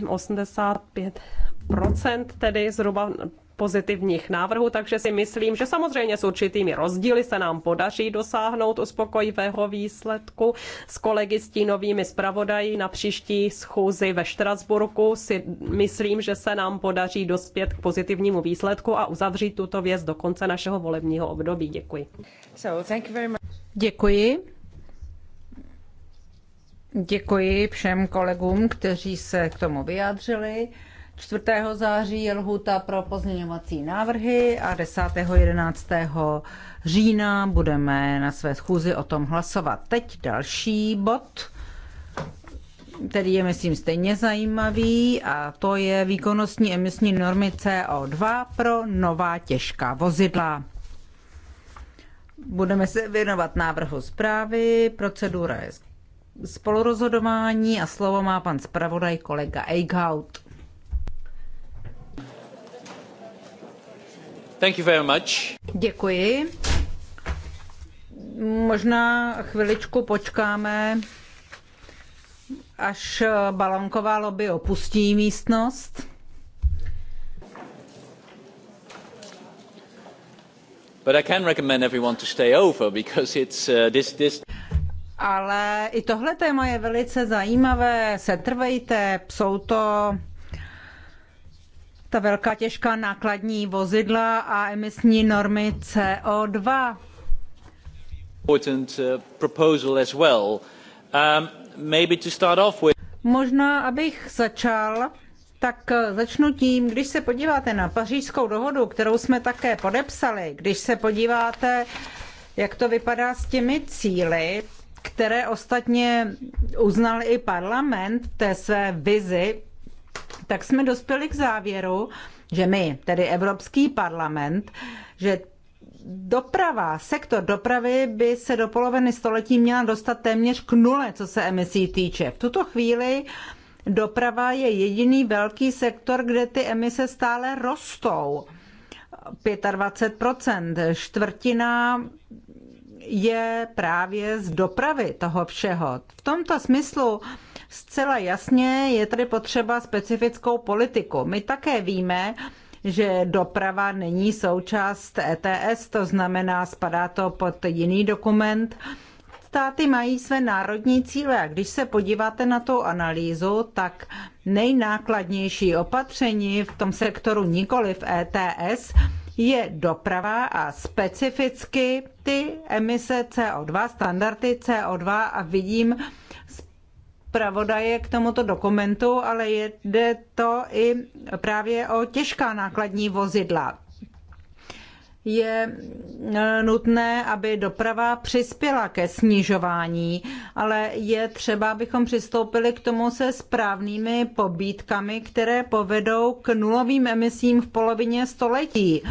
85 procent tedy zhruba pozitivních návrhů, takže si myslím, že samozřejmě s určitými rozdíly se nám podaří dosáhnout uspokojivého výsledku. S kolegy stínovými zpravodají na příští schůzi ve Štrasburku si myslím, že se nám podaří dospět k pozitivnímu výsledku a uzavřít tuto věc do konce našeho volebního období. Děkuji. Děkuji. Děkuji všem kolegům, kteří se k tomu vyjádřili. 4. září je lhuta pro pozměňovací návrhy a 10. 11. října budeme na své schůzi o tom hlasovat. Teď další bod, který je, myslím, stejně zajímavý a to je výkonnostní emisní normy CO2 pro nová těžká vozidla. Budeme se věnovat návrhu zprávy, procedura je spolurozhodování a slovo má pan zpravodaj kolega Eichhout. Děkuji. Možná chviličku počkáme, až balonková lobby opustí místnost. But I can recommend everyone to stay over because it's uh, this this ale i tohle téma je velice zajímavé. Setrvejte, jsou to ta velká těžká nákladní vozidla a emisní normy CO2. Uh, um, Možná, abych začal, tak uh, začnu tím, když se podíváte na pařížskou dohodu, kterou jsme také podepsali, když se podíváte, jak to vypadá s těmi cíly, které ostatně uznal i parlament v té své vizi tak jsme dospěli k závěru, že my, tedy Evropský parlament, že doprava, sektor dopravy by se do poloviny století měla dostat téměř k nule, co se emisí týče. V tuto chvíli doprava je jediný velký sektor, kde ty emise stále rostou. 25%, čtvrtina je právě z dopravy toho všeho. V tomto smyslu Zcela jasně je tady potřeba specifickou politiku. My také víme, že doprava není součást ETS, to znamená, spadá to pod jiný dokument. Státy mají své národní cíle a když se podíváte na tu analýzu, tak nejnákladnější opatření v tom sektoru nikoli v ETS je doprava a specificky ty emise CO2, standardy CO2 a vidím, zpravodaje k tomuto dokumentu, ale jde to i právě o těžká nákladní vozidla. Je e, nutné, aby doprava přispěla ke snižování, ale je třeba, abychom přistoupili k tomu se správnými pobídkami, které povedou k nulovým emisím v polovině století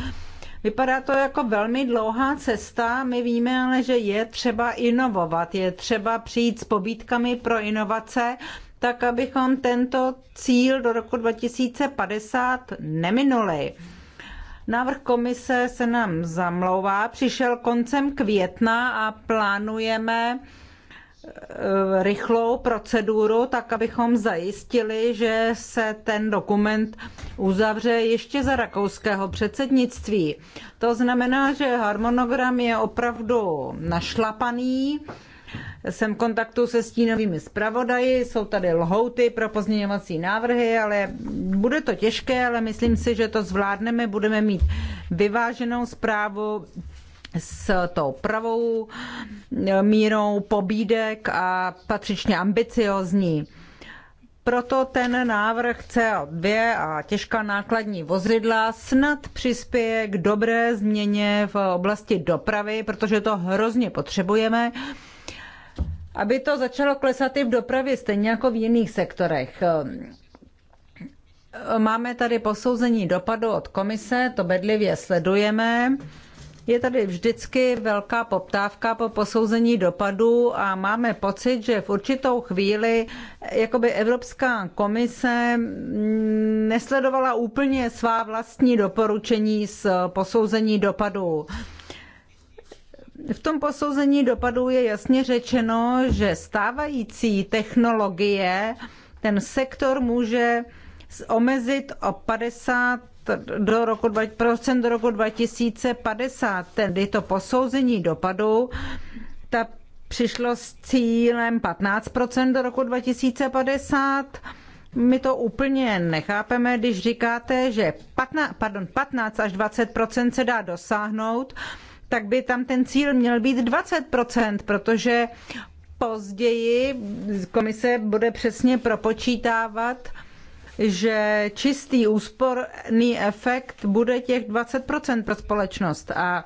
Vypadá to jako velmi dlouhá cesta, my víme ale, že je třeba inovovat, je třeba přijít s pobídkami pro inovace, tak abychom tento cíl do roku 2050 neminuli. Návrh komise se nám zamlouvá, přišel koncem května a plánujeme Eh, rychlou proceduru, tak abychom zajistili, že se ten dokument uzavře ještě za rakouského předsednictví. To znamená, že harmonogram je opravdu našlapaný. Jsem v kontaktu se stínovými zpravodaji, jsou tady lhouty pro pozměňovací návrhy, ale bude to těžké, ale myslím si, že to zvládneme, budeme mít vyváženou zprávu s tou pravou eh, mírou pobídek a patřičně ambiciozní. Proto ten návrh CO2 a těžká nákladní vozidla snad přispěje k dobré změně v oblasti dopravy, protože to hrozně potřebujeme, aby to začalo klesat i v dopravě, stejně jako v jiných sektorech. Máme tady posouzení dopadu od komise, to bedlivě sledujeme. Je tady vždycky velká poptávka po posouzení dopadů a máme pocit, že v určitou chvíli jakoby Evropská komise mm, nesledovala úplně svá vlastní doporučení z posouzení dopadů. V tom posouzení dopadů je jasně řečeno, že stávající technologie ten sektor může omezit o 50 do roku, 20%, do roku 2050, tedy to posouzení dopadu, ta přišlo s cílem 15% do roku 2050. My to úplně nechápeme, když říkáte, že 15, pardon, 15 až 20% se dá dosáhnout, tak by tam ten cíl měl být 20%, protože později komise bude přesně propočítávat, že čistý úsporný efekt bude těch 20% pro společnost a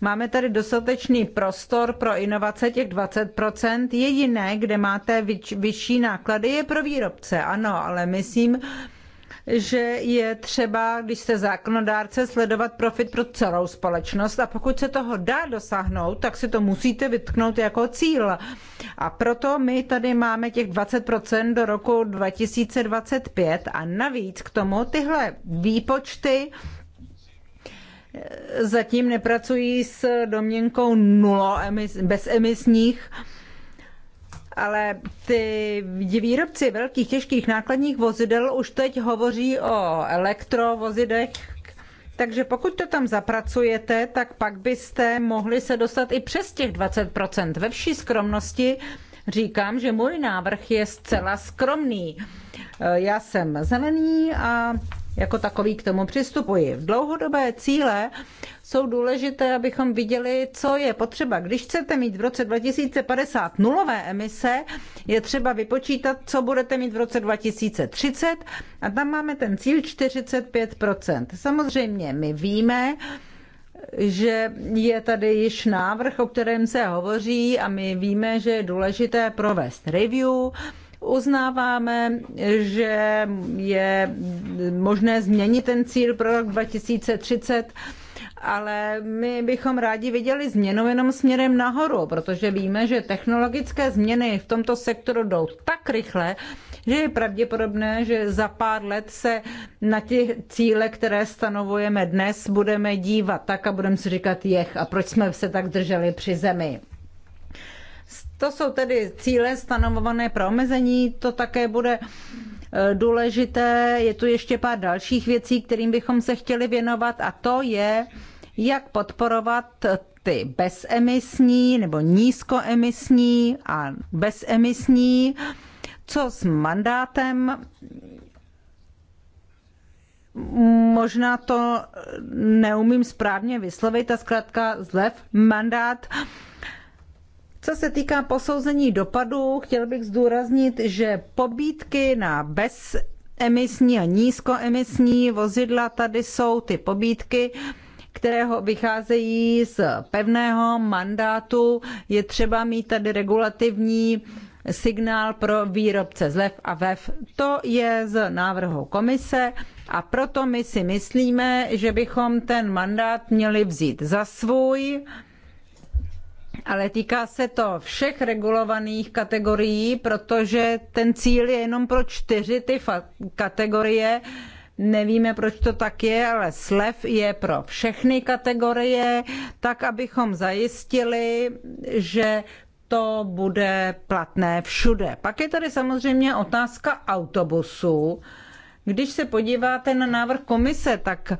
Máme tady dostatečný prostor pro inovace těch 20%. Jediné, kde máte vyč, vyšší náklady, je pro výrobce. Ano, ale myslím, že je třeba, když jste zákonodárce, sledovat profit pro celou společnost a pokud se toho dá dosáhnout, tak si to musíte vytknout jako cíl. A proto my tady máme těch 20% do roku 2025 a navíc k tomu tyhle výpočty eh, zatím nepracují s domněnkou nulo emis, bezemisních emisních ale ty výrobci velkých těžkých nákladních vozidel už teď hovoří o elektrovozidech, takže pokud to tam zapracujete, tak pak byste mohli se dostat i přes těch 20%. Ve vší skromnosti říkám, že můj návrh je zcela skromný. E, já jsem zelený a jako takový k tomu přistupuji. V dlouhodobé cíle jsou důležité, abychom viděli, co je potřeba. Když chcete mít v roce 2050 nulové emise, je třeba vypočítat, co budete mít v roce 2030 a tam máme ten cíl 45%. Samozřejmě my víme, že je tady již návrh, o kterém se hovoří a my víme, že je důležité provést review, Uznáváme, že je možné změnit ten cíl pro rok 2030, ale my bychom rádi viděli změnu jenom směrem nahoru, protože víme, že technologické změny v tomto sektoru jdou tak rychle, že je pravděpodobné, že za pár let se na ty cíle, které stanovujeme dnes, budeme dívat tak a budeme si říkat, jech, a proč jsme se tak drželi při zemi. To jsou tedy cíle stanovované pro omezení, to také bude eh, důležité. Je tu ještě pár dalších věcí, kterým bychom se chtěli věnovat a to je, jak podporovat ty bezemisní nebo nízkoemisní a bezemisní, co s mandátem možná to neumím správně vyslovit a zkrátka zlev mandát co se týká posouzení dopadů, chtěl bych zdůraznit, že pobídky na bezemisní a nízkoemisní vozidla tady jsou ty pobídky, kterého vycházejí z pevného mandátu. Je třeba mít tady regulativní signál pro výrobce zlev a vev. To je z návrhu komise a proto my si myslíme, že bychom ten mandát měli vzít za svůj ale týká se to všech regulovaných kategorií, protože ten cíl je jenom pro čtyři ty kategorie. Nevíme, proč to tak je, ale slev je pro všechny kategorie, tak abychom zajistili, že to bude platné všude. Pak je tady samozřejmě otázka autobusů. Když se podíváte na návrh komise, tak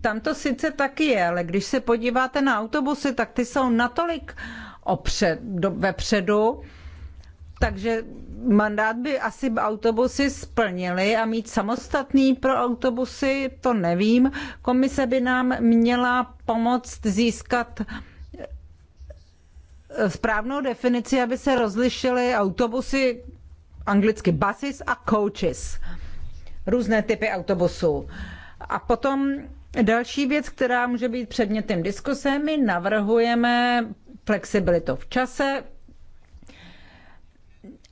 tam to sice taky je, ale když se podíváte na autobusy, tak ty jsou natolik opřed, do, vepředu, takže mandát by asi autobusy splnili a mít samostatný pro autobusy, to nevím. Komise by nám měla pomoct získat eh, správnou definici, aby se rozlišily autobusy, anglicky buses a coaches, různé typy autobusů. A potom Další věc, která může být předmětem diskuse, my navrhujeme flexibilitu v čase.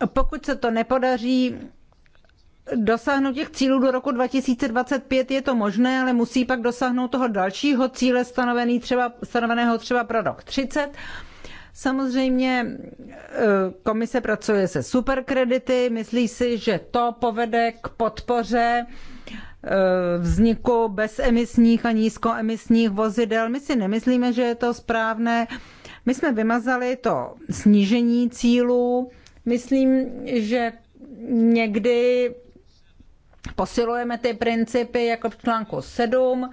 Pokud se to nepodaří, dosáhnout těch cílů do roku 2025 je to možné, ale musí pak dosáhnout toho dalšího cíle stanovený třeba, stanoveného třeba pro rok 30. Samozřejmě e, komise pracuje se superkredity, myslí si, že to povede k podpoře Eh, vzniku bezemisních a nízkoemisních vozidel. My si nemyslíme, že je to správné. My jsme vymazali to snížení cílů. Myslím, že někdy posilujeme ty principy jako v článku 7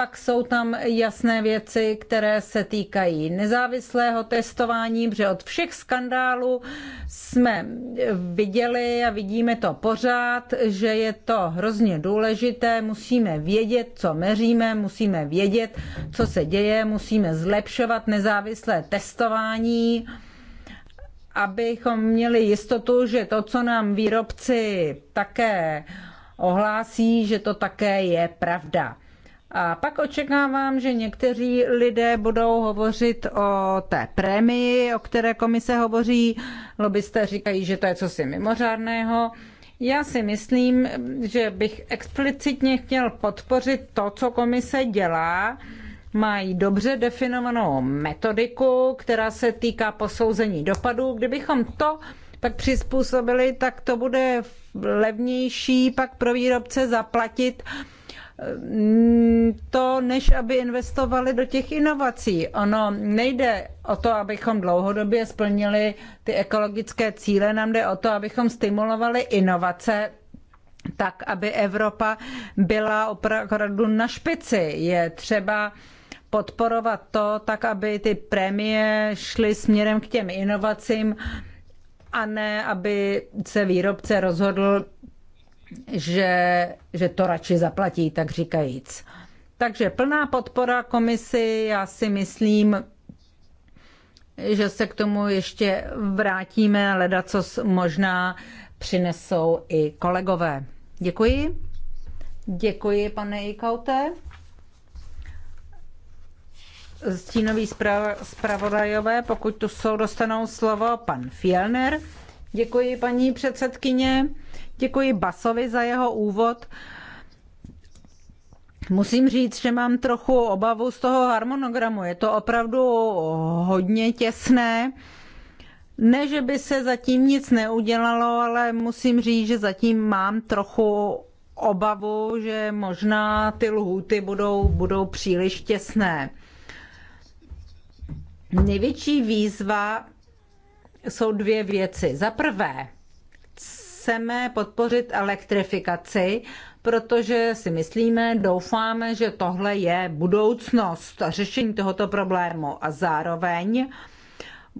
pak jsou tam jasné věci, které se týkají nezávislého testování, protože od všech skandálů jsme viděli a vidíme to pořád, že je to hrozně důležité. Musíme vědět, co měříme, musíme vědět, co se děje, musíme zlepšovat nezávislé testování abychom měli jistotu, že to, co nám výrobci také ohlásí, že to také je pravda. A pak očekávám, že někteří lidé budou hovořit o té prémii, o které komise hovoří. Lobbysté říkají, že to je cosi mimořádného. Já si myslím, že bych explicitně chtěl podpořit to, co komise dělá. Mají dobře definovanou metodiku, která se týká posouzení dopadů. Kdybychom to pak přizpůsobili, tak to bude levnější pak pro výrobce zaplatit Ehm, to, než aby investovali do těch inovací. Ono nejde o to, abychom dlouhodobě splnili ty ekologické cíle, nám jde o to, abychom stimulovali inovace tak, aby Evropa byla opravdu na špici. Je třeba podporovat to tak, aby ty prémie šly směrem k těm inovacím a ne, aby se výrobce rozhodl že, že to radši zaplatí, tak říkajíc. Takže plná podpora komisi, já si myslím, že se k tomu ještě vrátíme, leda co možná přinesou i kolegové. Děkuji. Děkuji, pane Ikaute. Stínový zpravodajové, pokud tu jsou, dostanou slovo pan Fielner. Děkuji paní předsedkyně, děkuji Basovi za jeho úvod. Musím říct, že mám trochu obavu z toho harmonogramu. Je to opravdu hodně těsné. Ne, že by se zatím nic neudělalo, ale musím říct, že zatím mám trochu obavu, že možná ty lhůty budou, budou příliš těsné. Největší výzva jsou dvě věci. Za prvé, chceme podpořit elektrifikaci, protože si myslíme, doufáme, že tohle je budoucnost a řešení tohoto problému. A zároveň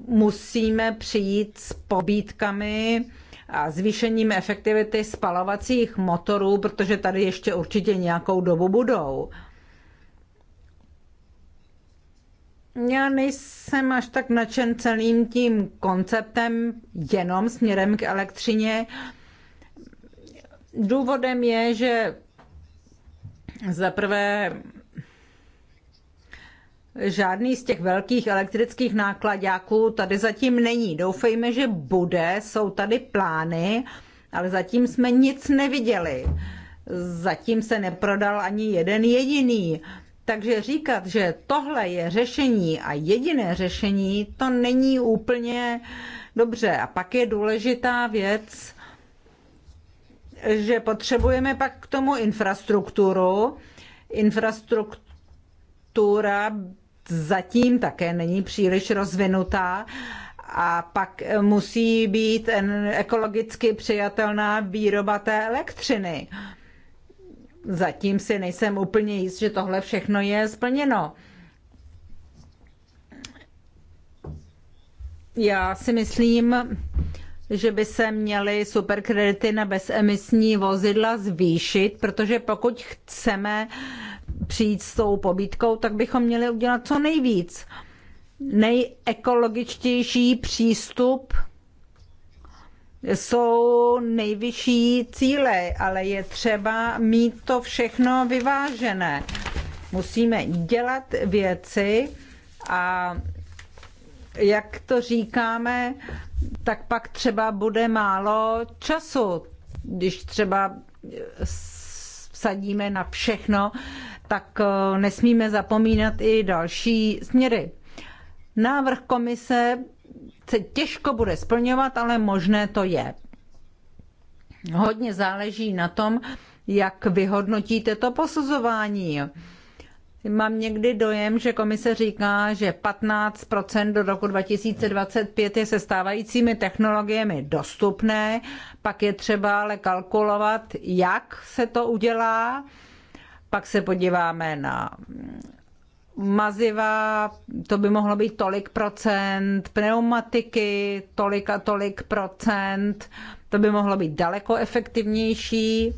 musíme přijít s pobídkami a zvýšením efektivity spalovacích motorů, protože tady ještě určitě nějakou dobu budou. Já nejsem až tak nadšen celým tím konceptem jenom směrem k elektřině. Důvodem je, že za prvé žádný z těch velkých elektrických nákladáků tady zatím není. Doufejme, že bude, jsou tady plány, ale zatím jsme nic neviděli. Zatím se neprodal ani jeden jediný. Takže říkat, že tohle je řešení a jediné řešení, to není úplně dobře. A pak je důležitá věc, že potřebujeme pak k tomu infrastrukturu. Infrastruktura zatím také není příliš rozvinutá a pak musí být ekologicky přijatelná výroba té elektřiny. Uh, zatím si nejsem úplně jist, že tohle všechno je splněno. Já si myslím, že by se měly superkredity na bezemisní vozidla zvýšit, protože pokud chceme přijít s tou pobídkou, tak bychom měli udělat co nejvíc. Nejekologičtější přístup jsou nejvyšší cíle, ale je třeba mít to všechno vyvážené. Musíme dělat věci a jak to říkáme, tak pak třeba bude málo času. Když třeba vsadíme na všechno, tak eh, nesmíme zapomínat i další směry. Návrh komise se těžko bude splňovat, ale možné to je. Hodně záleží na tom, jak vyhodnotíte to posuzování. Mám někdy dojem, že komise říká, že 15% do roku 2025 je se stávajícími technologiemi dostupné, pak je třeba ale kalkulovat, jak se to udělá, pak se podíváme na maziva, to by mohlo být tolik procent, pneumatiky, tolik a tolik procent, to by mohlo být daleko efektivnější.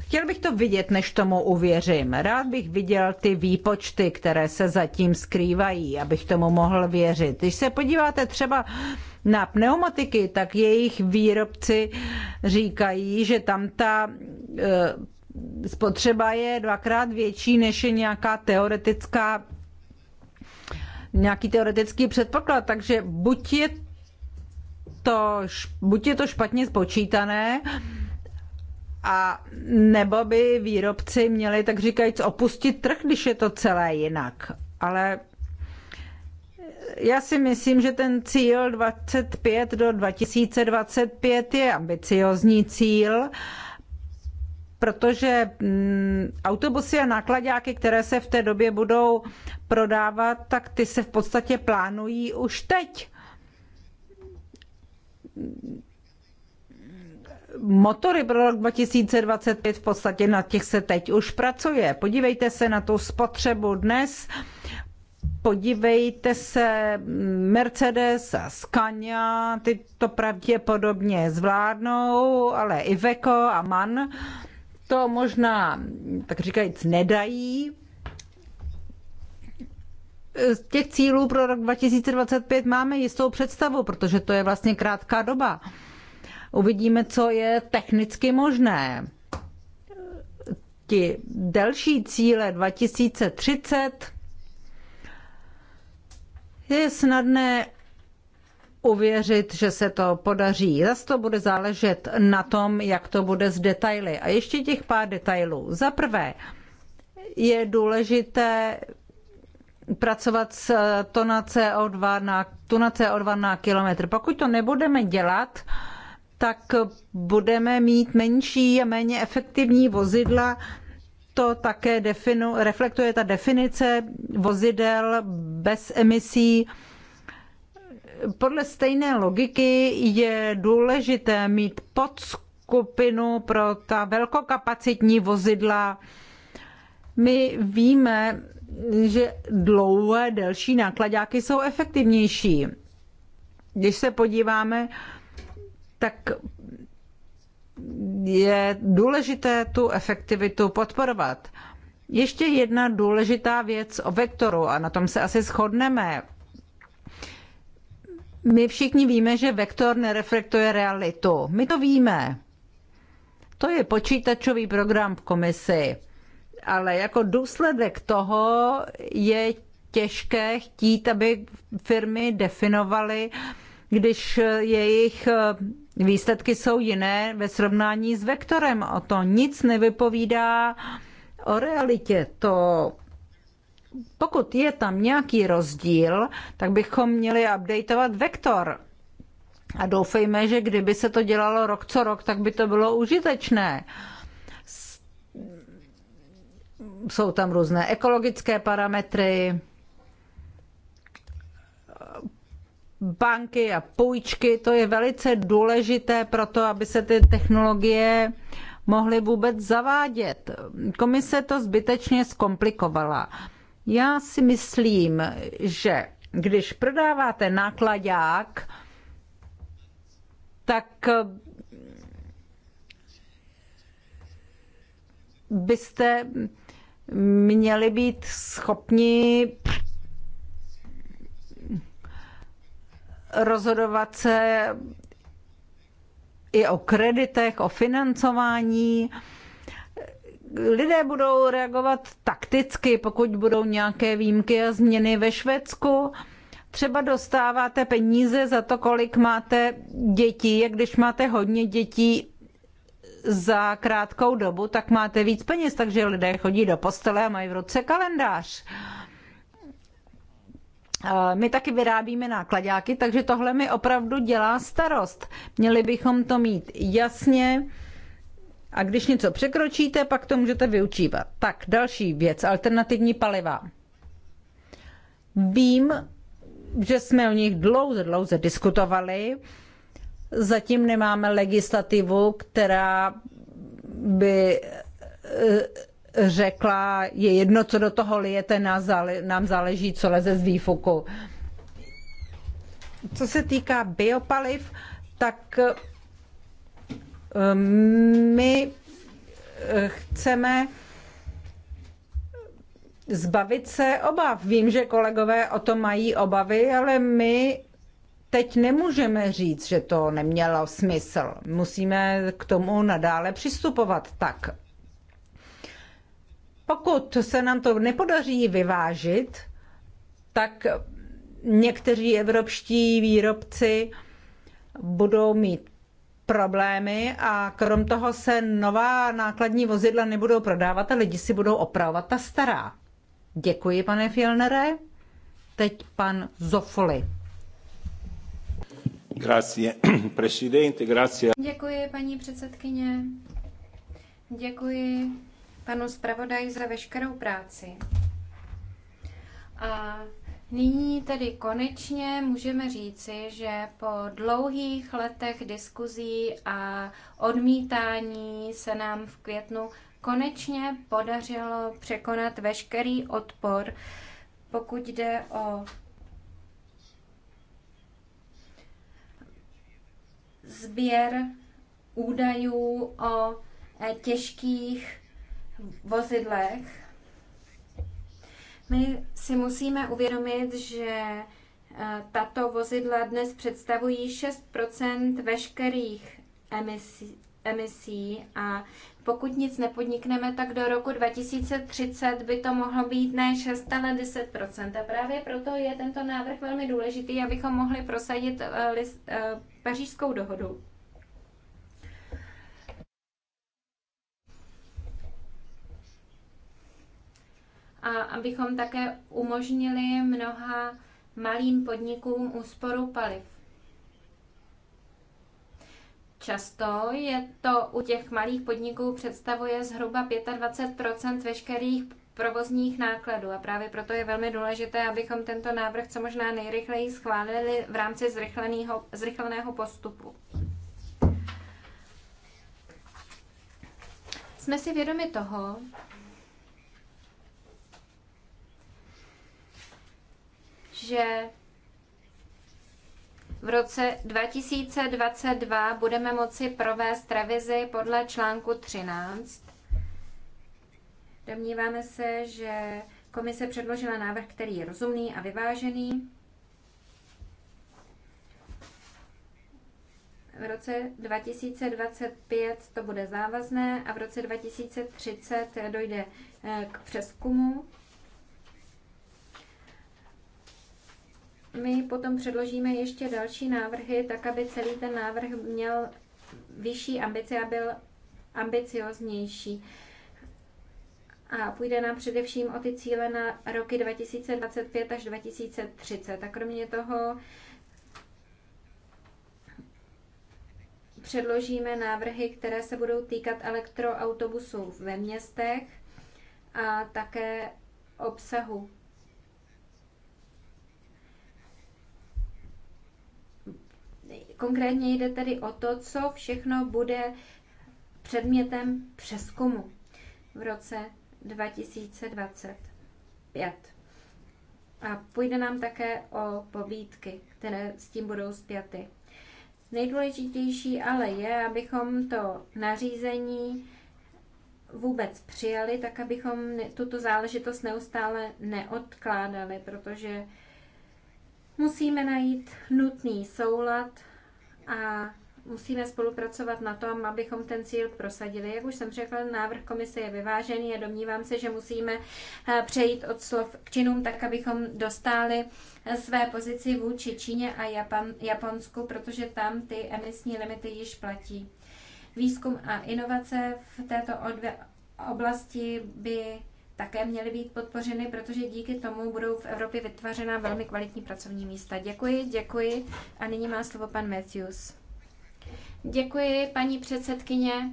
Chtěl bych to vidět, než tomu uvěřím. Rád bych viděl ty výpočty, které se zatím skrývají, abych tomu mohl věřit. Když se podíváte třeba na pneumatiky, tak jejich výrobci říkají, že tam ta eh, spotřeba je dvakrát větší, než je nějaká teoretická nějaký teoretický předpoklad, takže buď je to, buď je to špatně spočítané, a nebo by výrobci měli, tak říkajíc, opustit trh, když je to celé jinak. Ale já si myslím, že ten cíl 25 do 2025 je ambiciozní cíl protože mm, autobusy a nákladňáky, které se v té době budou prodávat, tak ty se v podstatě plánují už teď. Motory pro rok 2025 v podstatě na těch se teď už pracuje. Podívejte se na tu spotřebu dnes, podívejte se, mm, Mercedes a Scania, ty to pravděpodobně zvládnou, ale Iveco a MAN, to možná, tak říkajíc, nedají. Z těch cílů pro rok 2025 máme jistou představu, protože to je vlastně krátká doba. Uvidíme, co je technicky možné. Ti delší cíle 2030 je snadné uvěřit, že se to podaří. Zase to bude záležet na tom, jak to bude s detaily. A ještě těch pár detailů. Za prvé, je důležité pracovat s tona CO2 na, tuna CO2 na kilometr. Pokud to nebudeme dělat, tak budeme mít menší a méně efektivní vozidla. To také definu, reflektuje ta definice vozidel bez emisí podle stejné logiky je důležité mít podskupinu pro ta velkokapacitní vozidla. My víme, že dlouhé, delší nákladáky jsou efektivnější. Když se podíváme, tak je důležité tu efektivitu podporovat. Ještě jedna důležitá věc o vektoru, a na tom se asi shodneme. My všichni víme, že vektor nereflektuje realitu. My to víme. To je počítačový program v komisi. Ale jako důsledek toho je těžké chtít, aby firmy definovaly, když jejich eh, výsledky jsou jiné ve srovnání s vektorem. O to nic nevypovídá o realitě. To pokud je tam nějaký rozdíl, tak bychom měli updateovat vektor. A doufejme, že kdyby se to dělalo rok co rok, tak by to bylo užitečné. Jsou tam různé ekologické parametry, banky a půjčky, to je velice důležité pro to, aby se ty technologie mohly vůbec zavádět. Komise to zbytečně zkomplikovala. Já si myslím, že když prodáváte nákladák, tak eh, byste měli být schopni eh, rozhodovat se i o kreditech, o financování lidé budou reagovat takticky, pokud budou nějaké výjimky a změny ve Švédsku. Třeba dostáváte peníze za to, kolik máte dětí. Jak když máte hodně dětí za krátkou dobu, tak máte víc peněz, takže lidé chodí do postele a mají v ruce kalendář. My taky vyrábíme nákladáky, takže tohle mi opravdu dělá starost. Měli bychom to mít jasně a když něco překročíte, pak to můžete vyučívat. Tak, další věc, alternativní paliva. Vím, že jsme o nich dlouze, dlouze diskutovali. Zatím nemáme legislativu, která by eh, řekla, je jedno, co do toho lijete, nám záleží, co leze z výfuku. Co se týká biopaliv, tak my eh, chceme zbavit se obav. Vím, že kolegové o to mají obavy, ale my teď nemůžeme říct, že to nemělo smysl. Musíme k tomu nadále přistupovat tak. Pokud se nám to nepodaří vyvážit, tak někteří evropští výrobci budou mít problémy a krom toho se nová nákladní vozidla nebudou prodávat a lidi si budou opravovat ta stará. Děkuji, pane Fielnere. Teď pan Zofoli. Grazie, presidente, grazie. Děkuji, paní předsedkyně. Děkuji panu zpravodaji za veškerou práci. A Nyní tedy konečně můžeme říci, že po dlouhých letech diskuzí a odmítání se nám v květnu konečně podařilo překonat veškerý odpor, pokud jde o sběr údajů o eh, těžkých vozidlech my si musíme uvědomit, že eh, tato vozidla dnes představují 6 veškerých emisí, emisí a pokud nic nepodnikneme, tak do roku 2030 by to mohlo být ne 6, ale 10 A právě proto je tento návrh velmi důležitý, abychom mohli prosadit eh, eh, pařížskou dohodu. a abychom také umožnili mnoha malým podnikům úsporu paliv. Často je to u těch malých podniků představuje zhruba 25 veškerých provozních nákladů a právě proto je velmi důležité, abychom tento návrh co možná nejrychleji schválili v rámci zrychleného, zrychleného postupu. Jsme si vědomi toho, že v roce 2022 budeme moci provést revizi podle článku 13. Domníváme se, že komise předložila návrh, který je rozumný a vyvážený. V roce 2025 to bude závazné a v roce 2030 dojde eh, k přeskumu my potom předložíme ještě další návrhy, tak aby celý ten návrh měl vyšší ambici a byl ambicioznější. A půjde nám především o ty cíle na roky 2025 až 2030. A kromě toho předložíme návrhy, které se budou týkat elektroautobusů ve městech a také obsahu konkrétně jde tedy o to, co všechno bude předmětem přeskumu v roce 2025. A půjde nám také o povídky, které s tím budou zpěty. Nejdůležitější ale je, abychom to nařízení vůbec přijali, tak abychom tuto záležitost neustále neodkládali, protože Musíme najít nutný soulad a musíme spolupracovat na tom, abychom ten cíl prosadili. Jak už jsem řekla, návrh komise je vyvážený a domnívám se, že musíme eh, přejít od slov k činům, tak abychom dostali eh, své pozici vůči Číně a Japan, Japonsku, protože tam ty emisní limity již platí. Výzkum a inovace v této oblasti by také měly být podpořeny, protože díky tomu budou v Evropě vytvářena velmi kvalitní pracovní místa. Děkuji, děkuji. A nyní má slovo pan Matthews. Děkuji, paní předsedkyně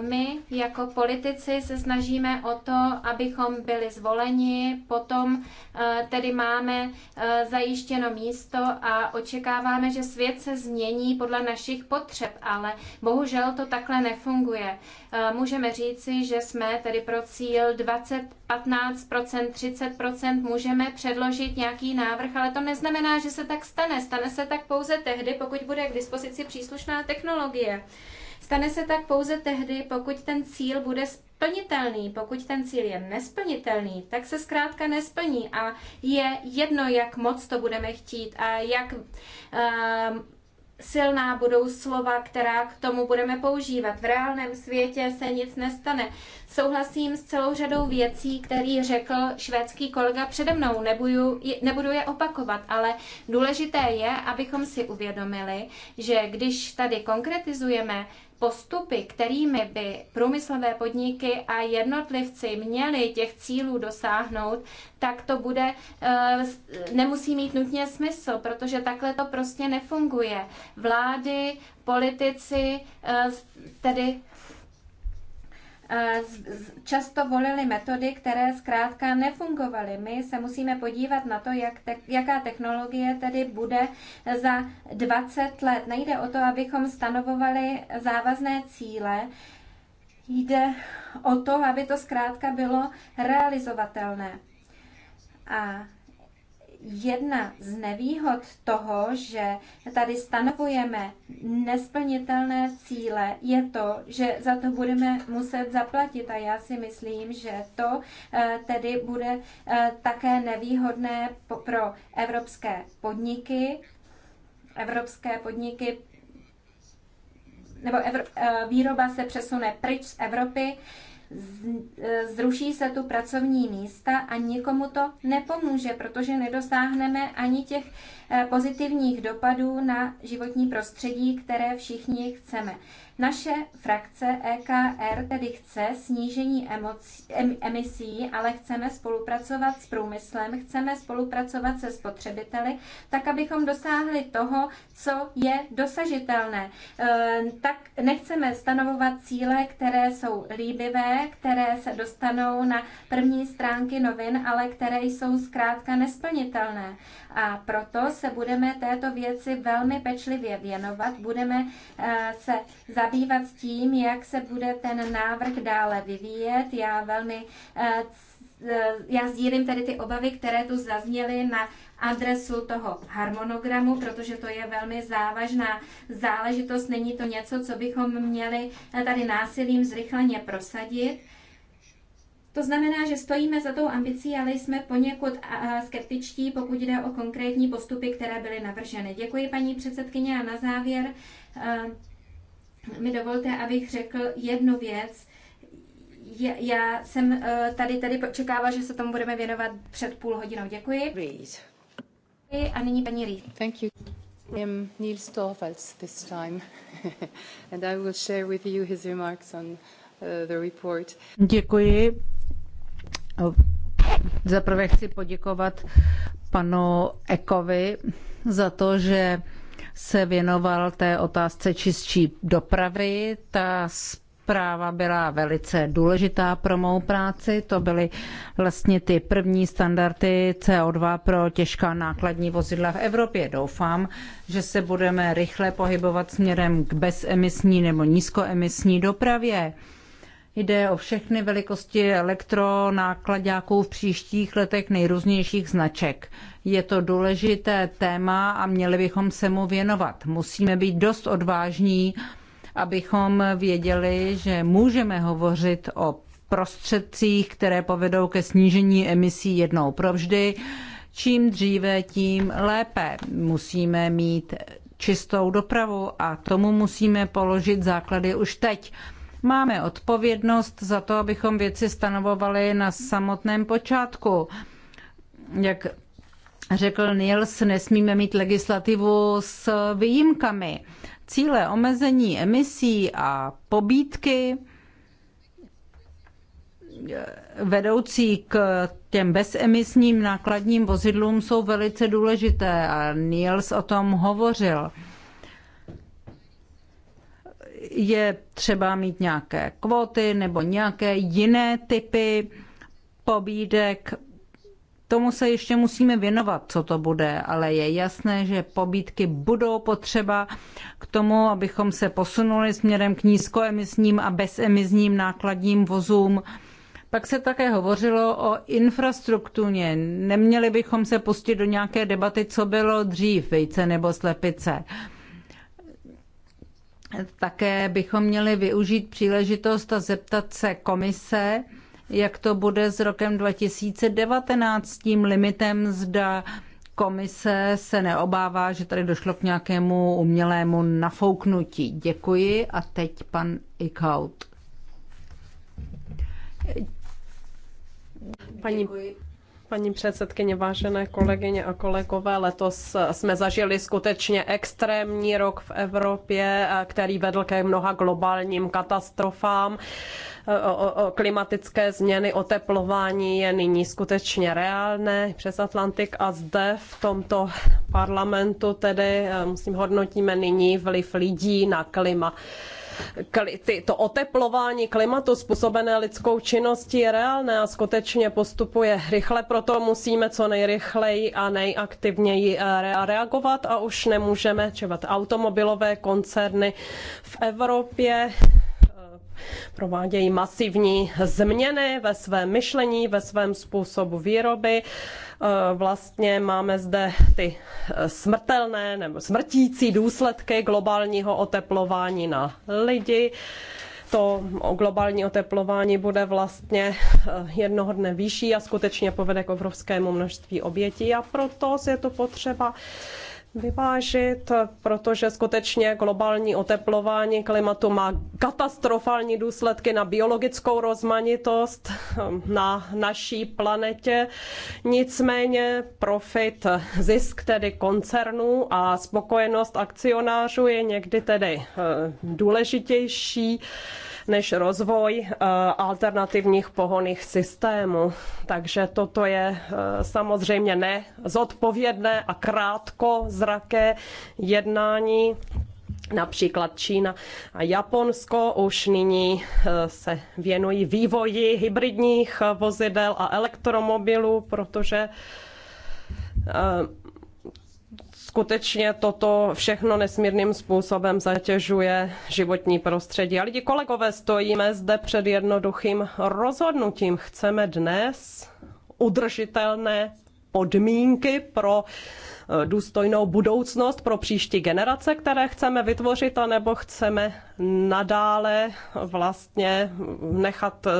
my jako politici se snažíme o to, abychom byli zvoleni, potom e, tedy máme e, zajištěno místo a očekáváme, že svět se změní podle našich potřeb, ale bohužel to takhle nefunguje. E, můžeme říci, že jsme tedy pro cíl 20, 15%, 30%, můžeme předložit nějaký návrh, ale to neznamená, že se tak stane. Stane se tak pouze tehdy, pokud bude k dispozici příslušná technologie. Stane se tak pouze tehdy, pokud ten cíl bude splnitelný. Pokud ten cíl je nesplnitelný, tak se zkrátka nesplní a je jedno, jak moc to budeme chtít a jak um, silná budou slova, která k tomu budeme používat. V reálném světě se nic nestane. Souhlasím s celou řadou věcí, který řekl švédský kolega přede mnou. Nebudu, nebudu je opakovat, ale důležité je, abychom si uvědomili, že když tady konkretizujeme postupy, kterými by průmyslové podniky a jednotlivci měli těch cílů dosáhnout, tak to bude, eh, nemusí mít nutně smysl, protože takhle to prostě nefunguje. Vlády, politici, eh, tedy Eh, často volili metody, které zkrátka nefungovaly. My se musíme podívat na to, jak te- jaká technologie tedy bude za 20 let. Nejde o to, abychom stanovovali závazné cíle, jde o to, aby to zkrátka bylo realizovatelné. A jedna z nevýhod toho, že tady stanovujeme nesplnitelné cíle, je to, že za to budeme muset zaplatit. A já si myslím, že to eh, tedy bude eh, také nevýhodné pro evropské podniky. Evropské podniky nebo eh, výroba se přesune pryč z Evropy zruší se tu pracovní místa a nikomu to nepomůže, protože nedosáhneme ani těch eh, pozitivních dopadů na životní prostředí, které všichni chceme. Naše frakce EKR tedy chce snížení emisí, ale chceme spolupracovat s průmyslem, chceme spolupracovat se spotřebiteli, tak abychom dosáhli toho, co je dosažitelné. E, tak nechceme stanovovat cíle, které jsou líbivé, které se dostanou na první stránky novin, ale které jsou zkrátka nesplnitelné. A proto se budeme této věci velmi pečlivě věnovat, budeme e, se za zabývat tím, jak se bude ten návrh dále vyvíjet. Já velmi eh, eh, já sdílím tady ty obavy, které tu zazněly na adresu toho harmonogramu, protože to je velmi závažná záležitost. Není to něco, co bychom měli eh, tady násilím zrychleně prosadit. To znamená, že stojíme za tou ambicí, ale jsme poněkud skeptičtí, pokud jde o konkrétní postupy, které byly navrženy. Děkuji paní předsedkyně a na závěr mi dovolte, abych řekl jednu věc. Já jsem eh, tady tady počekávala, že se tomu budeme věnovat před půl hodinou. Děkuji. Reed. A nyní paní Reed. Thank you. I am Niels Torvalds this time, and I will share with you his remarks on uh, the report. Děkuji. Zaprvé chci poděkovat panu Ekovi za to, že se věnoval té otázce čistší dopravy. Ta zpráva byla velice důležitá pro mou práci. To byly vlastně ty první standardy CO2 pro těžká nákladní vozidla v Evropě. Doufám, že se budeme rychle pohybovat směrem k bezemisní nebo nízkoemisní dopravě. Jde o všechny velikosti elektronákladáků v příštích letech nejrůznějších značek. Je to důležité téma a měli bychom se mu věnovat. Musíme být dost odvážní, abychom věděli, že můžeme hovořit o prostředcích, které povedou ke snížení emisí jednou provždy. Čím dříve, tím lépe. Musíme mít čistou dopravu a tomu musíme položit základy už teď. Máme odpovědnost za to, abychom věci stanovovali na samotném počátku. Jak řekl Niels, nesmíme mít legislativu s výjimkami. Cíle omezení emisí a pobídky eh, vedoucí k těm bezemisním nákladním vozidlům jsou velice důležité a Niels o tom hovořil. Je třeba mít nějaké kvóty nebo nějaké jiné typy pobídek, tomu se ještě musíme věnovat, co to bude, ale je jasné, že pobídky budou potřeba k tomu, abychom se posunuli směrem k nízkoemisním a bezemisním nákladním vozům. Pak se také hovořilo o infrastruktuně. Neměli bychom se pustit do nějaké debaty, co bylo dřív, vejce nebo slepice. Také bychom měli využít příležitost a zeptat se komise, jak to bude s rokem 2019 s tím limitem, zda komise se neobává, že tady došlo k nějakému umělému nafouknutí. Děkuji a teď pan Ikaut. Paní, Děkuji. Paní předsedkyně, vážené kolegyně a kolegové, letos jsme zažili skutečně extrémní rok v Evropě, který vedl ke mnoha globálním katastrofám. Klimatické změny, oteplování je nyní skutečně reálné přes Atlantik a zde v tomto parlamentu tedy, eh, musím hodnotíme nyní vliv lidí na klima ty, to oteplování klimatu způsobené lidskou činností je reálné a skutečně postupuje rychle, proto musíme co nejrychleji a nejaktivněji eh, reagovat a už nemůžeme čekat automobilové koncerny v Evropě provádějí masivní změny ve svém myšlení, ve svém způsobu výroby. E, vlastně máme zde ty e, smrtelné nebo smrtící důsledky globálního oteplování na lidi to globální oteplování bude vlastně e, jednoho dne vyšší a skutečně povede k obrovskému množství obětí a proto je to potřeba vyvážit, protože skutečně globální oteplování klimatu má katastrofální důsledky na biologickou rozmanitost na naší planetě. Nicméně profit, zisk tedy koncernů a spokojenost akcionářů je někdy tedy eh, důležitější než rozvoj eh, alternativních pohoných systémů. Takže toto je eh, samozřejmě nezodpovědné a krátko zraké jednání. Například Čína a Japonsko už nyní eh, se věnují vývoji hybridních vozidel a elektromobilů, protože skutečně toto všechno nesmírným způsobem zatěžuje životní prostředí. A lidi kolegové, stojíme zde před jednoduchým rozhodnutím. Chceme dnes udržitelné podmínky pro eh, důstojnou budoucnost pro příští generace, které chceme vytvořit, anebo chceme nadále vlastně nechat eh,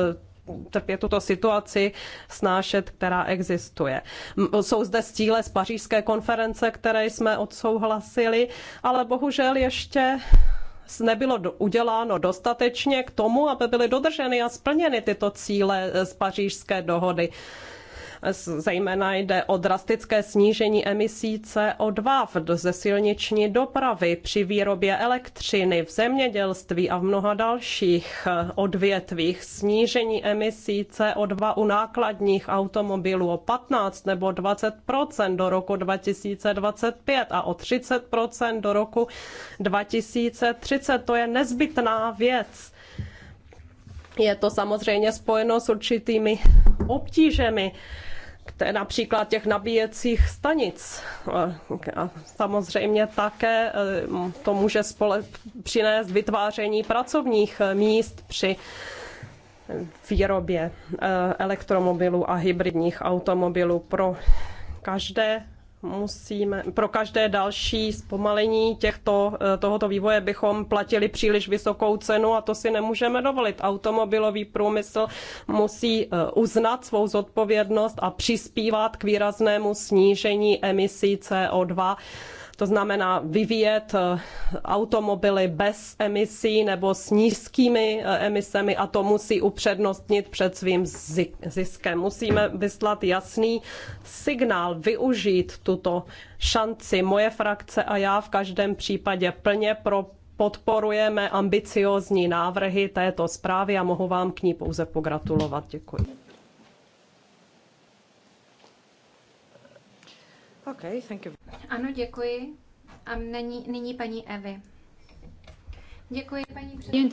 trpět tuto situaci, snášet, která existuje. Jsou zde stíle z pařížské konference, které jsme odsouhlasili, ale bohužel ještě nebylo uděláno dostatečně k tomu, aby byly dodrženy a splněny tyto cíle eh, z pařížské dohody. Zejména jde o drastické snížení emisí CO2 ze silniční dopravy při výrobě elektřiny, v zemědělství a v mnoha dalších eh, odvětvích. Snížení emisí CO2 u nákladních automobilů o 15 nebo 20 do roku 2025 a o 30 do roku 2030. To je nezbytná věc. Je to samozřejmě spojeno s určitými obtížemi je například těch nabíjecích stanic. A samozřejmě také eh, to může spole- přinést vytváření pracovních eh, míst při výrobě eh, elektromobilů a hybridních automobilů pro každé musíme, pro každé další zpomalení těchto, eh, tohoto vývoje bychom platili příliš vysokou cenu a to si nemůžeme dovolit. Automobilový průmysl musí eh, uznat svou zodpovědnost a přispívat k výraznému snížení emisí CO2 to znamená vyvíjet eh, automobily bez emisí nebo s nízkými eh, emisemi a to musí upřednostnit před svým ziskem. Musíme vyslat jasný signál, využít tuto šanci. Moje frakce a já v každém případě plně pro podporujeme ambiciózní návrhy této zprávy a mohu vám k ní pouze pogratulovat. Děkuji. Okay, thank you. Ano, děkuji. A nyní, nyní paní Evy. Děkuji, paní předsedkyně.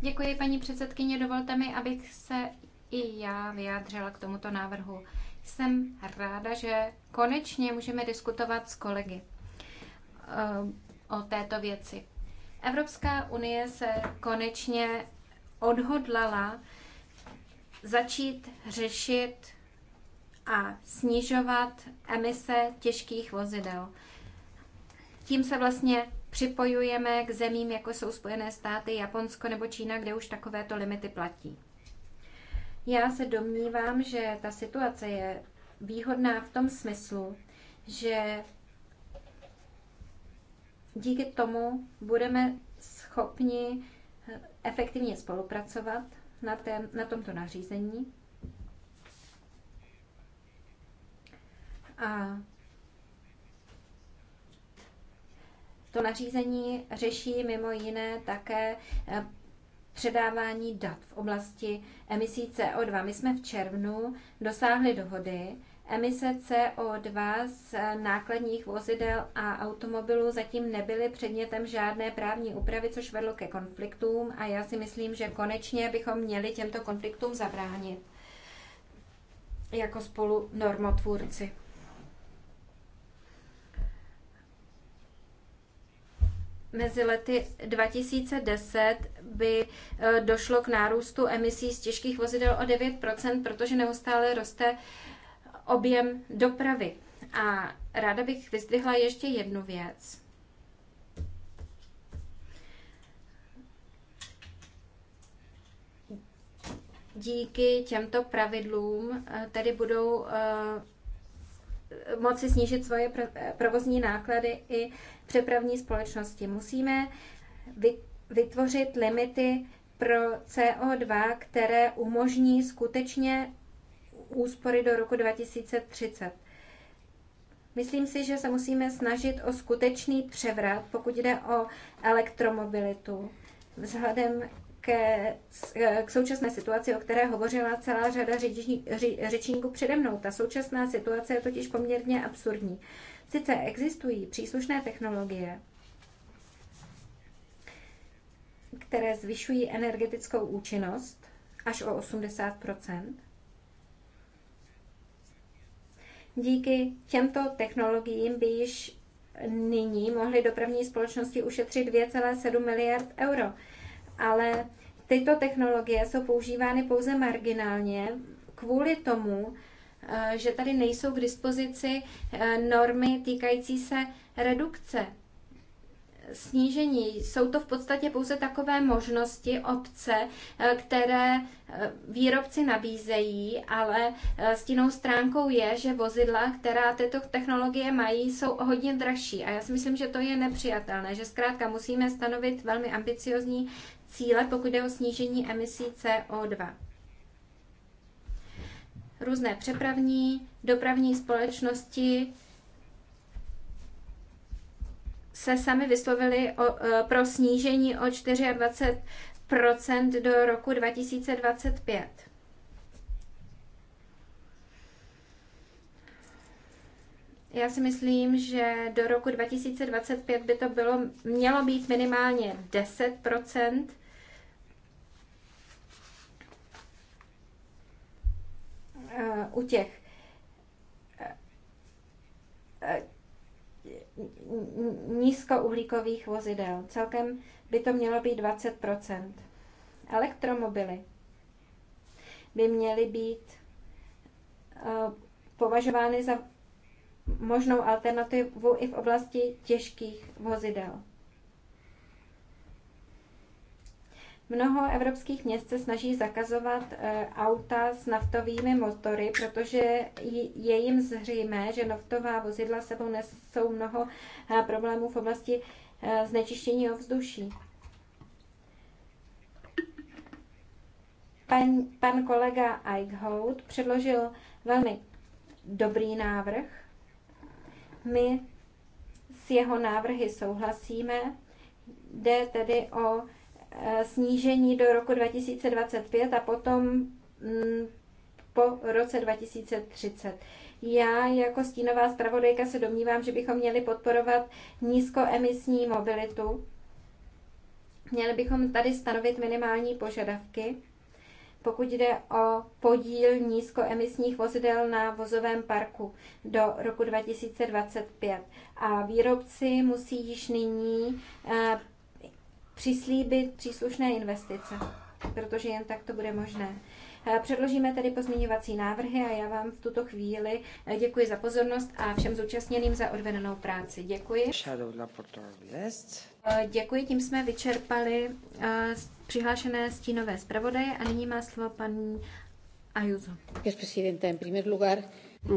Děkuji, paní předsedkyně. Dovolte mi, abych se i já vyjádřila k tomuto návrhu. Jsem ráda, že konečně můžeme diskutovat s kolegy eh, o této věci. Evropská unie se konečně odhodlala začít řešit a snižovat emise těžkých vozidel. Tím se vlastně připojujeme k zemím, jako jsou Spojené státy, Japonsko nebo Čína, kde už takovéto limity platí. Já se domnívám, že ta situace je výhodná v tom smyslu, že díky tomu budeme schopni efektivně spolupracovat na, tém, na tomto nařízení. A to nařízení řeší mimo jiné také eh, předávání dat v oblasti emisí CO2. My jsme v červnu dosáhli dohody. Emise CO2 z eh, nákladních vozidel a automobilů zatím nebyly předmětem žádné právní úpravy, což vedlo ke konfliktům a já si myslím, že konečně bychom měli těmto konfliktům zabránit jako spolu normotvůrci. mezi lety 2010 by e, došlo k nárůstu emisí z těžkých vozidel o 9%, protože neustále roste objem dopravy. A ráda bych vyzdvihla ještě jednu věc. Díky těmto pravidlům e, tedy budou e, moci snížit svoje provozní náklady i přepravní společnosti. Musíme vytvořit limity pro CO2, které umožní skutečně úspory do roku 2030. Myslím si, že se musíme snažit o skutečný převrat, pokud jde o elektromobilitu. Vzhledem ke, k současné situaci, o které hovořila celá řada řečníků přede mnou. Ta současná situace je totiž poměrně absurdní. Sice existují příslušné technologie, které zvyšují energetickou účinnost až o 80 Díky těmto technologiím by již nyní mohly dopravní společnosti ušetřit 2,7 miliard euro. Ale tyto technologie jsou používány pouze marginálně kvůli tomu, Eh, že tady nejsou k dispozici eh, normy týkající se redukce snížení. Jsou to v podstatě pouze takové možnosti obce, eh, které výrobci nabízejí, ale stínou stránkou je, že vozidla, která tyto technologie mají, jsou hodně dražší. A já si myslím, že to je nepřijatelné, že zkrátka musíme stanovit velmi ambiciozní cíle, pokud jde o snížení emisí CO2 různé přepravní, dopravní společnosti se sami vyslovili o, e, pro snížení o 24 do roku 2025. Já si myslím, že do roku 2025 by to bylo, mělo být minimálně 10 Eh, u těch eh, eh, nízkouhlíkových vozidel. Celkem by to mělo být 20 Elektromobily by měly být považovány za možnou alternativu i v oblasti těžkých vozidel. Mnoho evropských měst se snaží zakazovat eh, auta s naftovými motory, protože je jim zřejmé, že naftová vozidla sebou nesou mnoho eh, problémů v oblasti eh, znečištění ovzduší. Pan, pan kolega Eichhout předložil velmi dobrý návrh. My s jeho návrhy souhlasíme. Jde tedy o Eh, snížení do roku 2025 a potom mm, po roce 2030. Já jako stínová zpravodajka se domnívám, že bychom měli podporovat nízkoemisní mobilitu. Měli bychom tady stanovit minimální požadavky, pokud jde o podíl nízkoemisních vozidel na vozovém parku do roku 2025. A výrobci musí již nyní eh, přislíbit příslušné investice, protože jen tak to bude možné. Eh, předložíme tedy pozměňovací návrhy a já vám v tuto chvíli eh, děkuji za pozornost a všem zúčastněným za odvedenou práci. Děkuji. Eh, děkuji, tím jsme vyčerpali přihlášené stínové zpravodaje a nyní má slovo paní Ayuso.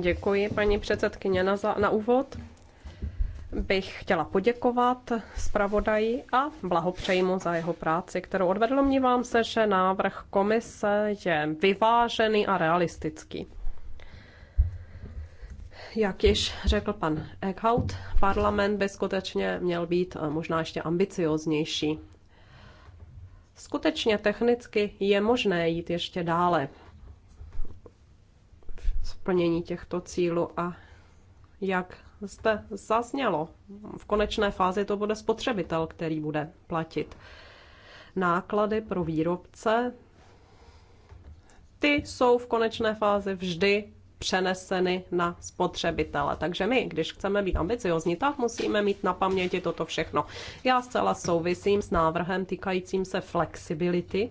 Děkuji, paní předsedkyně, na, za, na úvod bych chtěla poděkovat zpravodaji a blahopřeji mu za jeho práci, kterou odvedl. Mnívám se, že návrh komise je vyvážený a realistický. Jak již řekl pan Eckhout, parlament by skutečně měl být eh, možná ještě ambicioznější. Skutečně technicky je možné jít ještě dále v splnění těchto cílů a jak jste zaznělo, v konečné fázi to bude spotřebitel, který bude platit. Náklady pro výrobce, ty jsou v konečné fázi vždy přeneseny na spotřebitele. Takže my, když chceme být ambiciozní, tak musíme mít na paměti toto všechno. Já zcela souvisím s návrhem týkajícím se flexibility.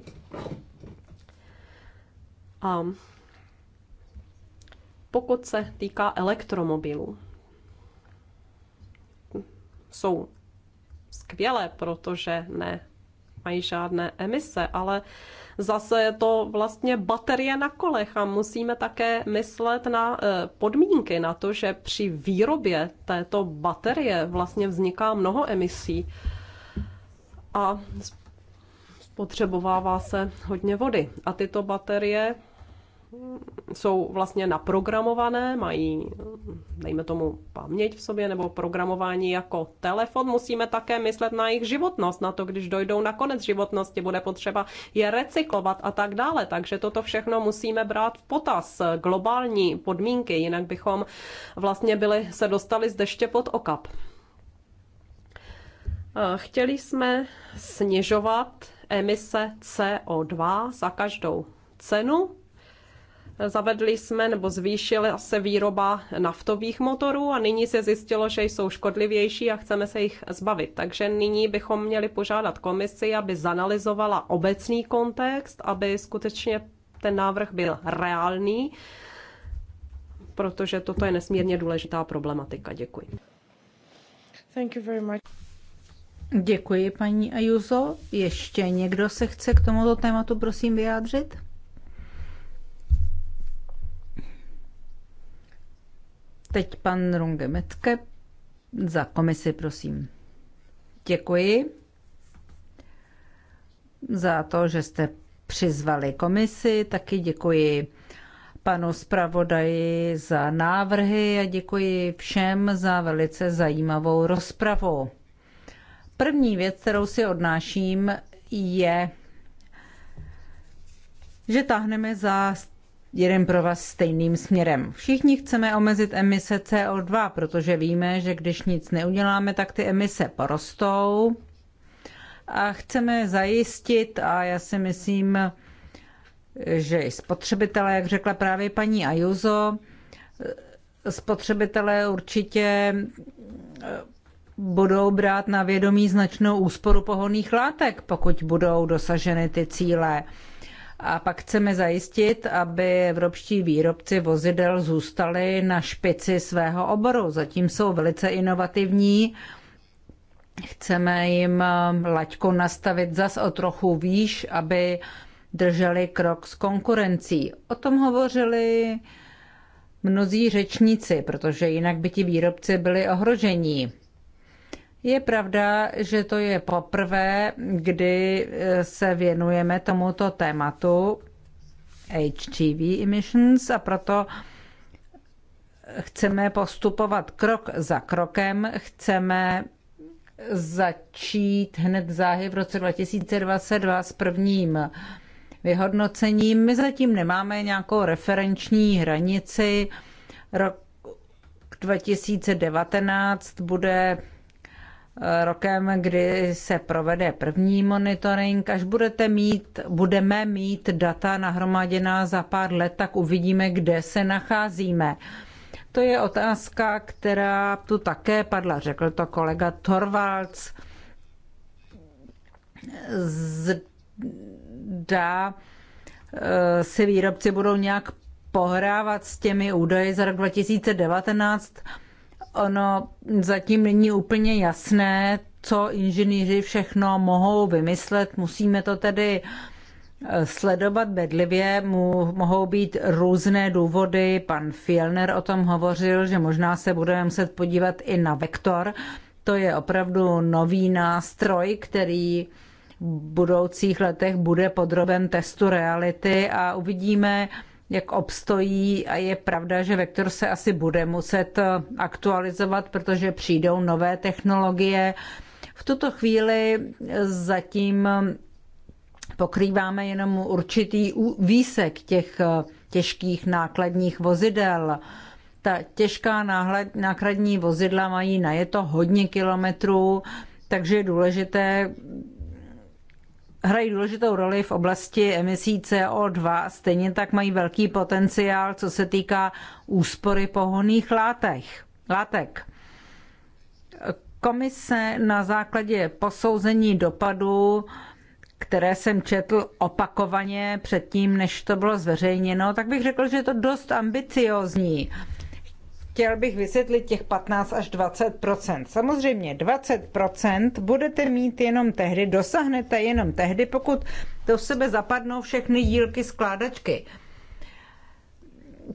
A pokud se týká elektromobilů, jsou skvělé, protože ne mají žádné emise, ale zase je to vlastně baterie na kolech a musíme také myslet na eh, podmínky, na to, že při výrobě této baterie vlastně vzniká mnoho emisí a spotřebovává se hodně vody. A tyto baterie jsou vlastně naprogramované, mají, dejme tomu, paměť v sobě nebo programování jako telefon. Musíme také myslet na jejich životnost, na to, když dojdou na konec životnosti, bude potřeba je recyklovat a tak dále. Takže toto všechno musíme brát v potaz, globální podmínky, jinak bychom vlastně byli, se dostali z deště pod okap. Chtěli jsme snižovat emise CO2 za každou cenu Zavedli jsme nebo zvýšila se výroba naftových motorů a nyní se zjistilo, že jsou škodlivější a chceme se jich zbavit. Takže nyní bychom měli požádat komisi, aby zanalizovala obecný kontext, aby skutečně ten návrh byl reálný, protože toto je nesmírně důležitá problematika. Děkuji. Thank you very much. Děkuji, paní Ajuzo. Ještě někdo se chce k tomuto tématu, prosím, vyjádřit? Teď pan Runge Metke za komisi, prosím. Děkuji za to, že jste přizvali komisi. Taky děkuji panu zpravodaji za návrhy a děkuji všem za velice zajímavou rozpravu. První věc, kterou si odnáším, je, že táhneme za jeden pro vás stejným směrem. Všichni chceme omezit emise CO2, protože víme, že když nic neuděláme, tak ty emise porostou. A chceme zajistit, a já si myslím, že i spotřebitelé, jak řekla právě paní Ajuzo, spotřebitelé určitě eh, budou brát na vědomí značnou úsporu pohonných látek, pokud budou dosaženy ty cíle. A pak chceme zajistit, aby evropští výrobci vozidel zůstali na špici svého oboru. Zatím jsou velice inovativní. Chceme jim eh, laťku nastavit zas o trochu výš, aby drželi krok s konkurencí. O tom hovořili mnozí řečníci, protože jinak by ti výrobci byli ohroženi. Je pravda, že to je poprvé, kdy eh, se věnujeme tomuto tématu HGV emissions a proto chceme postupovat krok za krokem, chceme začít hned záhy v roce 2022 s prvním vyhodnocením. My zatím nemáme nějakou referenční hranici. Rok 2019 bude rokem, kdy se provede první monitoring. Až budete mít, budeme mít data nahromaděná za pár let, tak uvidíme, kde se nacházíme. To je otázka, která tu také padla, řekl to kolega Torvalds. Zda eh, si výrobci budou nějak pohrávat s těmi údaji za rok 2019, ono zatím není úplně jasné, co inženýři všechno mohou vymyslet. Musíme to tedy eh, sledovat bedlivě. mohou být různé důvody. Pan Fielner o tom hovořil, že možná se budeme muset podívat i na vektor. To je opravdu nový nástroj, který v budoucích letech bude podroben testu reality a uvidíme, jak obstojí a je pravda, že vektor se asi bude muset eh, aktualizovat, protože přijdou nové technologie. V tuto chvíli eh, zatím eh, pokrýváme jenom určitý výsek těch těžkých nákladních vozidel. Ta těžká nákladní vozidla mají na to hodně kilometrů, takže je důležité hrají důležitou roli v oblasti emisí CO2, stejně tak mají velký potenciál, co se týká úspory pohonných látek. látek. Komise na základě posouzení dopadu, které jsem četl opakovaně předtím, než to bylo zveřejněno, tak bych řekl, že je to dost ambiciozní chtěl bych vysvětlit těch 15 až 20 Samozřejmě 20 budete mít jenom tehdy, dosáhnete jenom tehdy, pokud do sebe zapadnou všechny dílky skládačky.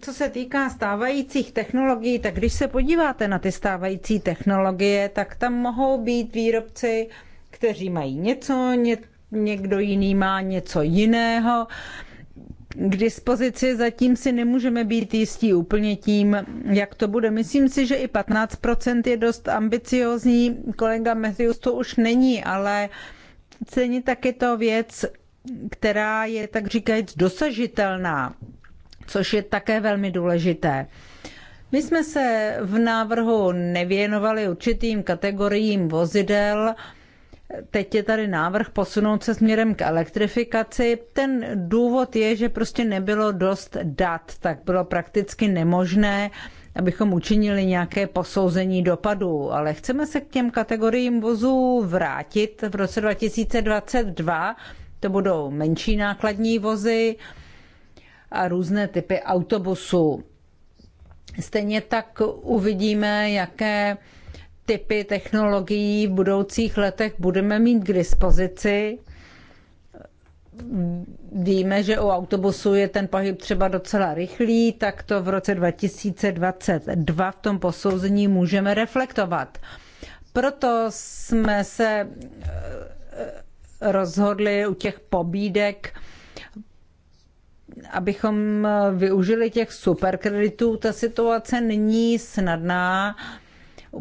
Co se týká stávajících technologií, tak když se podíváte na ty stávající technologie, tak tam mohou být výrobci, kteří mají něco, ně, někdo jiný má něco jiného. Uh, k dispozici, zatím si nemůžeme být jistí úplně tím, jak to bude. Myslím si, že i 15% je dost ambiciozní, kolega Matthews to už není, ale tak je to věc, která je tak říkajíc dosažitelná, což je také velmi důležité. My jsme se v návrhu nevěnovali určitým kategoriím vozidel, Teď je tady návrh posunout se směrem k elektrifikaci. Ten důvod je, že prostě nebylo dost dat, tak bylo prakticky nemožné, abychom učinili nějaké posouzení dopadu. Ale chceme se k těm kategoriím vozů vrátit v roce 2022. To budou menší nákladní vozy a různé typy autobusů. Stejně tak uvidíme, jaké typy technologií v budoucích letech budeme mít k dispozici. Víme, že u autobusu je ten pohyb třeba docela rychlý, tak to v roce 2022 v tom posouzení můžeme reflektovat. Proto jsme se eh, rozhodli u těch pobídek, abychom využili těch superkreditů. Ta situace není snadná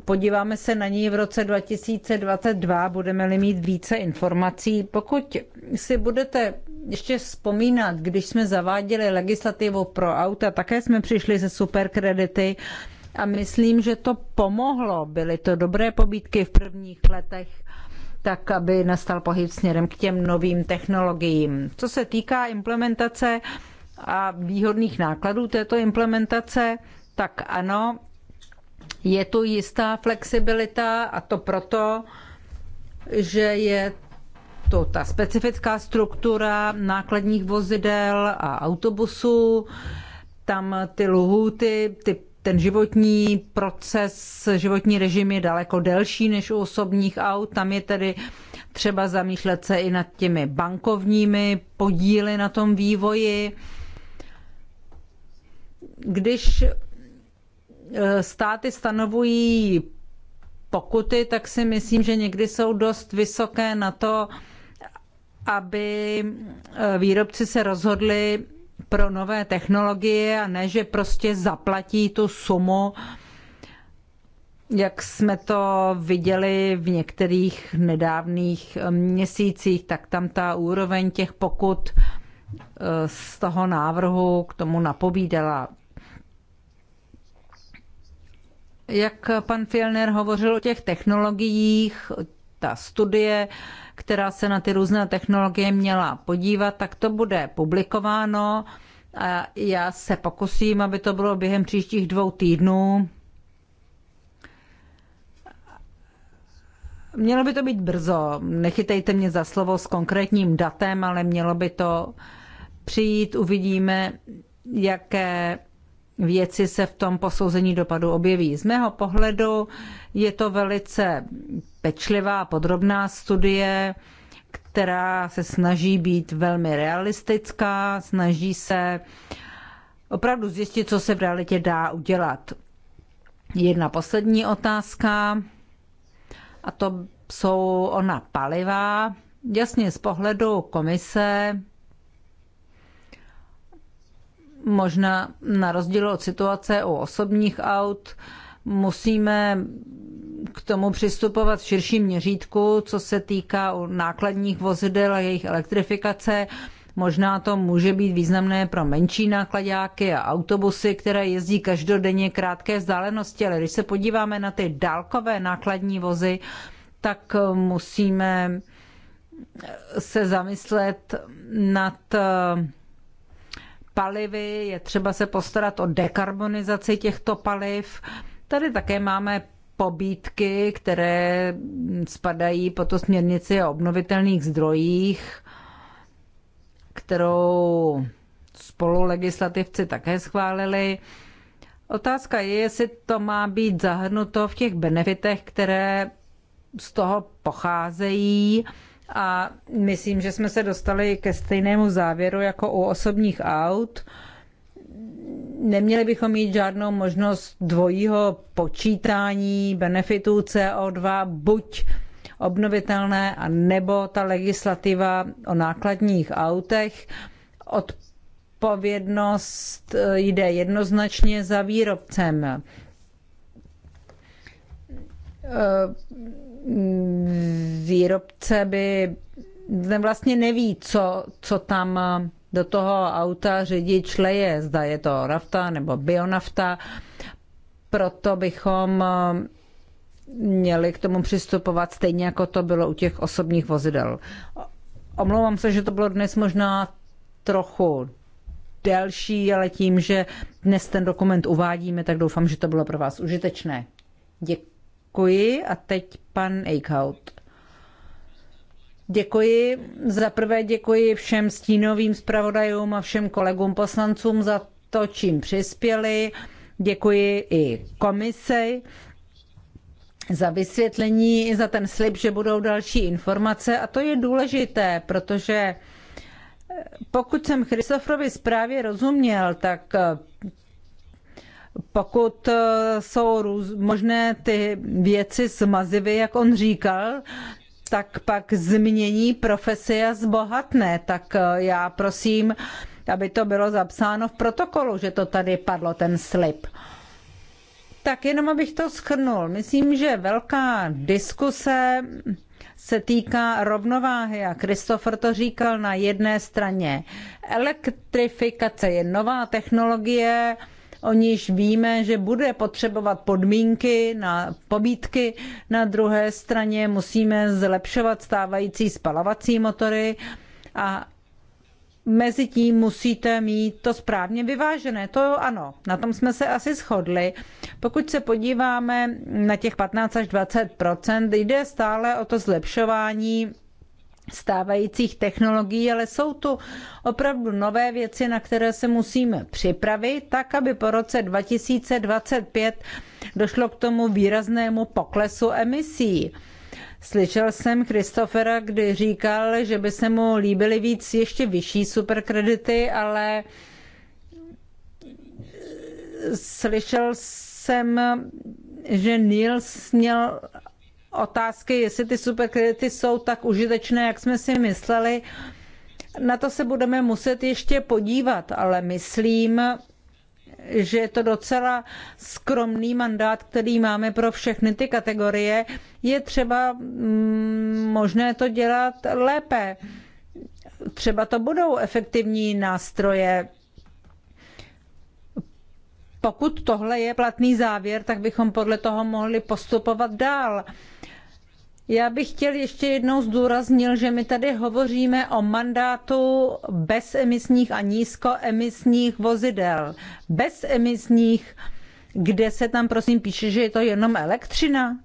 Podíváme se na ní v roce 2022, budeme-li mít více informací. Pokud si budete ještě vzpomínat, když jsme zaváděli legislativu pro auta, také jsme přišli se superkredity a myslím, že to pomohlo. Byly to dobré pobídky v prvních letech tak aby nastal pohyb směrem k těm novým technologiím. Co se týká implementace a výhodných nákladů této implementace, tak ano, je tu jistá flexibilita a to proto, že je to ta specifická struktura nákladních vozidel a autobusů, tam ty lhůty, ty, ten životní proces, životní režim je daleko delší než u osobních aut, tam je tedy třeba zamýšlet se i nad těmi bankovními podíly na tom vývoji. Když Eh, státy stanovují pokuty, tak si myslím, že někdy jsou dost vysoké na to, aby eh, výrobci se rozhodli pro nové technologie a ne, že prostě zaplatí tu sumu, jak jsme to viděli v některých nedávných eh, měsících, tak tam ta úroveň těch pokut z toho návrhu k tomu napovídala jak pan Fielner hovořil o těch technologiích, ta studie, která se na ty různé technologie měla podívat, tak to bude publikováno a já se pokusím, aby to bylo během příštích dvou týdnů. Mělo by to být brzo, nechytejte mě za slovo s konkrétním datem, ale mělo by to přijít, uvidíme, jaké věci se v tom posouzení dopadu objeví. Z mého pohledu je to velice pečlivá, podrobná studie, která se snaží být velmi realistická, snaží se opravdu zjistit, co se v realitě dá udělat. Jedna poslední otázka, a to jsou ona paliva. Jasně, z pohledu komise Možná na rozdíl od situace u osobních aut musíme k tomu přistupovat v širším měřítku, co se týká nákladních vozidel a jejich elektrifikace. Možná to může být významné pro menší nákladáky a autobusy, které jezdí každodenně krátké vzdálenosti, ale když se podíváme na ty dálkové nákladní vozy, tak musíme se zamyslet nad eh, palivy, je třeba se postarat o dekarbonizaci těchto paliv. Tady také máme pobídky, které spadají po to směrnici o obnovitelných zdrojích, kterou spolulegislativci také schválili. Otázka je, jestli to má být zahrnuto v těch benefitech, které z toho pocházejí a myslím, že jsme se dostali ke stejnému závěru jako u osobních aut. Neměli bychom mít žádnou možnost dvojího počítání benefitů CO2, buď obnovitelné, a nebo ta legislativa o nákladních autech. Odpovědnost eh, jde jednoznačně za výrobcem eh, výrobce by vlastně neví, co, co tam do toho auta řidič leje, zda je to nafta nebo bionafta. Proto bychom eh, měli k tomu přistupovat stejně, jako to bylo u těch osobních vozidel. Omlouvám se, že to bylo dnes možná trochu delší, ale tím, že dnes ten dokument uvádíme, tak doufám, že to bylo pro vás užitečné. Děkuji. Děkuji a teď pan Eichhout. Děkuji. Za prvé děkuji všem stínovým zpravodajům a všem kolegům poslancům za to, čím přispěli. Děkuji i komisi za vysvětlení, i za ten slib, že budou další informace. A to je důležité, protože pokud jsem Christofrovi zprávě rozuměl, tak pokud eh, jsou růz, možné ty věci zmazivy, jak on říkal, tak pak změní profesi a zbohatné. Tak eh, já prosím, aby to bylo zapsáno v protokolu, že to tady padlo, ten slib. Tak jenom abych to schrnul. Myslím, že velká diskuse se týká rovnováhy a Christopher to říkal na jedné straně. Elektrifikace je nová technologie, o níž víme, že bude potřebovat podmínky na pobídky. Na druhé straně musíme zlepšovat stávající spalovací motory a mezi tím musíte mít to správně vyvážené. To ano, na tom jsme se asi shodli. Pokud se podíváme na těch 15 až 20 jde stále o to zlepšování stávajících technologií, ale jsou tu opravdu nové věci, na které se musíme připravit, tak aby po roce 2025 došlo k tomu výraznému poklesu emisí. Slyšel jsem Kristofera, kdy říkal, že by se mu líbily víc ještě vyšší superkredity, ale slyšel jsem, že Niels měl otázky, jestli ty superkredity jsou tak užitečné, jak jsme si mysleli. Na to se budeme muset ještě podívat, ale myslím, že je to docela skromný mandát, který máme pro všechny ty kategorie. Je třeba mm, možné to dělat lépe. Třeba to budou efektivní nástroje pokud tohle je platný závěr, tak bychom podle toho mohli postupovat dál. Já bych chtěl ještě jednou zdůraznil, že my tady hovoříme o mandátu bezemisních a nízkoemisních vozidel. Bezemisních, kde se tam prosím píše, že je to jenom elektřina.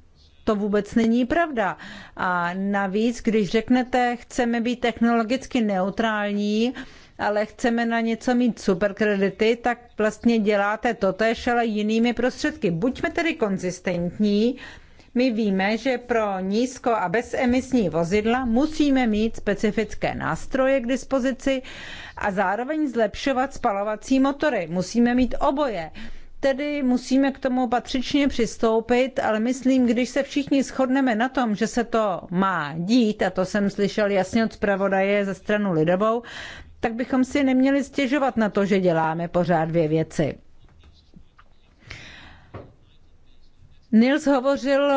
To vůbec není pravda. A navíc, když řeknete, chceme být technologicky neutrální, ale chceme na něco mít superkredity, tak vlastně děláte totež, ale jinými prostředky. Buďme tedy konzistentní. My víme, že pro nízko a bezemisní vozidla musíme mít specifické nástroje k dispozici a zároveň zlepšovat spalovací motory. Musíme mít oboje tedy musíme k tomu patřičně přistoupit, ale myslím, když se všichni shodneme na tom, že se to má dít, a to jsem slyšel jasně od zpravodaje ze stranu Lidovou, tak bychom si neměli stěžovat na to, že děláme pořád dvě věci. Nils hovořil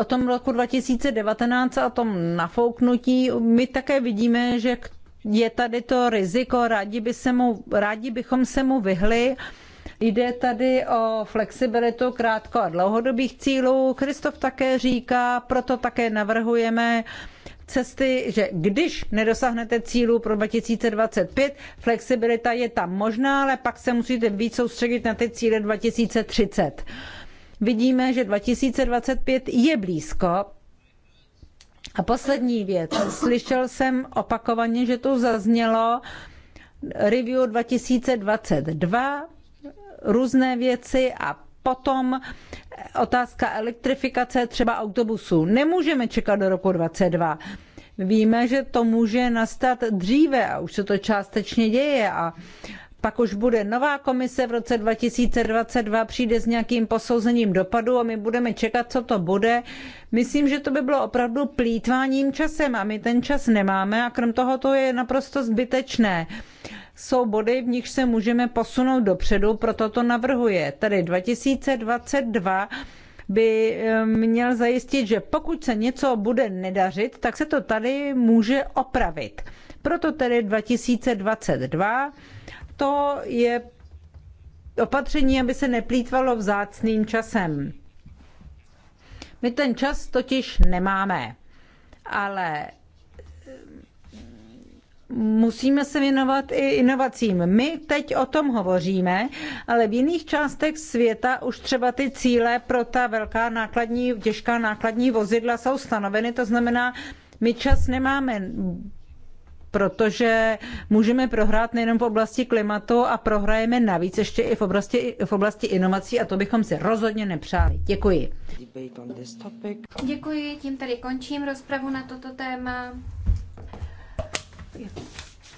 o tom roku 2019 a o tom nafouknutí. My také vidíme, že je tady to riziko, rádi, by se mu, rádi bychom se mu vyhli. Jde tady o flexibilitu krátko a dlouhodobých cílů. Kristof také říká, proto také navrhujeme cesty, že když nedosáhnete cílu pro 2025, flexibilita je tam možná, ale pak se musíte víc soustředit na ty cíle 2030. Vidíme, že 2025 je blízko. A poslední věc. Slyšel jsem opakovaně, že tu zaznělo review 2022, různé věci a potom otázka elektrifikace třeba autobusů. Nemůžeme čekat do roku 22. Víme, že to může nastat dříve a už se to částečně děje a pak už bude nová komise v roce 2022, přijde s nějakým posouzením dopadu a my budeme čekat, co to bude. Myslím, že to by bylo opravdu plítváním časem a my ten čas nemáme a krom toho to je naprosto zbytečné jsou body, v nich se můžeme posunout dopředu, proto to navrhuje. Tedy 2022 by eh, měl zajistit, že pokud se něco bude nedařit, tak se to tady může opravit. Proto tedy 2022 to je opatření, aby se neplýtvalo vzácným časem. My ten čas totiž nemáme, ale musíme se věnovat i inovacím. My teď o tom hovoříme, ale v jiných částech světa už třeba ty cíle pro ta velká nákladní, těžká nákladní vozidla jsou stanoveny, to znamená, my čas nemáme protože můžeme prohrát nejenom v oblasti klimatu a prohrajeme navíc ještě i v oblasti, v oblasti inovací a to bychom si rozhodně nepřáli. Děkuji. Děkuji, tím tady končím rozpravu na toto téma.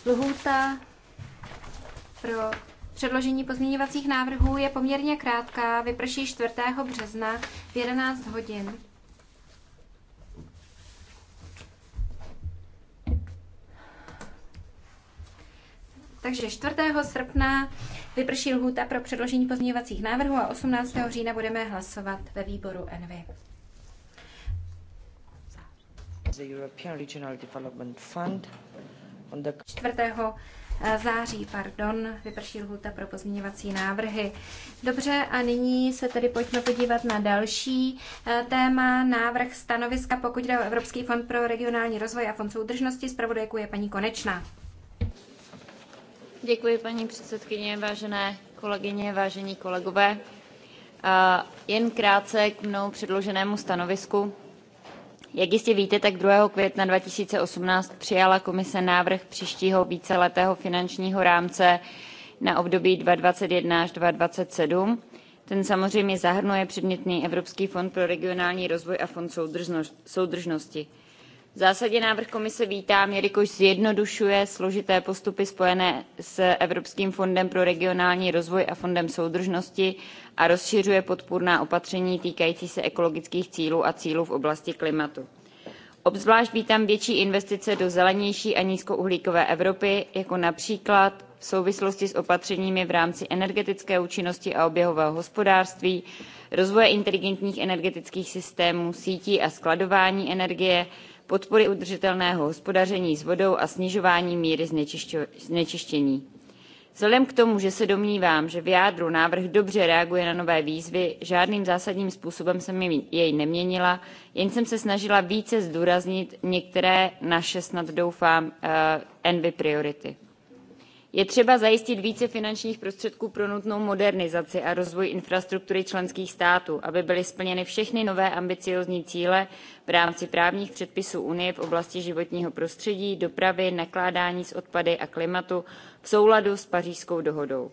Lhůta pro předložení pozměňovacích návrhů je poměrně krátká, vyprší 4. března v 11 hodin. Takže 4. srpna vyprší lhůta pro předložení pozměňovacích návrhů a 18. října budeme hlasovat ve výboru ENVY. The European Regional Development Fund. 4. Eh, září, pardon, vyprší lhuta pro pozměňovací návrhy. Dobře, a nyní se tedy pojďme podívat na další eh, téma, návrh stanoviska, pokud jde o Evropský fond pro regionální rozvoj a fond soudržnosti. Zpravodajku je paní Konečná. Děkuji, paní předsedkyně, vážené kolegyně, vážení kolegové. Eh, jen krátce k mnou předloženému stanovisku. Jak jistě víte, tak 2. května 2018 přijala komise návrh příštího víceletého finančního rámce na období 2021 až 2027. Ten samozřejmě zahrnuje předmětný Evropský fond pro regionální rozvoj a fond soudržnosti. V zásadě návrh komise vítám, jelikož zjednodušuje složité postupy spojené s Evropským fondem pro regionální rozvoj a fondem soudržnosti a rozšiřuje podpůrná opatření týkající se ekologických cílů a cílů v oblasti klimatu. Obzvlášť vítám větší investice do zelenější a nízkouhlíkové Evropy, jako například v souvislosti s opatřeními v rámci energetické účinnosti a oběhového hospodářství, rozvoje inteligentních energetických systémů, sítí a skladování energie, podpory udržitelného hospodaření s vodou a snižování míry znečištění. Vzhledem k tomu, že se domnívám, že v jádru návrh dobře reaguje na nové výzvy, žádným zásadním způsobem jsem jej neměnila, jen jsem se snažila více zdůraznit některé naše, snad doufám, eh, envy priority. Je třeba zajistit více finančních prostředků pro nutnou modernizaci a rozvoj infrastruktury členských států, aby byly splněny všechny nové ambiciózní cíle v rámci právních předpisů Unie v oblasti životního prostředí, dopravy, nakládání s odpady a klimatu v souladu s pařížskou dohodou.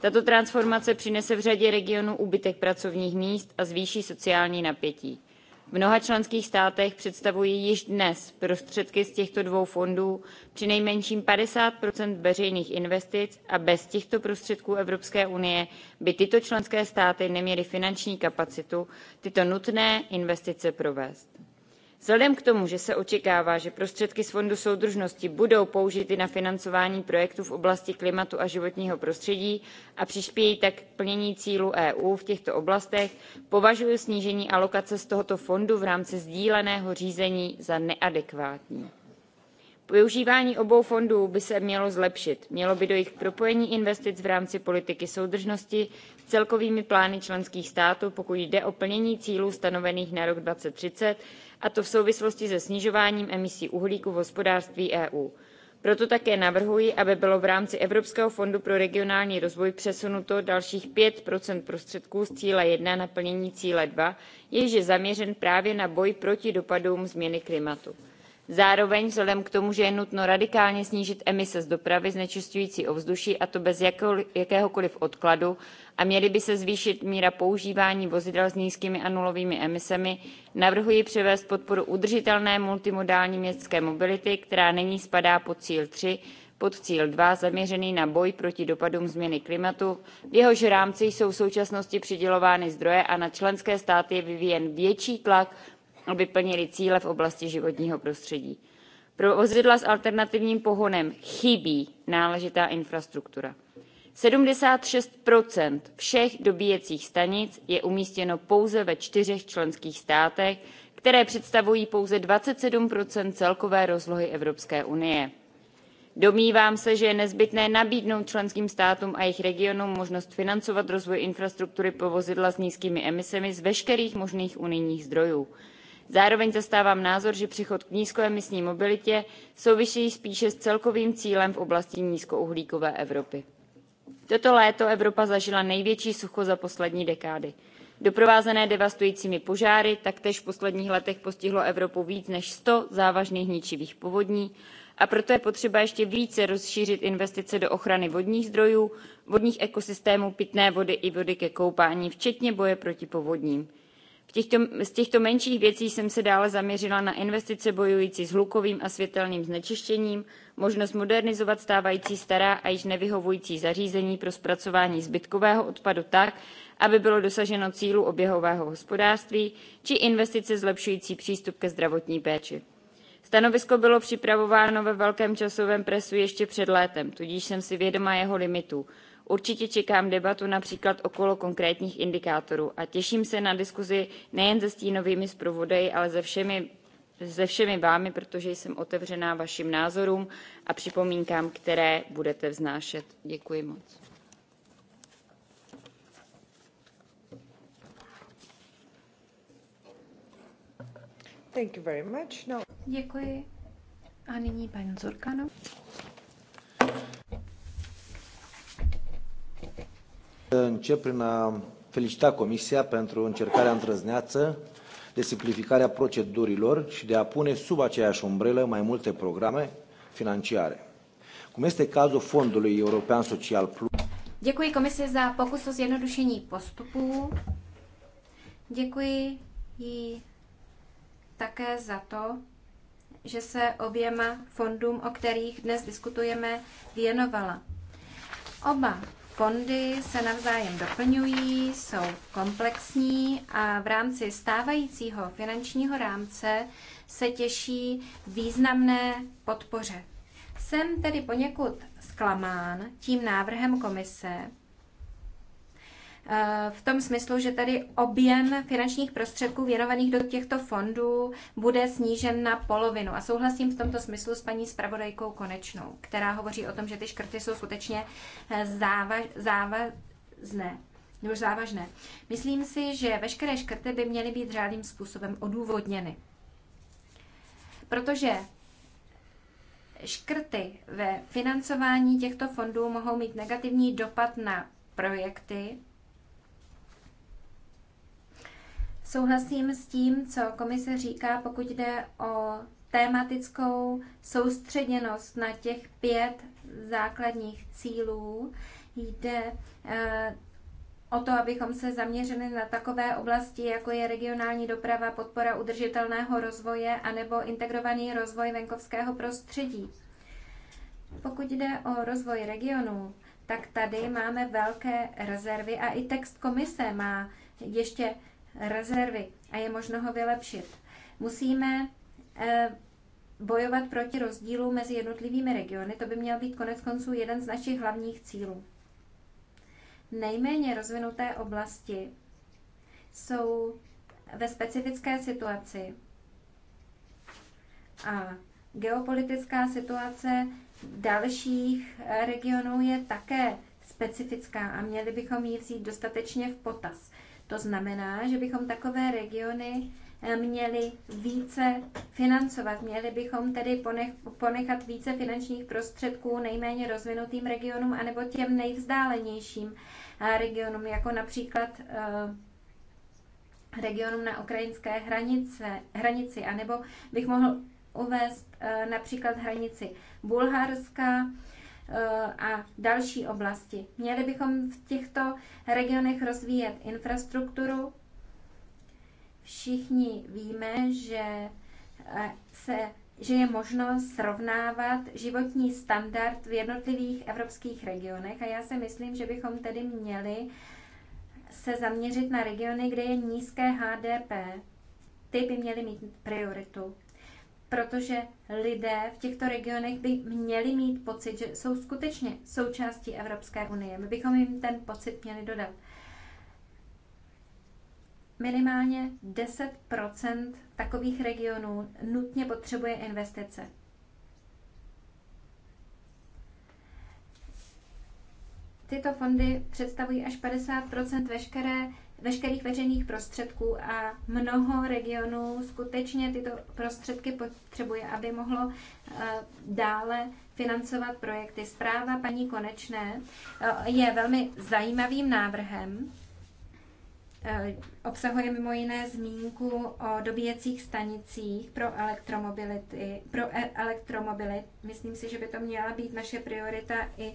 Tato transformace přinese v řadě regionů úbytek pracovních míst a zvýší sociální napětí. V mnoha členských státech představují již dnes prostředky z těchto dvou fondů přinejmenším 50 veřejných investic a bez těchto prostředků Evropské unie by tyto členské státy neměly finanční kapacitu tyto nutné investice provést. Vzhledem k tomu, že se očekává, že prostředky z Fondu soudržnosti budou použity na financování projektů v oblasti klimatu a životního prostředí a přispějí tak k plnění cílů EU v těchto oblastech, považuji snížení alokace z tohoto fondu v rámci sdíleného řízení za neadekvátní. Využívání obou fondů by se mělo zlepšit. Mělo by dojít k propojení investic v rámci politiky soudržnosti s celkovými plány členských států, pokud jde o plnění cílů stanovených na rok 2030 a to v souvislosti se snižováním emisí uhlíku v hospodářství EU. Proto také navrhuji, aby bylo v rámci Evropského fondu pro regionální rozvoj přesunuto dalších 5 prostředků z cíle 1 na plnění cíle 2, jež je zaměřen právě na boj proti dopadům změny klimatu. Zároveň vzhledem k tomu, že je nutno radikálně snížit emise z dopravy znečišťující ovzduší, a to bez jakéhokoliv odkladu a měly by se zvýšit míra používání vozidel s nízkými a nulovými emisemi, navrhuji převést podporu udržitelné multimodální městské mobility, která nyní spadá pod cíl 3, pod cíl 2 zaměřený na boj proti dopadům změny klimatu. V jehož rámci jsou v současnosti přidělovány zdroje a na členské státy je vyvíjen větší tlak, aby plnili cíle v oblasti životního prostředí. Pro vozidla s alternativním pohonem chybí náležitá infrastruktura. 76 všech dobíjecích stanic je umístěno pouze ve čtyřech členských státech, které představují pouze 27 celkové rozlohy Evropské unie. Domnívám se, že je nezbytné nabídnout členským státům a jejich regionům možnost financovat rozvoj infrastruktury pro vozidla s nízkými emisemi z veškerých možných unijních zdrojů. Zároveň zastávám názor, že přechod k nízkoemisní mobilitě souvisí spíše s celkovým cílem v oblasti nízkouhlíkové Evropy. Toto léto Evropa zažila největší sucho za poslední dekády. Doprovázené devastujícími požáry taktéž v posledních letech postihlo Evropu víc než 100 závažných ničivých povodní a proto je potřeba ještě více rozšířit investice do ochrany vodních zdrojů, vodních ekosystémů, pitné vody i vody ke koupání, včetně boje proti povodním. Těchto, z těchto menších věcí jsem se dále zaměřila na investice bojující s hlukovým a světelným znečištěním, možnost modernizovat stávající stará a již nevyhovující zařízení pro zpracování zbytkového odpadu tak, aby bylo dosaženo cílu oběhového hospodářství, či investice zlepšující přístup ke zdravotní péči. Stanovisko bylo připravováno ve velkém časovém presu ještě před létem, tudíž jsem si vědoma jeho limitů. Určitě čekám debatu například okolo konkrétních indikátorů a těším se na diskuzi nejen se stínovými zpravodaji, ale se všemi, se všemi vámi, protože jsem otevřená vašim názorům a připomínkám, které budete vznášet. Děkuji moc. Thank you very much. No. Děkuji. A nyní paní Zorkano. Încep prin a felicita Comisia pentru încercarea îndrăzneață de simplificare a procedurilor și de a pune sub aceeași umbrelă mai multe programe financiare, cum este cazul Fondului European Social Plus. Děkuji komise za pokus o zjednodušení postupů. Děkuji jí také za to, že se oběma fondům, o kterých dnes diskutujeme, věnovala. Oba fondy se navzájem doplňují, jsou komplexní a v rámci stávajícího finančního rámce se těší významné podpoře. Jsem tedy poněkud zklamán tím návrhem komise, Eh, v tom smyslu, že tady objem finančních prostředků věnovaných do těchto fondů bude snížen na polovinu. A souhlasím v tomto smyslu s paní spravodajkou Konečnou, která hovoří o tom, že ty škrty jsou skutečně eh, závaž, závazné nebo závažné. Myslím si, že veškeré škrty by měly být řádným způsobem odůvodněny. Protože škrty ve financování těchto fondů mohou mít negativní dopad na projekty, Souhlasím s tím, co komise říká, pokud jde o tématickou soustředěnost na těch pět základních cílů. Jde eh, o to, abychom se zaměřili na takové oblasti, jako je regionální doprava, podpora udržitelného rozvoje anebo integrovaný rozvoj venkovského prostředí. Pokud jde o rozvoj regionů, tak tady máme velké rezervy a i text komise má ještě rezervy a je možno ho vylepšit. Musíme eh, bojovat proti rozdílu mezi jednotlivými regiony, to by měl být konec konců jeden z našich hlavních cílů. Nejméně rozvinuté oblasti jsou ve specifické situaci a geopolitická situace dalších eh, regionů je také specifická a měli bychom ji vzít dostatečně v potaz. To znamená, že bychom takové regiony eh, měli více financovat. Měli bychom tedy ponech, ponechat více finančních prostředků nejméně rozvinutým regionům anebo těm nejvzdálenějším eh, regionům, jako například eh, regionům na ukrajinské hranice, hranici, anebo bych mohl uvést například hranici Bulharska, a další oblasti. Měli bychom v těchto regionech rozvíjet infrastrukturu. Všichni víme, že eh, se že je možno srovnávat životní standard v jednotlivých evropských regionech a já si myslím, že bychom tedy měli se zaměřit na regiony, kde je nízké HDP. Ty by měly mít prioritu protože lidé v těchto regionech by měli mít pocit, že jsou skutečně součástí Evropské unie. My bychom jim ten pocit měli dodat. Minimálně 10 takových regionů nutně potřebuje investice. Tyto fondy představují až 50 veškeré veškerých veřejných prostředků a mnoho regionů skutečně tyto prostředky potřebuje, aby mohlo eh, dále financovat projekty. Zpráva paní Konečné eh, je velmi zajímavým návrhem. Eh, obsahuje mimo jiné zmínku o dobíjecích stanicích pro, elektromobility, pro e- elektromobilit. Myslím si, že by to měla být naše priorita i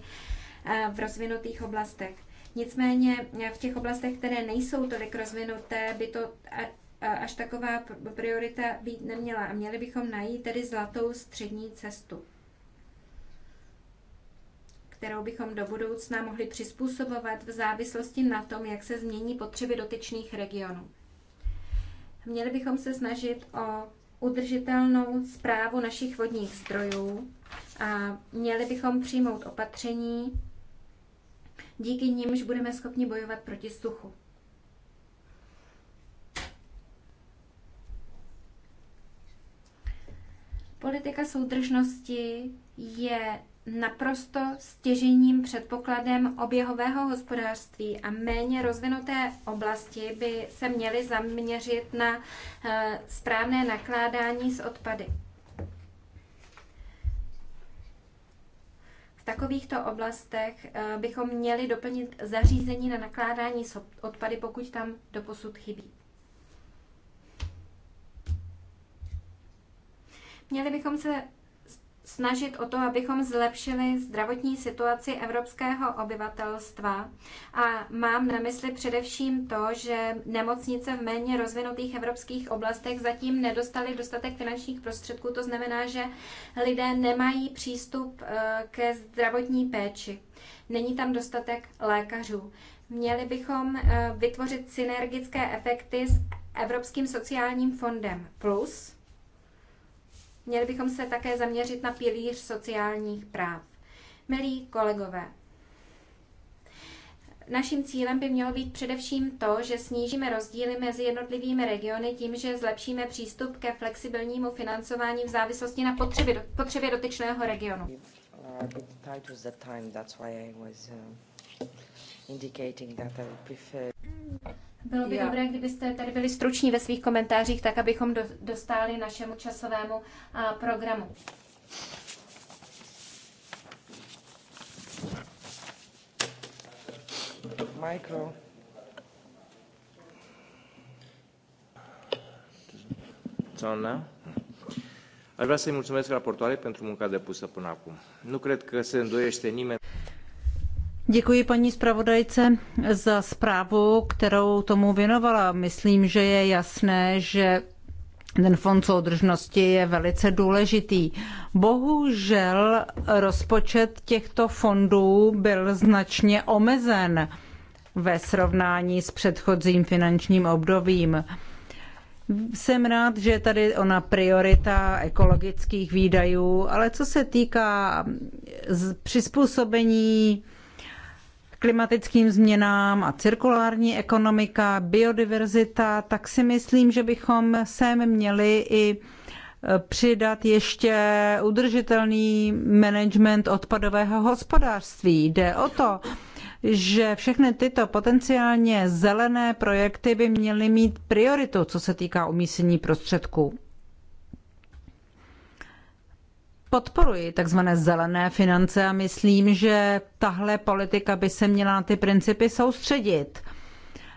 v rozvinutých oblastech. Nicméně eh, v těch oblastech, které nejsou tolik rozvinuté, by to až taková priorita být neměla a měli bychom najít tedy zlatou střední cestu kterou bychom do budoucna mohli přizpůsobovat v závislosti na tom, jak se změní potřeby dotyčných regionů. Měli bychom se snažit o udržitelnou zprávu našich vodních zdrojů a měli bychom přijmout opatření, díky nimž budeme schopni bojovat proti suchu. Politika soudržnosti je naprosto stěžením předpokladem oběhového hospodářství a méně rozvinuté oblasti by se měly zaměřit na eh, správné nakládání s odpady. takovýchto oblastech eh, bychom měli doplnit zařízení na nakládání s odpady, pokud tam doposud chybí. Měli bychom se snažit o to, abychom zlepšili zdravotní situaci evropského obyvatelstva. A mám na mysli především to, že nemocnice v méně rozvinutých evropských oblastech zatím nedostaly dostatek finančních prostředků. To znamená, že lidé nemají přístup eh, ke zdravotní péči. Není tam dostatek lékařů. Měli bychom eh, vytvořit synergické efekty s Evropským sociálním fondem Plus Měli bychom se také zaměřit na pilíř sociálních práv. Milí kolegové, Naším cílem by mělo být především to, že snížíme rozdíly mezi jednotlivými regiony tím, že zlepšíme přístup ke flexibilnímu financování v závislosti na potřeby, potřebě dotyčného regionu. Uh, indicating that I would prefer. Bylo by Já. dobré, kdybyste tady byli struční ve svých komentářích, tak abychom do, dostali našemu časovému uh, programu. Micro. Zona. Aș vrea să-i mulțumesc raportoare pentru munca depusă până acum. Nu cred că se îndoiește nimeni. Děkuji paní zpravodajce za zprávu, kterou tomu věnovala. Myslím, že je jasné, že ten fond soudržnosti je velice důležitý. Bohužel rozpočet těchto fondů byl značně omezen ve srovnání s předchozím finančním obdobím. Jsem rád, že je tady ona priorita ekologických výdajů, ale co se týká přizpůsobení klimatickým změnám a cirkulární ekonomika, biodiverzita, tak si myslím, že bychom sem měli i e, přidat ještě udržitelný management odpadového hospodářství. Jde o to, že všechny tyto potenciálně zelené projekty by měly mít prioritu, co se týká umístění prostředků podporuji tzv. zelené finance a myslím, že tahle politika by se měla na ty principy soustředit.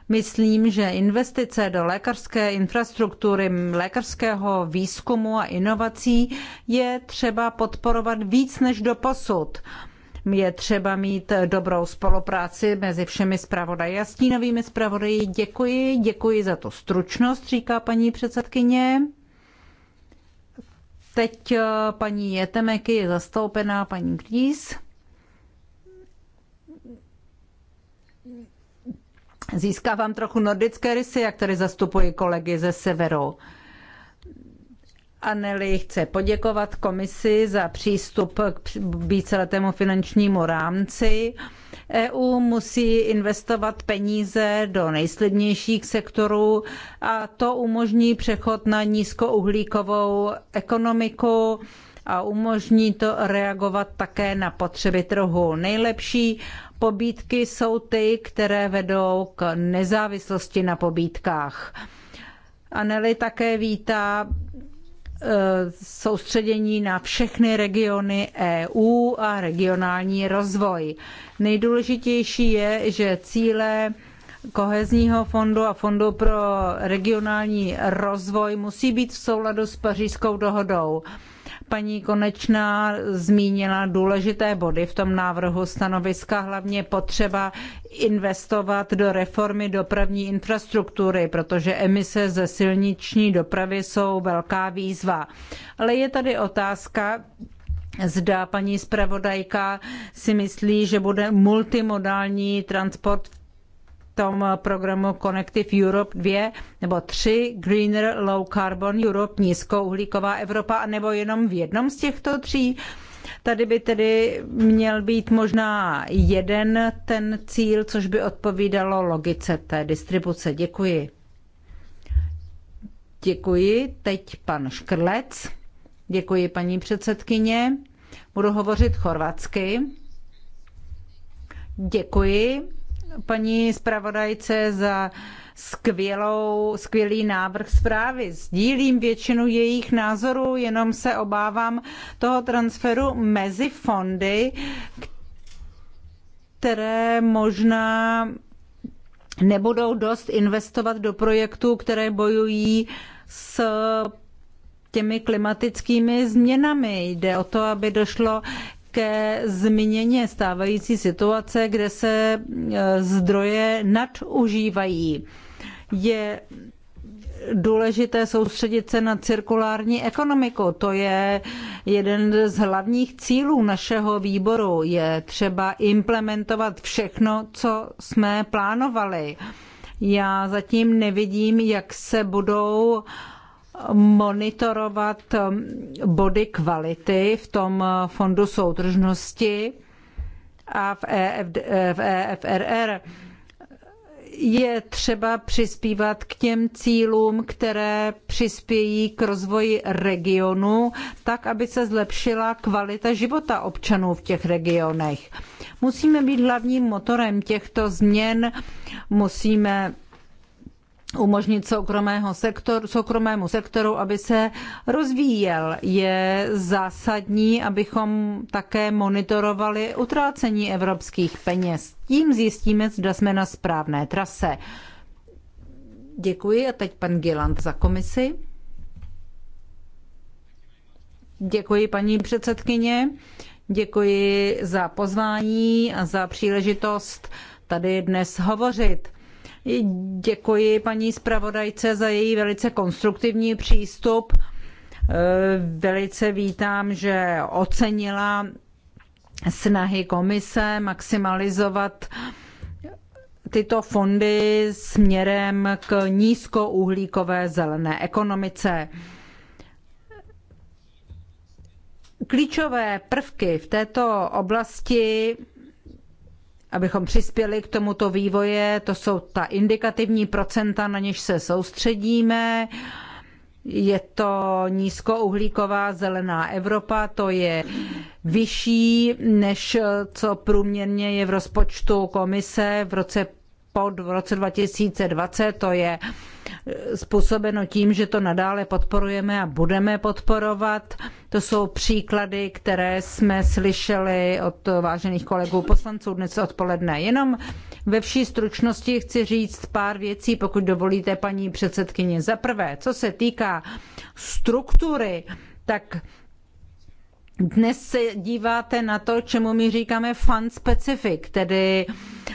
Myslím, že investice do lékařské infrastruktury, lékařského výzkumu a inovací je třeba podporovat víc než do posud. Je třeba mít dobrou spolupráci mezi všemi zpravodaji a stínovými zpravodaji. Děkuji, děkuji za tu stručnost, říká paní předsedkyně. Teď eh, paní Jetemeky je zastoupená paní Grís. Získávám trochu nordické rysy, jak tady zastupuji kolegy ze severu. Anely chce poděkovat komisi za přístup k víceletému finančnímu rámci. EU musí investovat peníze do nejslibnějších sektorů a to umožní přechod na nízkouhlíkovou ekonomiku a umožní to reagovat také na potřeby trhu. Nejlepší pobídky jsou ty, které vedou k nezávislosti na pobídkách. Anely také vítá soustředění na všechny regiony EU a regionální rozvoj. Nejdůležitější je, že cíle kohezního fondu a fondu pro regionální rozvoj musí být v souladu s pařížskou dohodou. Paní Konečná zmínila důležité body v tom návrhu stanoviska, hlavně potřeba investovat do reformy dopravní infrastruktury, protože emise ze silniční dopravy jsou velká výzva. Ale je tady otázka, Zda paní zpravodajka si myslí, že bude multimodální transport v tom programu Connective Europe 2 nebo 3 Greener Low Carbon Europe, nízkouhlíková Evropa, nebo jenom v jednom z těchto tří. Tady by tedy měl být možná jeden ten cíl, což by odpovídalo logice té distribuce. Děkuji. Děkuji. Teď pan Škrlec. Děkuji, paní předsedkyně. Budu hovořit chorvatsky. Děkuji paní zpravodajce za skvělou, skvělý návrh zprávy. Sdílím většinu jejich názorů, jenom se obávám toho transferu mezi fondy, které možná nebudou dost investovat do projektů, které bojují s těmi klimatickými změnami. Jde o to, aby došlo ke změně stávající situace, kde se e, zdroje nadužívají. Je důležité soustředit se na cirkulární ekonomiku. To je jeden z hlavních cílů našeho výboru. Je třeba implementovat všechno, co jsme plánovali. Já zatím nevidím, jak se budou monitorovat um, body kvality v tom uh, fondu soudržnosti a v, e eh, v EFRR je třeba přispívat k těm cílům, které přispějí k rozvoji regionu, tak, aby se zlepšila kvalita života občanů v těch regionech. Musíme být hlavním motorem těchto změn, musíme umožnit soukromého sektoru, soukromému sektoru, aby se rozvíjel. Je zásadní, abychom také monitorovali utrácení evropských peněz. Tím zjistíme, zda jsme na správné trase. Děkuji a teď pan Giland za komisi. Děkuji paní předsedkyně, děkuji za pozvání a za příležitost tady dnes hovořit. Děkuji paní zpravodajce za její velice konstruktivní přístup. E, velice vítám, že ocenila snahy komise maximalizovat tyto fondy směrem k nízkouhlíkové zelené ekonomice. Klíčové prvky v této oblasti abychom přispěli k tomuto vývoje. To jsou ta indikativní procenta, na něž se soustředíme. Je to nízkouhlíková zelená Evropa, to je vyšší, než co průměrně je v rozpočtu komise. V roce po roce 2020, to je eh, způsobeno tím, že to nadále podporujeme a budeme podporovat. To jsou příklady, které jsme slyšeli od vážených kolegů poslanců dnes odpoledne. Jenom ve vší stručnosti chci říct pár věcí, pokud dovolíte, paní předsedkyně. Za prvé, co se týká struktury, tak dnes se díváte na to, čemu my říkáme fund specific, tedy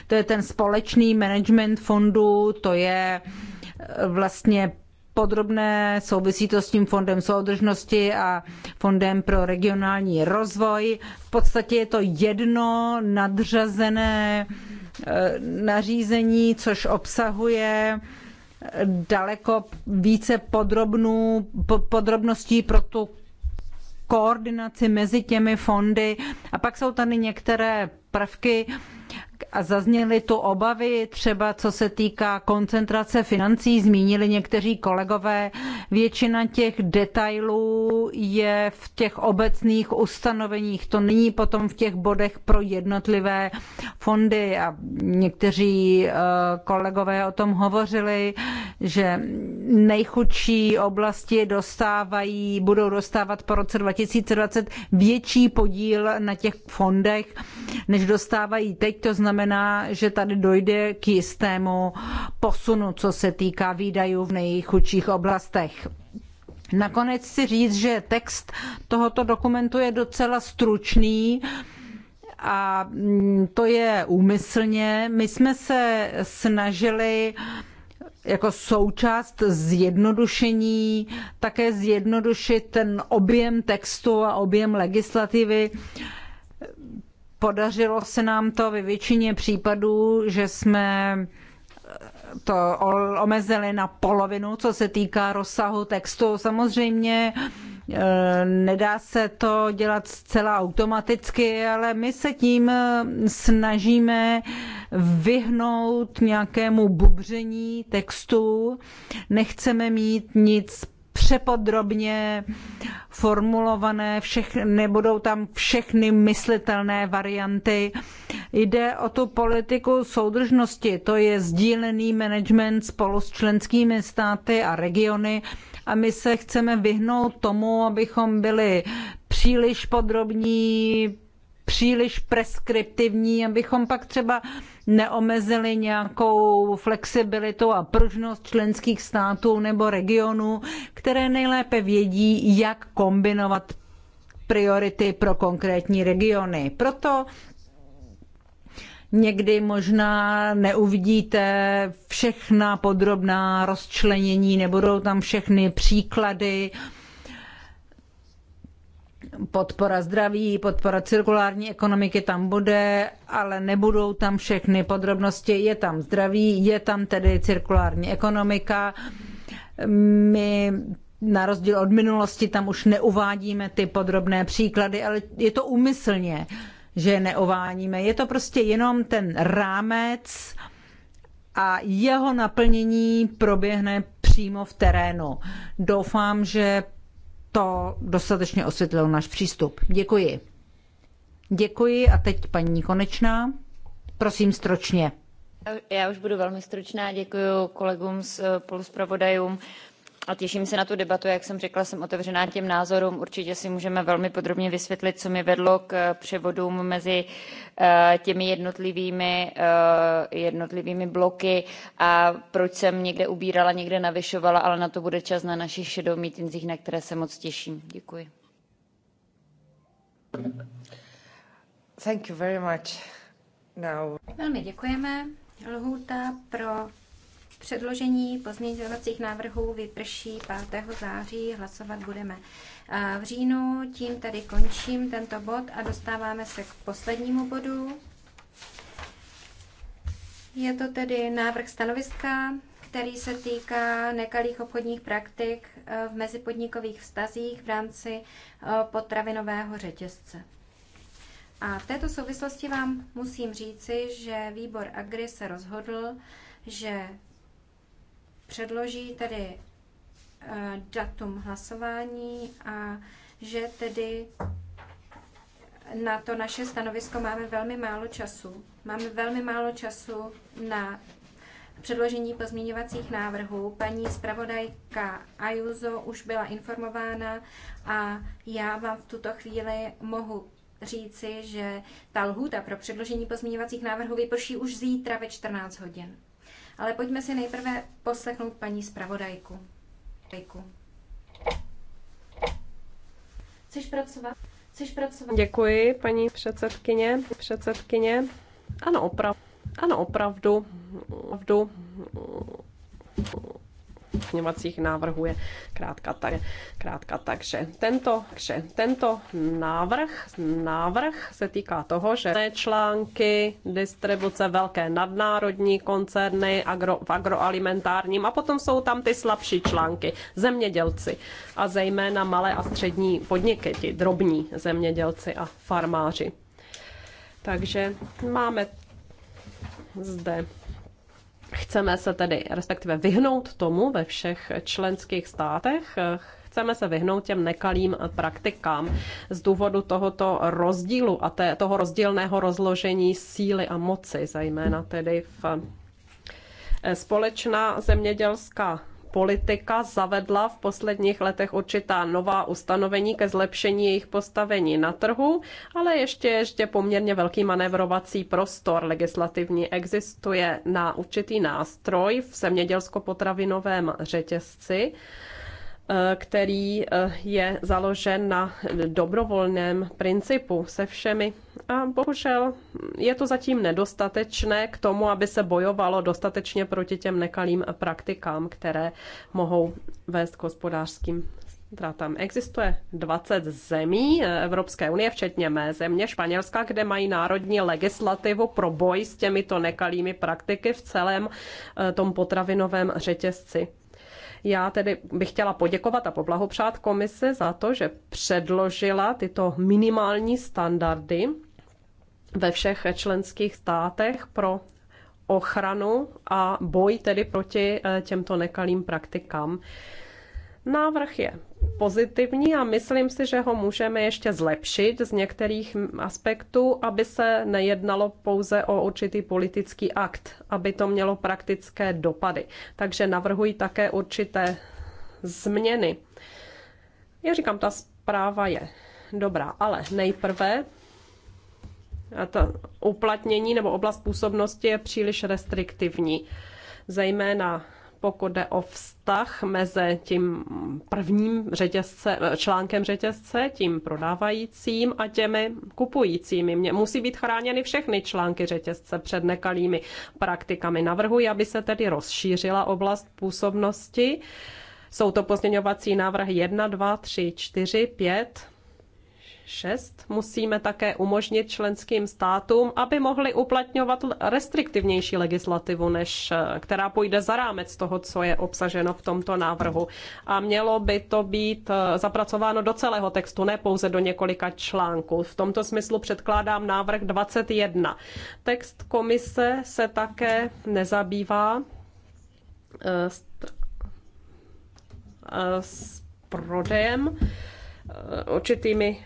to je ten společný management fondů, to je eh, vlastně podrobné, souvisí to s tím fondem soudržnosti a fondem pro regionální rozvoj. V podstatě je to jedno nadřazené eh, nařízení, což obsahuje eh, daleko více podrobnou podrobností pro tu koordinaci mezi těmi fondy. A pak jsou tady některé prvky, a zazněly tu obavy, třeba co se týká koncentrace financí, zmínili někteří kolegové. Většina těch detailů je v těch obecných ustanoveních, to není potom v těch bodech pro jednotlivé fondy a někteří eh, kolegové o tom hovořili, že nejchudší oblasti dostávají, budou dostávat po roce 2020 větší podíl na těch fondech, než dostávají teď, to znamená, znamená, že tady dojde k jistému posunu, co se týká výdajů v nejchudších oblastech. Nakonec si říct, že text tohoto dokumentu je docela stručný a mm, to je úmyslně. My jsme se snažili jako součást zjednodušení, také zjednodušit ten objem textu a objem legislativy. Podařilo se nám to ve většině případů, že jsme to omezili na polovinu, co se týká rozsahu textu. Samozřejmě e, nedá se to dělat zcela automaticky, ale my se tím e, snažíme vyhnout nějakému bubření textu. Nechceme mít nic přepodrobně formulované, všech, nebudou tam všechny myslitelné varianty. Jde o tu politiku soudržnosti, to je sdílený management spolu s členskými státy a regiony a my se chceme vyhnout tomu, abychom byli příliš podrobní, příliš preskriptivní, abychom pak třeba neomezili nějakou flexibilitu a pružnost členských států nebo regionů, které nejlépe vědí, jak kombinovat priority pro konkrétní regiony. Proto někdy možná neuvidíte všechna podrobná rozčlenění, nebudou tam všechny příklady, podpora zdraví, podpora cirkulární ekonomiky tam bude, ale nebudou tam všechny podrobnosti. Je tam zdraví, je tam tedy cirkulární ekonomika. My na rozdíl od minulosti tam už neuvádíme ty podrobné příklady, ale je to úmyslně, že je neuvádíme. Je to prostě jenom ten rámec a jeho naplnění proběhne přímo v terénu. Doufám, že to dostatečně osvětlil náš přístup. Děkuji. Děkuji a teď paní Konečná. Prosím stročně. Já už budu velmi stručná. Děkuji kolegům z eh, poluzpravodajům a těším se na tu debatu. Jak jsem řekla, jsem otevřená těm názorům. Určitě si můžeme velmi podrobně vysvětlit, co mi vedlo k eh, převodům mezi eh, těmi jednotlivými, eh, jednotlivými bloky a proč jsem někde ubírala, někde navyšovala, ale na to bude čas na našich shadow meetingsích, na které se moc těším. Děkuji. Thank you very much. Now... Velmi děkujeme. Lhůta pro Předložení pozměňovacích návrhů vyprší 5. září, hlasovat budeme v říjnu. Tím tady končím tento bod a dostáváme se k poslednímu bodu. Je to tedy návrh stanoviska, který se týká nekalých obchodních praktik e, v mezipodnikových vztazích v rámci e, potravinového řetězce. A v této souvislosti vám musím říci, že výbor Agri se rozhodl, že předloží tedy eh, datum hlasování a že tedy na to naše stanovisko máme velmi málo času. Máme velmi málo času na předložení pozměňovacích návrhů. Paní zpravodajka Ajuzo už byla informována a já vám v tuto chvíli mohu říci, že ta lhůta pro předložení pozměňovacích návrhů vyprší už zítra ve 14 hodin. Ale pojďme si nejprve poslechnout paní zpravodajku. Chceš pracovat? Chceš pracovat? Děkuji, paní předsedkyně. Předsedkyně. Ano, opravdu. Ano, opravdu. opravdu pozměňovacích návrhů je krátká, tak, krátká. Takže tento, že tento návrh, návrh se týká toho, že články, distribuce velké nadnárodní koncerny agro, v agroalimentárním a potom jsou tam ty slabší články, zemědělci a zejména malé a střední podniky, ti drobní zemědělci a farmáři. Takže máme zde Chceme se tedy respektive vyhnout tomu ve všech členských státech, chceme se vyhnout těm nekalým praktikám z důvodu tohoto rozdílu a té, toho rozdílného rozložení síly a moci, zejména tedy v eh, společná zemědělská politika zavedla v posledních letech určitá nová ustanovení ke zlepšení jejich postavení na trhu, ale ještě ještě poměrně velký manevrovací prostor legislativní existuje na určitý nástroj v zemědělsko-potravinovém řetězci, Eh, který eh, je založen na dobrovolném principu se všemi. A bohužel je to zatím nedostatečné k tomu, aby se bojovalo dostatečně proti těm nekalým praktikám, které mohou vést k hospodářským ztrátám. Existuje 20 zemí Evropské unie, včetně mé země, Španělska, kde mají národní legislativu pro boj s těmito nekalými praktiky v celém eh, tom potravinovém řetězci já tedy bych chtěla poděkovat a poblahopřát komise za to, že předložila tyto minimální standardy ve všech členských státech pro ochranu a boj tedy proti eh, těmto nekalým praktikám. Návrh je pozitivní a myslím si, že ho můžeme ještě zlepšit z některých aspektů, aby se nejednalo pouze o určitý politický akt, aby to mělo praktické dopady. Takže navrhuji také určité změny. Já říkám, ta zpráva je dobrá, ale nejprve to uplatnění nebo oblast působnosti je příliš restriktivní, zejména pokud jde o vztah mezi tím prvním řetězce, článkem řetězce, tím prodávajícím a těmi kupujícími. Mě musí být chráněny všechny články řetězce před nekalými praktikami. Navrhuji, aby se tedy rozšířila oblast působnosti. Jsou to pozměňovací návrhy 1, 2, 3, 4, 5, 6 musíme také umožnit členským státům, aby mohli uplatňovat restriktivnější legislativu, než eh, která půjde za rámec toho, co je obsaženo v tomto návrhu. A mělo by to být eh, zapracováno do celého textu, ne pouze do několika článků. V tomto smyslu předkládám návrh 21. Text komise se také nezabývá eh, s prodejem určitými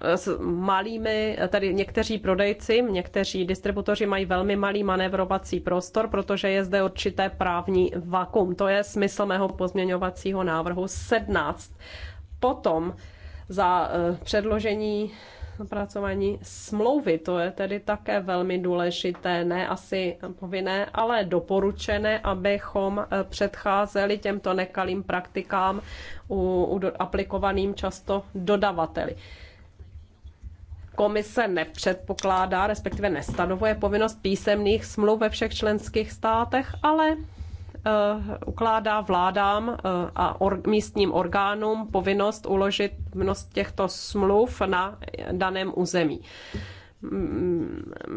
eh, s malými, tady někteří prodejci, někteří distributoři mají velmi malý manévrovací prostor, protože je zde určité právní vakum. To je smysl mého pozměňovacího návrhu 17. Potom za eh, předložení napracování smlouvy. To je tedy také velmi důležité, ne asi povinné, ale doporučené, abychom eh, předcházeli těmto nekalým praktikám u, u aplikovaným často dodavateli komise nepředpokládá, respektive nestanovuje povinnost písemných smluv ve všech členských státech, ale Eh, ukládá vládám eh, a or, místním orgánům povinnost uložit množství těchto smluv na daném území.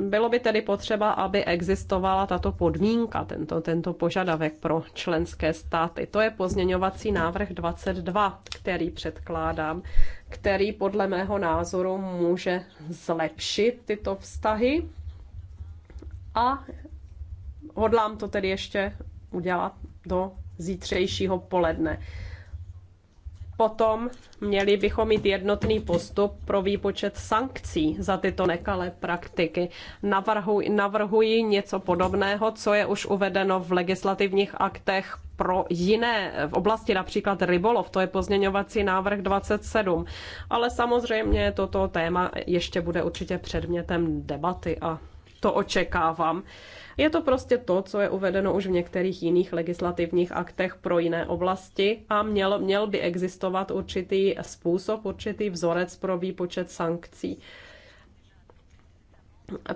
Bylo by tedy potřeba, aby existovala tato podmínka, tento, tento požadavek pro členské státy. To je pozměňovací návrh 22, který předkládám, který podle mého názoru může zlepšit tyto vztahy a hodlám to tedy ještě udělat do zítřejšího poledne. Potom měli bychom mít jednotný postup pro výpočet sankcí za tyto nekalé praktiky. Navrhuji, navrhuji něco podobného, co je už uvedeno v legislativních aktech pro jiné v oblasti, například rybolov, to je pozměňovací návrh 27. Ale samozřejmě toto téma ještě bude určitě předmětem debaty a to očekávám. Je to prostě to, co je uvedeno už v některých jiných legislativních aktech pro jiné oblasti a měl, měl by existovat určitý způsob, určitý vzorec pro výpočet sankcí.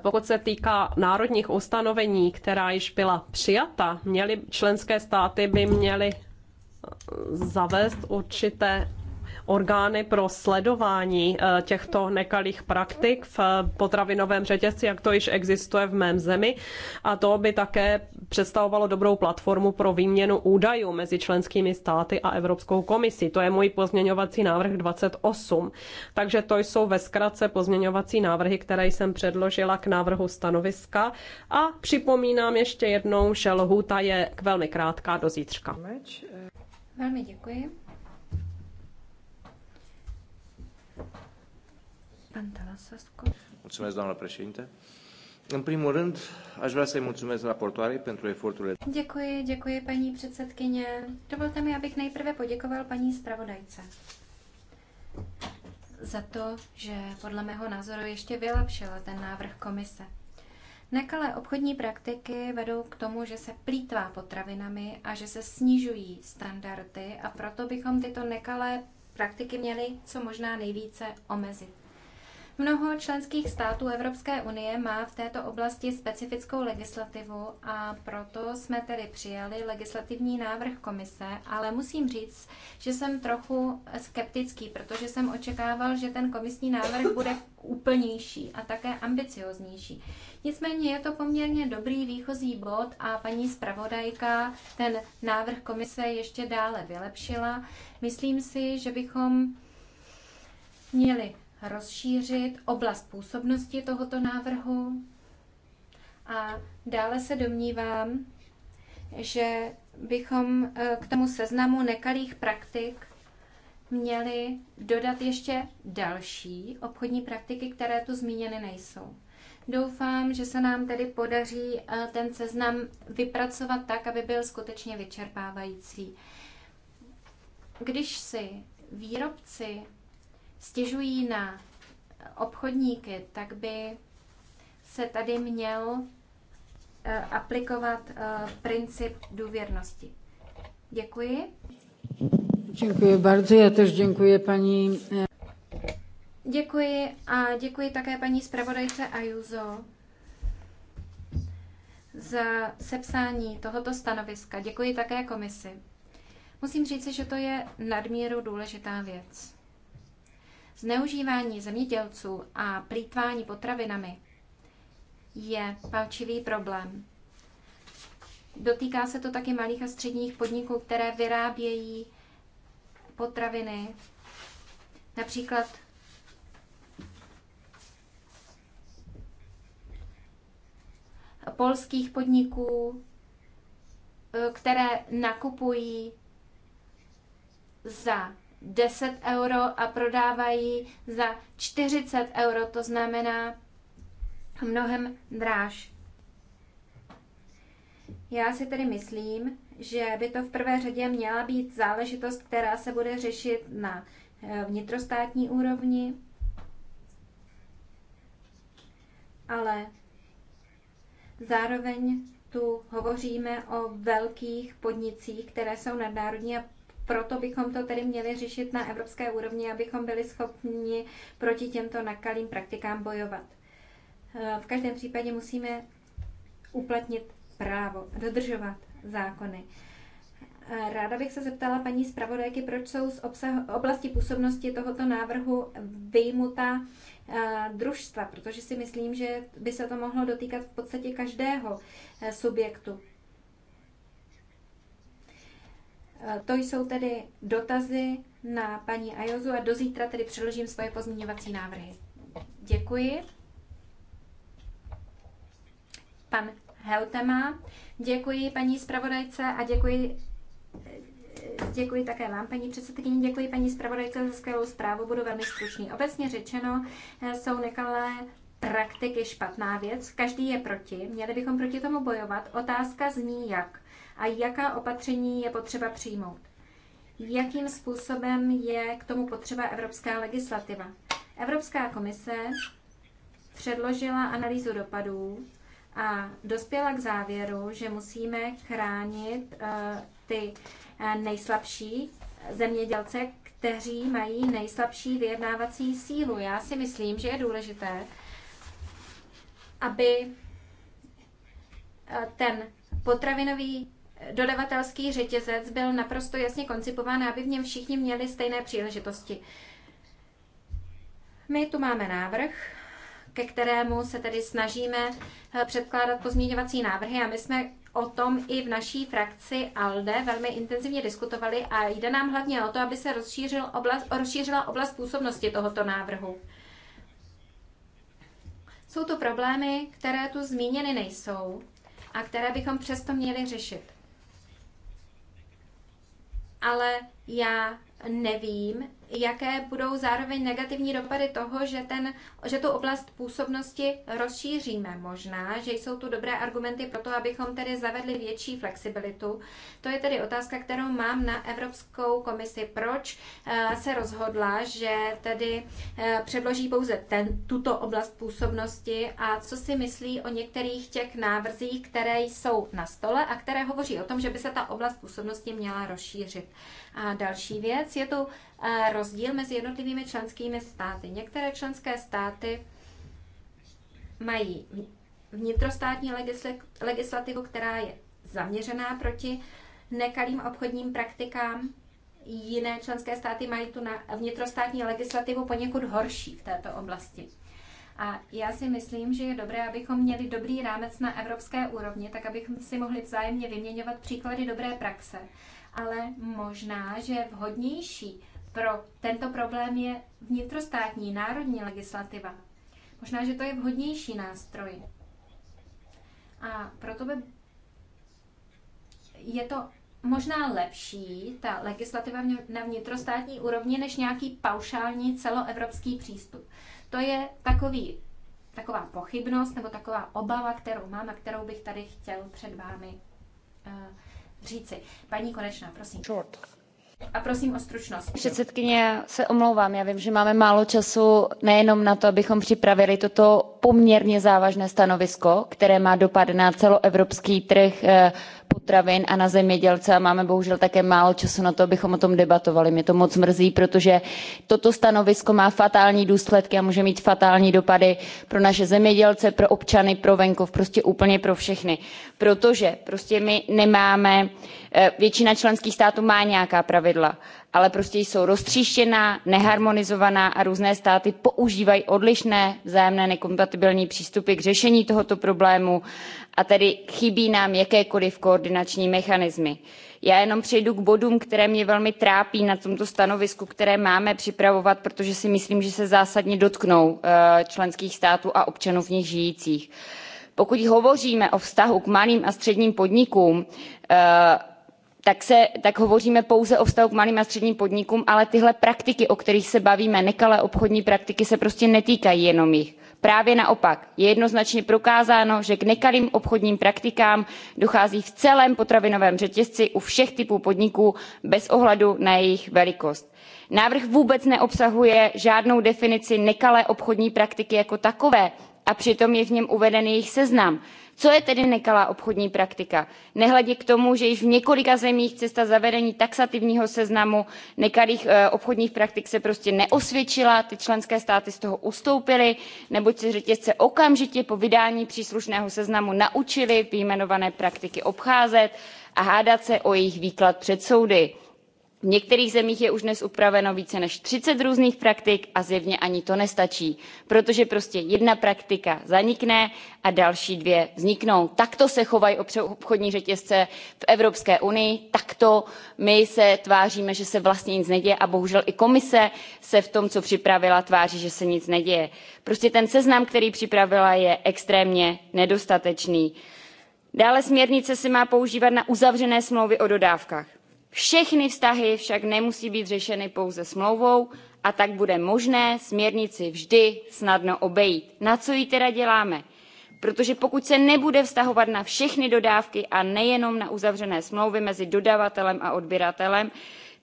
Pokud se týká národních ustanovení, která již byla přijata, měly, členské státy by měly zavést určité orgány pro sledování eh, těchto nekalých praktik v eh, potravinovém řetězci, jak to již existuje v mém zemi. A to by také představovalo dobrou platformu pro výměnu údajů mezi členskými státy a Evropskou komisí. To je můj pozměňovací návrh 28. Takže to jsou ve zkratce pozměňovací návrhy, které jsem předložila k návrhu stanoviska. A připomínám ještě jednou, že lhůta je velmi krátká do zítřka. Velmi děkuji. Mulțumesc, doamnă președinte. În primul rând, aș vrea să-i mulțumesc raportoarei pentru eforturile. Děkuji, děkuji paní předsedkyně. Dovolte mi, abych nejprve poděkoval paní zpravodajce za to, že podle mého názoru ještě vylepšila ten návrh komise. Nekalé obchodní praktiky vedou k tomu, že se plítvá potravinami a že se snižují standardy a proto bychom tyto nekalé praktiky měli co možná nejvíce omezit. Mnoho členských států Evropské unie má v této oblasti specifickou legislativu a proto jsme tedy přijali legislativní návrh komise, ale musím říct, že jsem trochu skeptický, protože jsem očekával, že ten komisní návrh bude úplnější a také ambicioznější. Nicméně je to poměrně dobrý výchozí bod a paní zpravodajka ten návrh komise ještě dále vylepšila. Myslím si, že bychom měli rozšířit oblast působnosti tohoto návrhu. A dále se domnívám, že bychom eh, k tomu seznamu nekalých praktik měli dodat ještě další obchodní praktiky, které tu zmíněny nejsou. Doufám, že se nám tedy podaří eh, ten seznam vypracovat tak, aby byl skutečně vyčerpávající. Když si výrobci stěžují na obchodníky, tak by se tady měl eh, aplikovat eh, princip důvěrnosti. Děkuji. Děkuji bardzo, já tež děkuji paní. Eh, děkuji a děkuji také paní zpravodajce Ajuzo za sepsání tohoto stanoviska. Děkuji také komisi. Musím říci, že to je nadmíru důležitá věc. Zneužívání zemědělců a plítvání potravinami je palčivý problém. Dotýká se to taky malých a středních podniků, které vyrábějí potraviny, například polských podniků, eh, které nakupují za 10 euro a prodávají za 40 euro, to znamená mnohem dráž. Já si tedy myslím, že by to v prvé řadě měla být záležitost, která se bude řešit na eh, vnitrostátní úrovni, ale zároveň tu hovoříme o velkých podnicích, které jsou nadnárodní a proto bychom to tedy měli řešit na evropské úrovni, abychom byli schopni proti těmto nakalým praktikám bojovat. Eh, v každém případě musíme uplatnit právo, dodržovat zákony. Eh, ráda bych se zeptala paní zpravodajky, proč jsou z obsah, oblasti působnosti tohoto návrhu vyjmuta eh, družstva, protože si myslím, že by se to mohlo dotýkat v podstatě každého subjektu. Eh, to jsou tedy dotazy na paní Ajozu a do zítra tedy předložím svoje pozměňovací návrhy. Děkuji. Pan Heltema. Děkuji paní zpravodajce a děkuji eh, Děkuji také vám, paní předsedkyně, děkuji paní zpravodajce za skvělou zprávu, budu velmi stručný. Obecně řečeno eh, jsou nekalé praktiky špatná věc, každý je proti, měli bychom proti tomu bojovat. Otázka zní jak a jaká opatření je potřeba přijmout. Jakým způsobem je k tomu potřeba evropská legislativa? Evropská komise předložila analýzu dopadů a dospěla k závěru, že musíme chránit eh, ty eh, nejslabší zemědělce, kteří mají nejslabší vyjednávací sílu. Já si myslím, že je důležité, aby eh, ten potravinový dodavatelský řetězec byl naprosto jasně koncipován, aby v něm všichni měli stejné příležitosti. My tu máme návrh, ke kterému se tedy snažíme eh, předkládat pozměňovací návrhy a my jsme o tom i v naší frakci ALDE velmi intenzivně diskutovali a jde nám hlavně o to, aby se rozšířil oblast, rozšířila oblast působnosti tohoto návrhu. Jsou tu problémy, které tu zmíněny nejsou a které bychom přesto měli řešit ale já nevím, jaké budou zároveň negativní dopady toho, že, ten, že tu oblast působnosti rozšíříme. Možná, že jsou tu dobré argumenty pro to, abychom tedy zavedli větší flexibilitu. To je tedy otázka, kterou mám na Evropskou komisi. Proč eh, se rozhodla, že tedy eh, předloží pouze ten, tuto oblast působnosti a co si myslí o některých těch návrzích, které jsou na stole a které hovoří o tom, že by se ta oblast působnosti měla rozšířit. A další věc je tu eh, rozdíl mezi jednotlivými členskými státy. Některé členské státy mají vnitrostátní legislativu, která je zaměřená proti nekalým obchodním praktikám. Jiné členské státy mají tu vnitrostátní legislativu poněkud horší v této oblasti. A já si myslím, že je dobré, abychom měli dobrý rámec na evropské úrovni, tak abychom si mohli vzájemně vyměňovat příklady dobré praxe ale možná, že vhodnější pro tento problém je vnitrostátní národní legislativa. Možná, že to je vhodnější nástroj. A proto by je to možná lepší, ta legislativa na vnitrostátní úrovni, než nějaký paušální celoevropský přístup. To je takový, taková pochybnost nebo taková obava, kterou mám a kterou bych tady chtěl před vámi uh, říci. Paní Konečná, prosím. Short. A prosím o stručnost. Předsedkyně, se omlouvám, já vím, že máme málo času nejenom na to, abychom připravili toto poměrně závažné stanovisko, které má dopad na celoevropský trh eh, potravin a na zemědělce a máme bohužel také málo času na to, abychom o tom debatovali. Mě to moc mrzí, protože toto stanovisko má fatální důsledky a může mít fatální dopady pro naše zemědělce, pro občany, pro venkov, prostě úplně pro všechny. Protože prostě my nemáme Eh, většina členských států má nějaká pravidla ale prostě jsou roztříštěná neharmonizovaná a různé státy používají odlišné vzájemně nekompatibilní přístupy k řešení tohoto problému a tedy chybí nám jakékoliv koordinační mechanismy. já jenom přejdu k bodům které mě velmi trápí na tomto stanovisku které máme připravovat protože si myslím že se zásadně dotknou eh, členských států a občanů v nich žijících. pokud hovoříme o vztahu k malým a středním podnikům eh, tak, hovoříme pouze o vztahu k malým a středním podnikům, ale tyhle praktiky, o kterých se bavíme, nekalé obchodní praktiky, se prostě netýkají jenom jich. Právě naopak, je jednoznačně prokázáno, že k nekalým obchodním praktikám dochází v celém potravinovém řetězci u všech typů podniků bez ohledu na jejich velikost. Návrh vůbec neobsahuje žádnou definici nekalé obchodní praktiky jako takové a přitom je v něm uveden jejich seznam co je tedy nekalá obchodní praktika nehledě k tomu že již v několika zemích cesta zavedení taxativního seznamu nekalých eh, obchodních praktik se prostě neosvědčila ty členské státy z toho ustoupily neboť se řetězce okamžitě po vydání příslušného seznamu naučily vyjmenované praktiky obcházet a hádat se o jejich výklad před soudy v některých zemích je už dnes upraveno více než 30 různých praktik a zjevně ani to nestačí protože prostě jedna praktika zanikne a další dvě vzniknou. takto se chovají obchodní řetězce v evropské unii takto my se tváříme že se vlastně nic neděje a bohužel i komise se v tom co připravila tváří že se nic neděje. prostě ten seznam který připravila je extrémně nedostatečný. dále směrnice se má používat na uzavřené smlouvy o dodávkách všechny vztahy však nemusí být řešeny pouze smlouvou a tak bude možné směrnici vždy snadno obejít. Na co ji teda děláme? Protože pokud se nebude vztahovat na všechny dodávky a nejenom na uzavřené smlouvy mezi dodavatelem a odběratelem,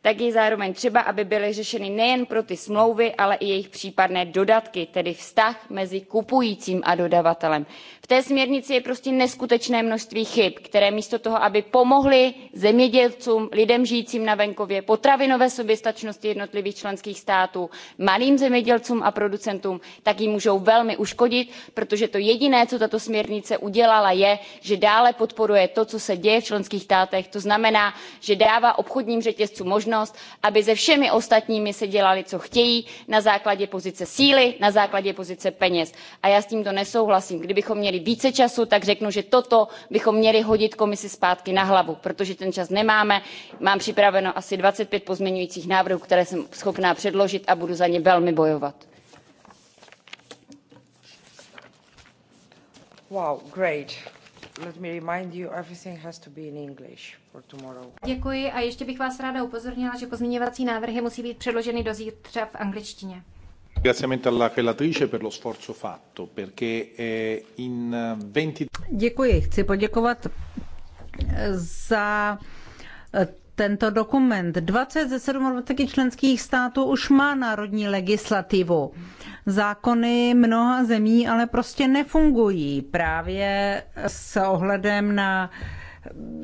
tak je zároveň třeba, aby byly řešeny nejen pro ty smlouvy, ale i jejich případné dodatky, tedy vztah mezi kupujícím a dodavatelem té směrnici je prostě neskutečné množství chyb které místo toho aby pomohly zemědělcům lidem žijícím na venkově potravinové soběstačnosti jednotlivých členských států malým zemědělcům a producentům tak jim můžou velmi uškodit protože to jediné co tato směrnice udělala je že dále podporuje to co se děje v členských státech to znamená že dává obchodním řetězcům možnost aby se všemi ostatními si dělali co chtějí na základě pozice síly na základě pozice peněz a já s tímto nesouhlasím. kdybychom měli více času tak řeknu že toto bychom měli hodit komisi zpátky na hlavu protože ten čas nemáme mám připraveno asi twenty five pozměňovacích návrhů které jsem schopna předložit a budu za ně velmi bojovat. Wow, great. Let me remind you, everything has to be in English for tomorrow. Děkuji a ještě bych vás ráda upozornila, že pozměňovací návrhy musí být předloženy do zítřka v angličtině. Eh, Děkuji. Chci poděkovat eh, za eh, tento dokument. 20 ze 27 členských států už má národní legislativu. Zákony mnoha zemí ale prostě nefungují právě s ohledem na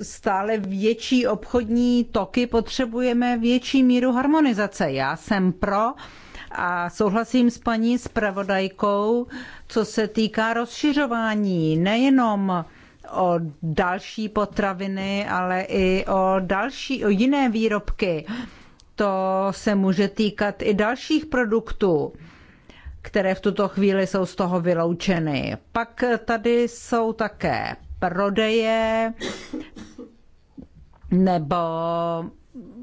stále větší obchodní toky potřebujeme větší míru harmonizace. Já jsem pro, a souhlasím s paní zpravodajkou, co se týká rozšiřování nejenom o další potraviny, ale i o další, o jiné výrobky. To se může týkat i dalších produktů, které v tuto chvíli jsou z toho vyloučeny. Pak tady jsou také prodeje nebo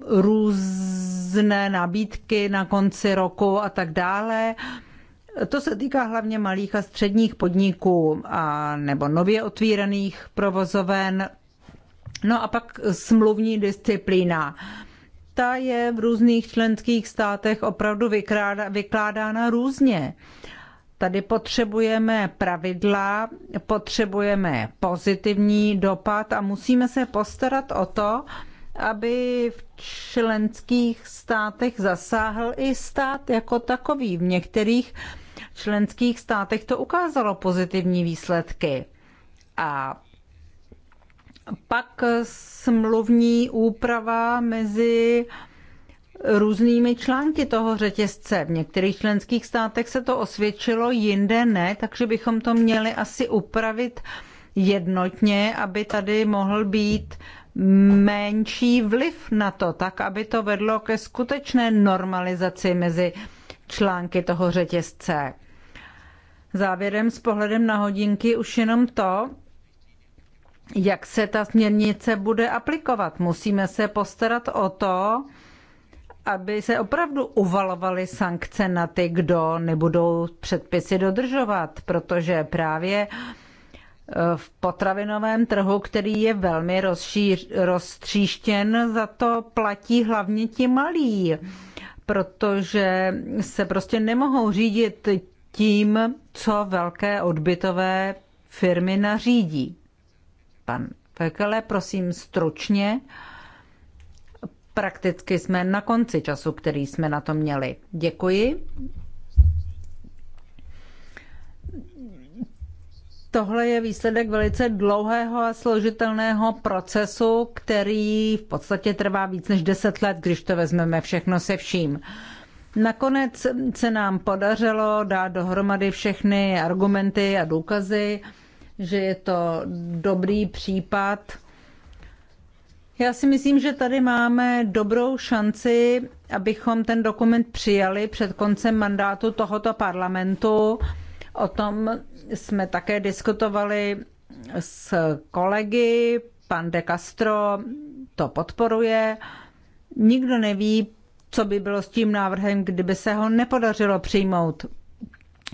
různé nabídky na konci roku a tak dále. To se týká hlavně malých a středních podniků a nebo nově otvíraných provozoven. No a pak smluvní disciplína. Ta je v různých členských státech opravdu vykládána různě. Tady potřebujeme pravidla, potřebujeme pozitivní dopad a musíme se postarat o to, aby v členských státech zasáhl i stát jako takový. V některých členských státech to ukázalo pozitivní výsledky. A pak smluvní úprava mezi různými články toho řetězce. V některých členských státech se to osvědčilo, jinde ne, takže bychom to měli asi upravit jednotně, aby tady mohl být menší vliv na to, tak aby to vedlo ke skutečné normalizaci mezi články toho řetězce. Závěrem s pohledem na hodinky už jenom to, jak se ta směrnice bude aplikovat. Musíme se postarat o to, aby se opravdu uvalovaly sankce na ty, kdo nebudou předpisy dodržovat, protože právě uh, v potravinovém trhu, který je velmi rozšíř, roztříštěn, za to platí hlavně ti malí, protože se prostě nemohou řídit tím, co velké odbytové firmy nařídí. Pan Fekele, prosím stručně. Prakticky jsme na konci času, který jsme na to měli. Děkuji. Tohle je výsledek velice dlouhého a složitelného procesu, který v podstatě trvá víc než 10 let, když to vezmeme všechno se vším. Nakonec se nám podařilo dát dohromady všechny argumenty a důkazy, že je to dobrý případ. Já si myslím, že tady máme dobrou šanci, abychom ten dokument přijali před koncem mandátu tohoto parlamentu. O tom jsme také diskutovali s kolegy, pan de Castro to podporuje. Nikdo neví, co by bylo s tím návrhem, kdyby se ho nepodařilo přijmout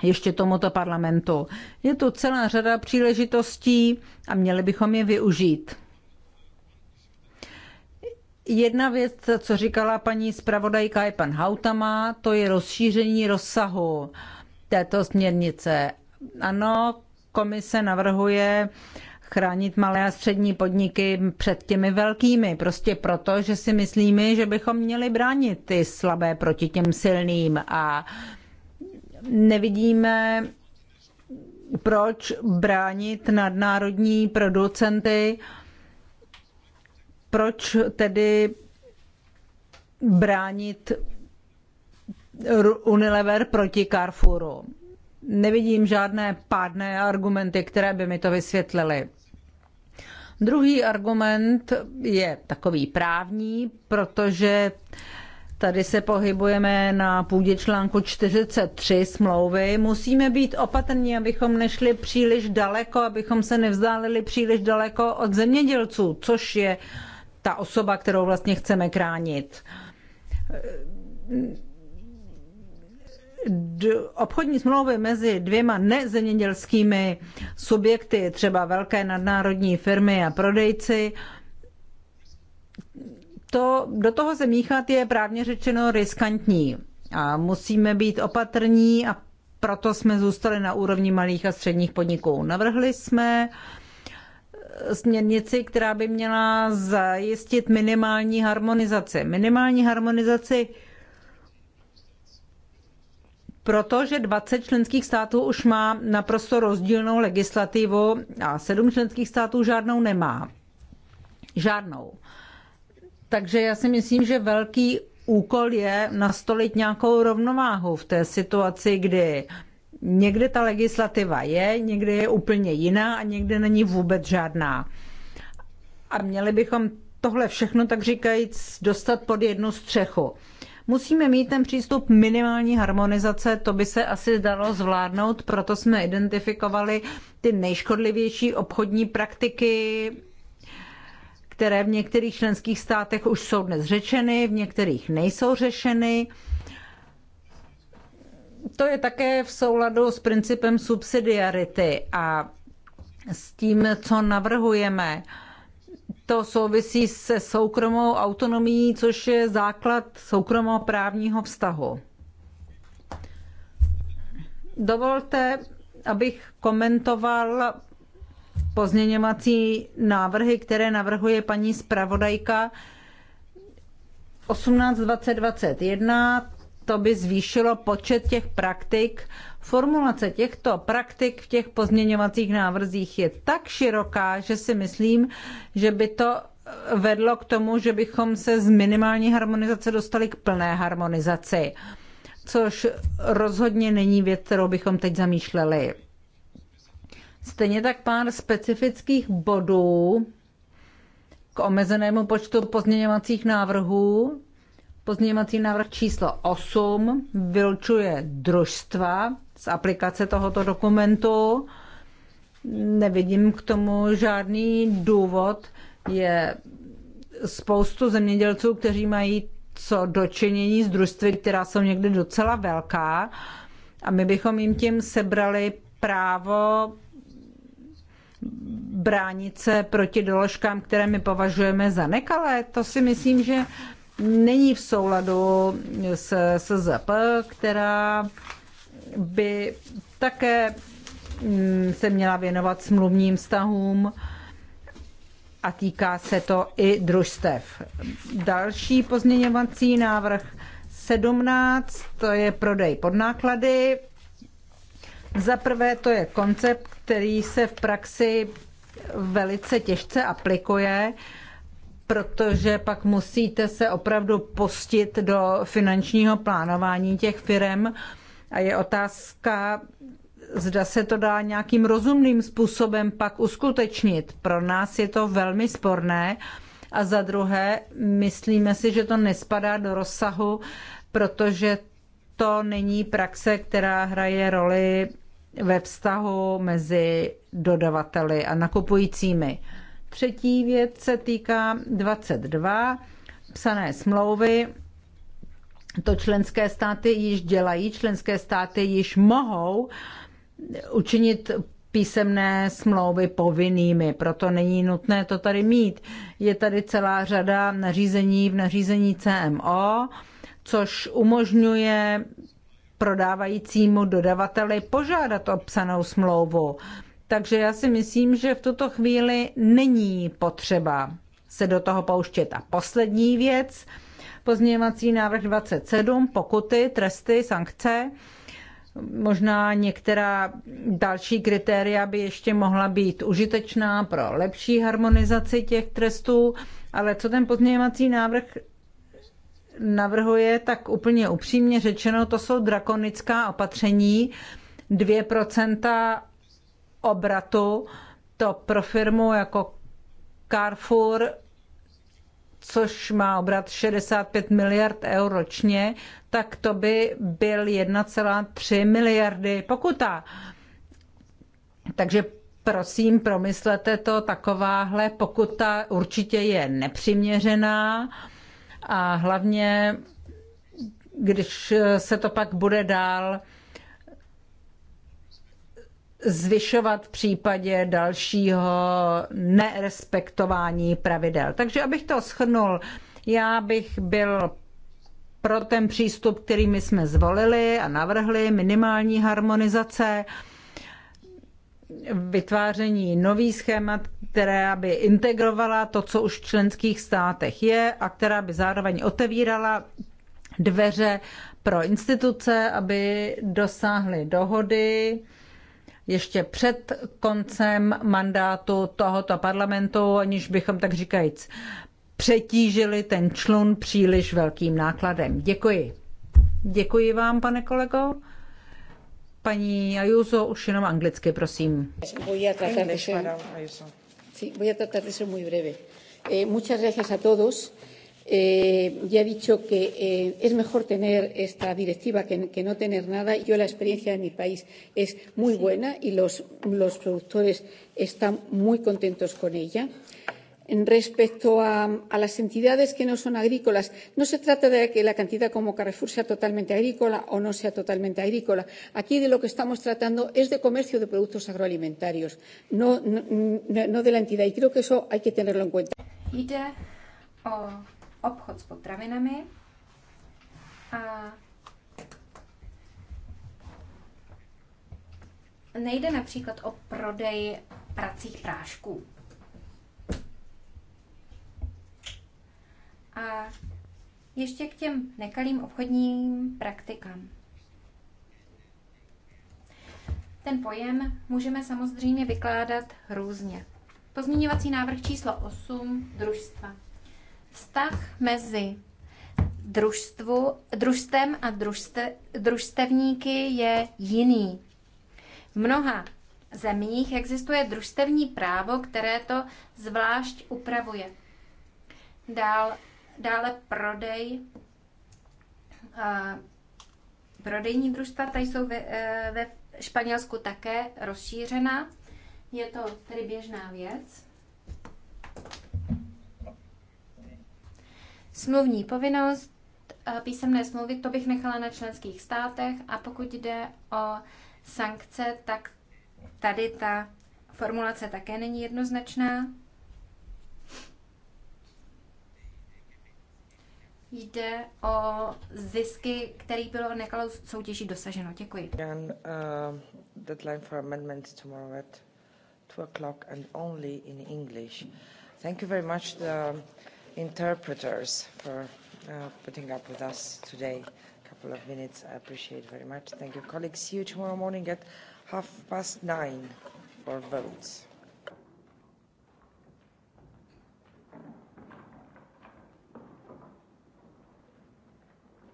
ještě tomuto parlamentu. Je tu celá řada příležitostí a měli bychom je využít. Jedna věc, co říkala paní zpravodajka, je pan Hautama, to je rozšíření rozsahu. Uh, této směrnice. Ano, komise navrhuje chránit malé a střední podniky před těmi velkými, prostě proto, že si myslíme, že bychom měli bránit ty slabé proti těm silným a nevidíme, proč bránit nadnárodní producenty, proč tedy bránit Unilever proti Carrefouru. Nevidím žádné pádné argumenty, které by mi to vysvětlily. Druhý argument je takový právní, protože tady se pohybujeme na půdě článku 43 smlouvy. Musíme být opatrní, abychom nešli příliš daleko, abychom se nevzdálili příliš daleko od zemědělců, což je ta osoba, kterou vlastně chceme kránit obchodní smlouvy mezi dvěma nezemědělskými subjekty, třeba velké nadnárodní firmy a prodejci, to, do toho se míchat je právně řečeno riskantní. A musíme být opatrní a proto jsme zůstali na úrovni malých a středních podniků. Navrhli jsme eh, směrnici, která by měla zajistit minimální harmonizaci. Minimální harmonizaci protože 20 členských států už má naprosto rozdílnou legislativu a 7 členských států žádnou nemá. Žádnou. Takže já si myslím, že velký úkol je nastolit nějakou rovnováhu v té situaci, kdy někde ta legislativa je, někde je úplně jiná a někde není vůbec žádná. A měli bychom tohle všechno, tak říkajíc, dostat pod jednu střechu. Musíme mít ten přístup minimální harmonizace, to by se asi dalo zvládnout, proto jsme identifikovali ty nejškodlivější obchodní praktiky, které v některých členských státech už jsou dnes řečeny, v některých nejsou řešeny. To je také v souladu s principem subsidiarity a s tím, co navrhujeme. Uh, to souvisí se soukromou autonomií, což je základ soukromoprávního vztahu. Dovolte, abych komentoval pozměňovací návrhy, které navrhuje paní zpravodajka 18.2021. To by zvýšilo počet těch praktik, Formulace těchto praktik v těch pozměňovacích návrzích je tak široká, že si myslím, že by to eh, vedlo k tomu, že bychom se z minimální harmonizace dostali k plné harmonizaci, což rozhodně není věc, kterou bychom teď zamýšleli. Stejně tak pár specifických bodů k omezenému počtu pozměňovacích návrhů. Pozměňovací návrh číslo 8 vylčuje družstva, z aplikace tohoto dokumentu. Nevidím k tomu žádný důvod. Je spoustu zemědělců, kteří mají co dočinění s družství, která jsou někdy docela velká a my bychom jim tím sebrali právo bránit se proti doložkám, které my považujeme za nekalé. To si myslím, že není v souladu s SZP, která by také mm, se měla věnovat smluvním vztahům a týká se to i družstev. Další pozměňovací návrh 17, to je prodej pod náklady. Za prvé to je koncept, který se v praxi velice těžce aplikuje, protože pak musíte se opravdu pustit do finančního plánování těch firm a je otázka, zda se to dá nějakým rozumným způsobem pak uskutečnit. Pro nás je to velmi sporné. A za druhé, myslíme si, že to nespadá do rozsahu, protože to není praxe, která hraje roli ve vztahu mezi dodavateli a nakupujícími. Třetí věc se týká 22 psané smlouvy. To členské státy již dělají, členské státy již mohou učinit písemné smlouvy povinnými, proto není nutné to tady mít. Je tady celá řada nařízení v nařízení CMO, což umožňuje prodávajícímu dodavateli požádat o psanou smlouvu. Takže já si myslím, že v tuto chvíli není potřeba se do toho pouštět. A poslední věc, Pozměňovací návrh 27, pokuty, tresty, sankce. Možná některá další kritéria by ještě mohla být užitečná pro lepší harmonizaci těch trestů, ale co ten pozměňovací návrh navrhuje, tak úplně upřímně řečeno, to jsou drakonická opatření, 2% obratu, to pro firmu jako Carrefour což má obrat 65 miliard eur ročně, tak to by byl 1,3 miliardy pokuta. Takže prosím, promyslete to, takováhle pokuta určitě je nepřiměřená a hlavně, když se to pak bude dál zvyšovat v případě dalšího nerespektování pravidel. Takže abych to schrnul, já bych byl pro ten přístup, který my jsme zvolili a navrhli, minimální harmonizace, vytváření nových schémat, která by integrovala to, co už v členských státech je a která by zároveň otevírala dveře pro instituce, aby dosáhly dohody ještě před koncem mandátu tohoto parlamentu, aniž bychom tak říkajíc přetížili ten člun příliš velkým nákladem. Děkuji. Děkuji vám, pane kolego. Paní Ayuso, už jenom anglicky, prosím. Voy a tratar de ser muy breve. Eh, muchas gracias a todos. Eh, ya he dicho que eh, es mejor tener esta directiva que, que no tener nada. Yo la experiencia de mi país es muy sí. buena y los, los productores están muy contentos con ella. En Respecto a, a las entidades que no son agrícolas, no se trata de que la cantidad como Carrefour sea totalmente agrícola o no sea totalmente agrícola. Aquí de lo que estamos tratando es de comercio de productos agroalimentarios, no, no, no, no de la entidad. Y creo que eso hay que tenerlo en cuenta. Jde o obchod s potravinami a nejde například o prodej pracích prášků. A ještě k těm nekalým obchodním praktikám. Ten pojem můžeme samozřejmě vykládat různě. Pozměňovací návrh číslo 8 družstva. Vztah mezi družstvu, družstvem a družste, družstevníky je jiný. V mnoha zemích existuje družstevní právo, které to zvlášť upravuje. Dál, dále prodej, uh, prodejní družstva, tady jsou ve, e, ve Španělsku také rozšířena. Je to tedy běžná věc. Smluvní povinnost eh, písemné smlouvy, to bych nechala na členských státech a pokud jde o sankce, tak tady ta formulace také není jednoznačná. Jde o zisky, který bylo nekalou soutěží dosaženo. Děkuji. And, uh, eh, deadline for amendments tomorrow at 2 o'clock and only in English. Thank you very much. The interpreters for uh, putting up with us today. A couple of minutes, I appreciate very much. Thank you, colleagues. See you tomorrow morning at half past nine for votes.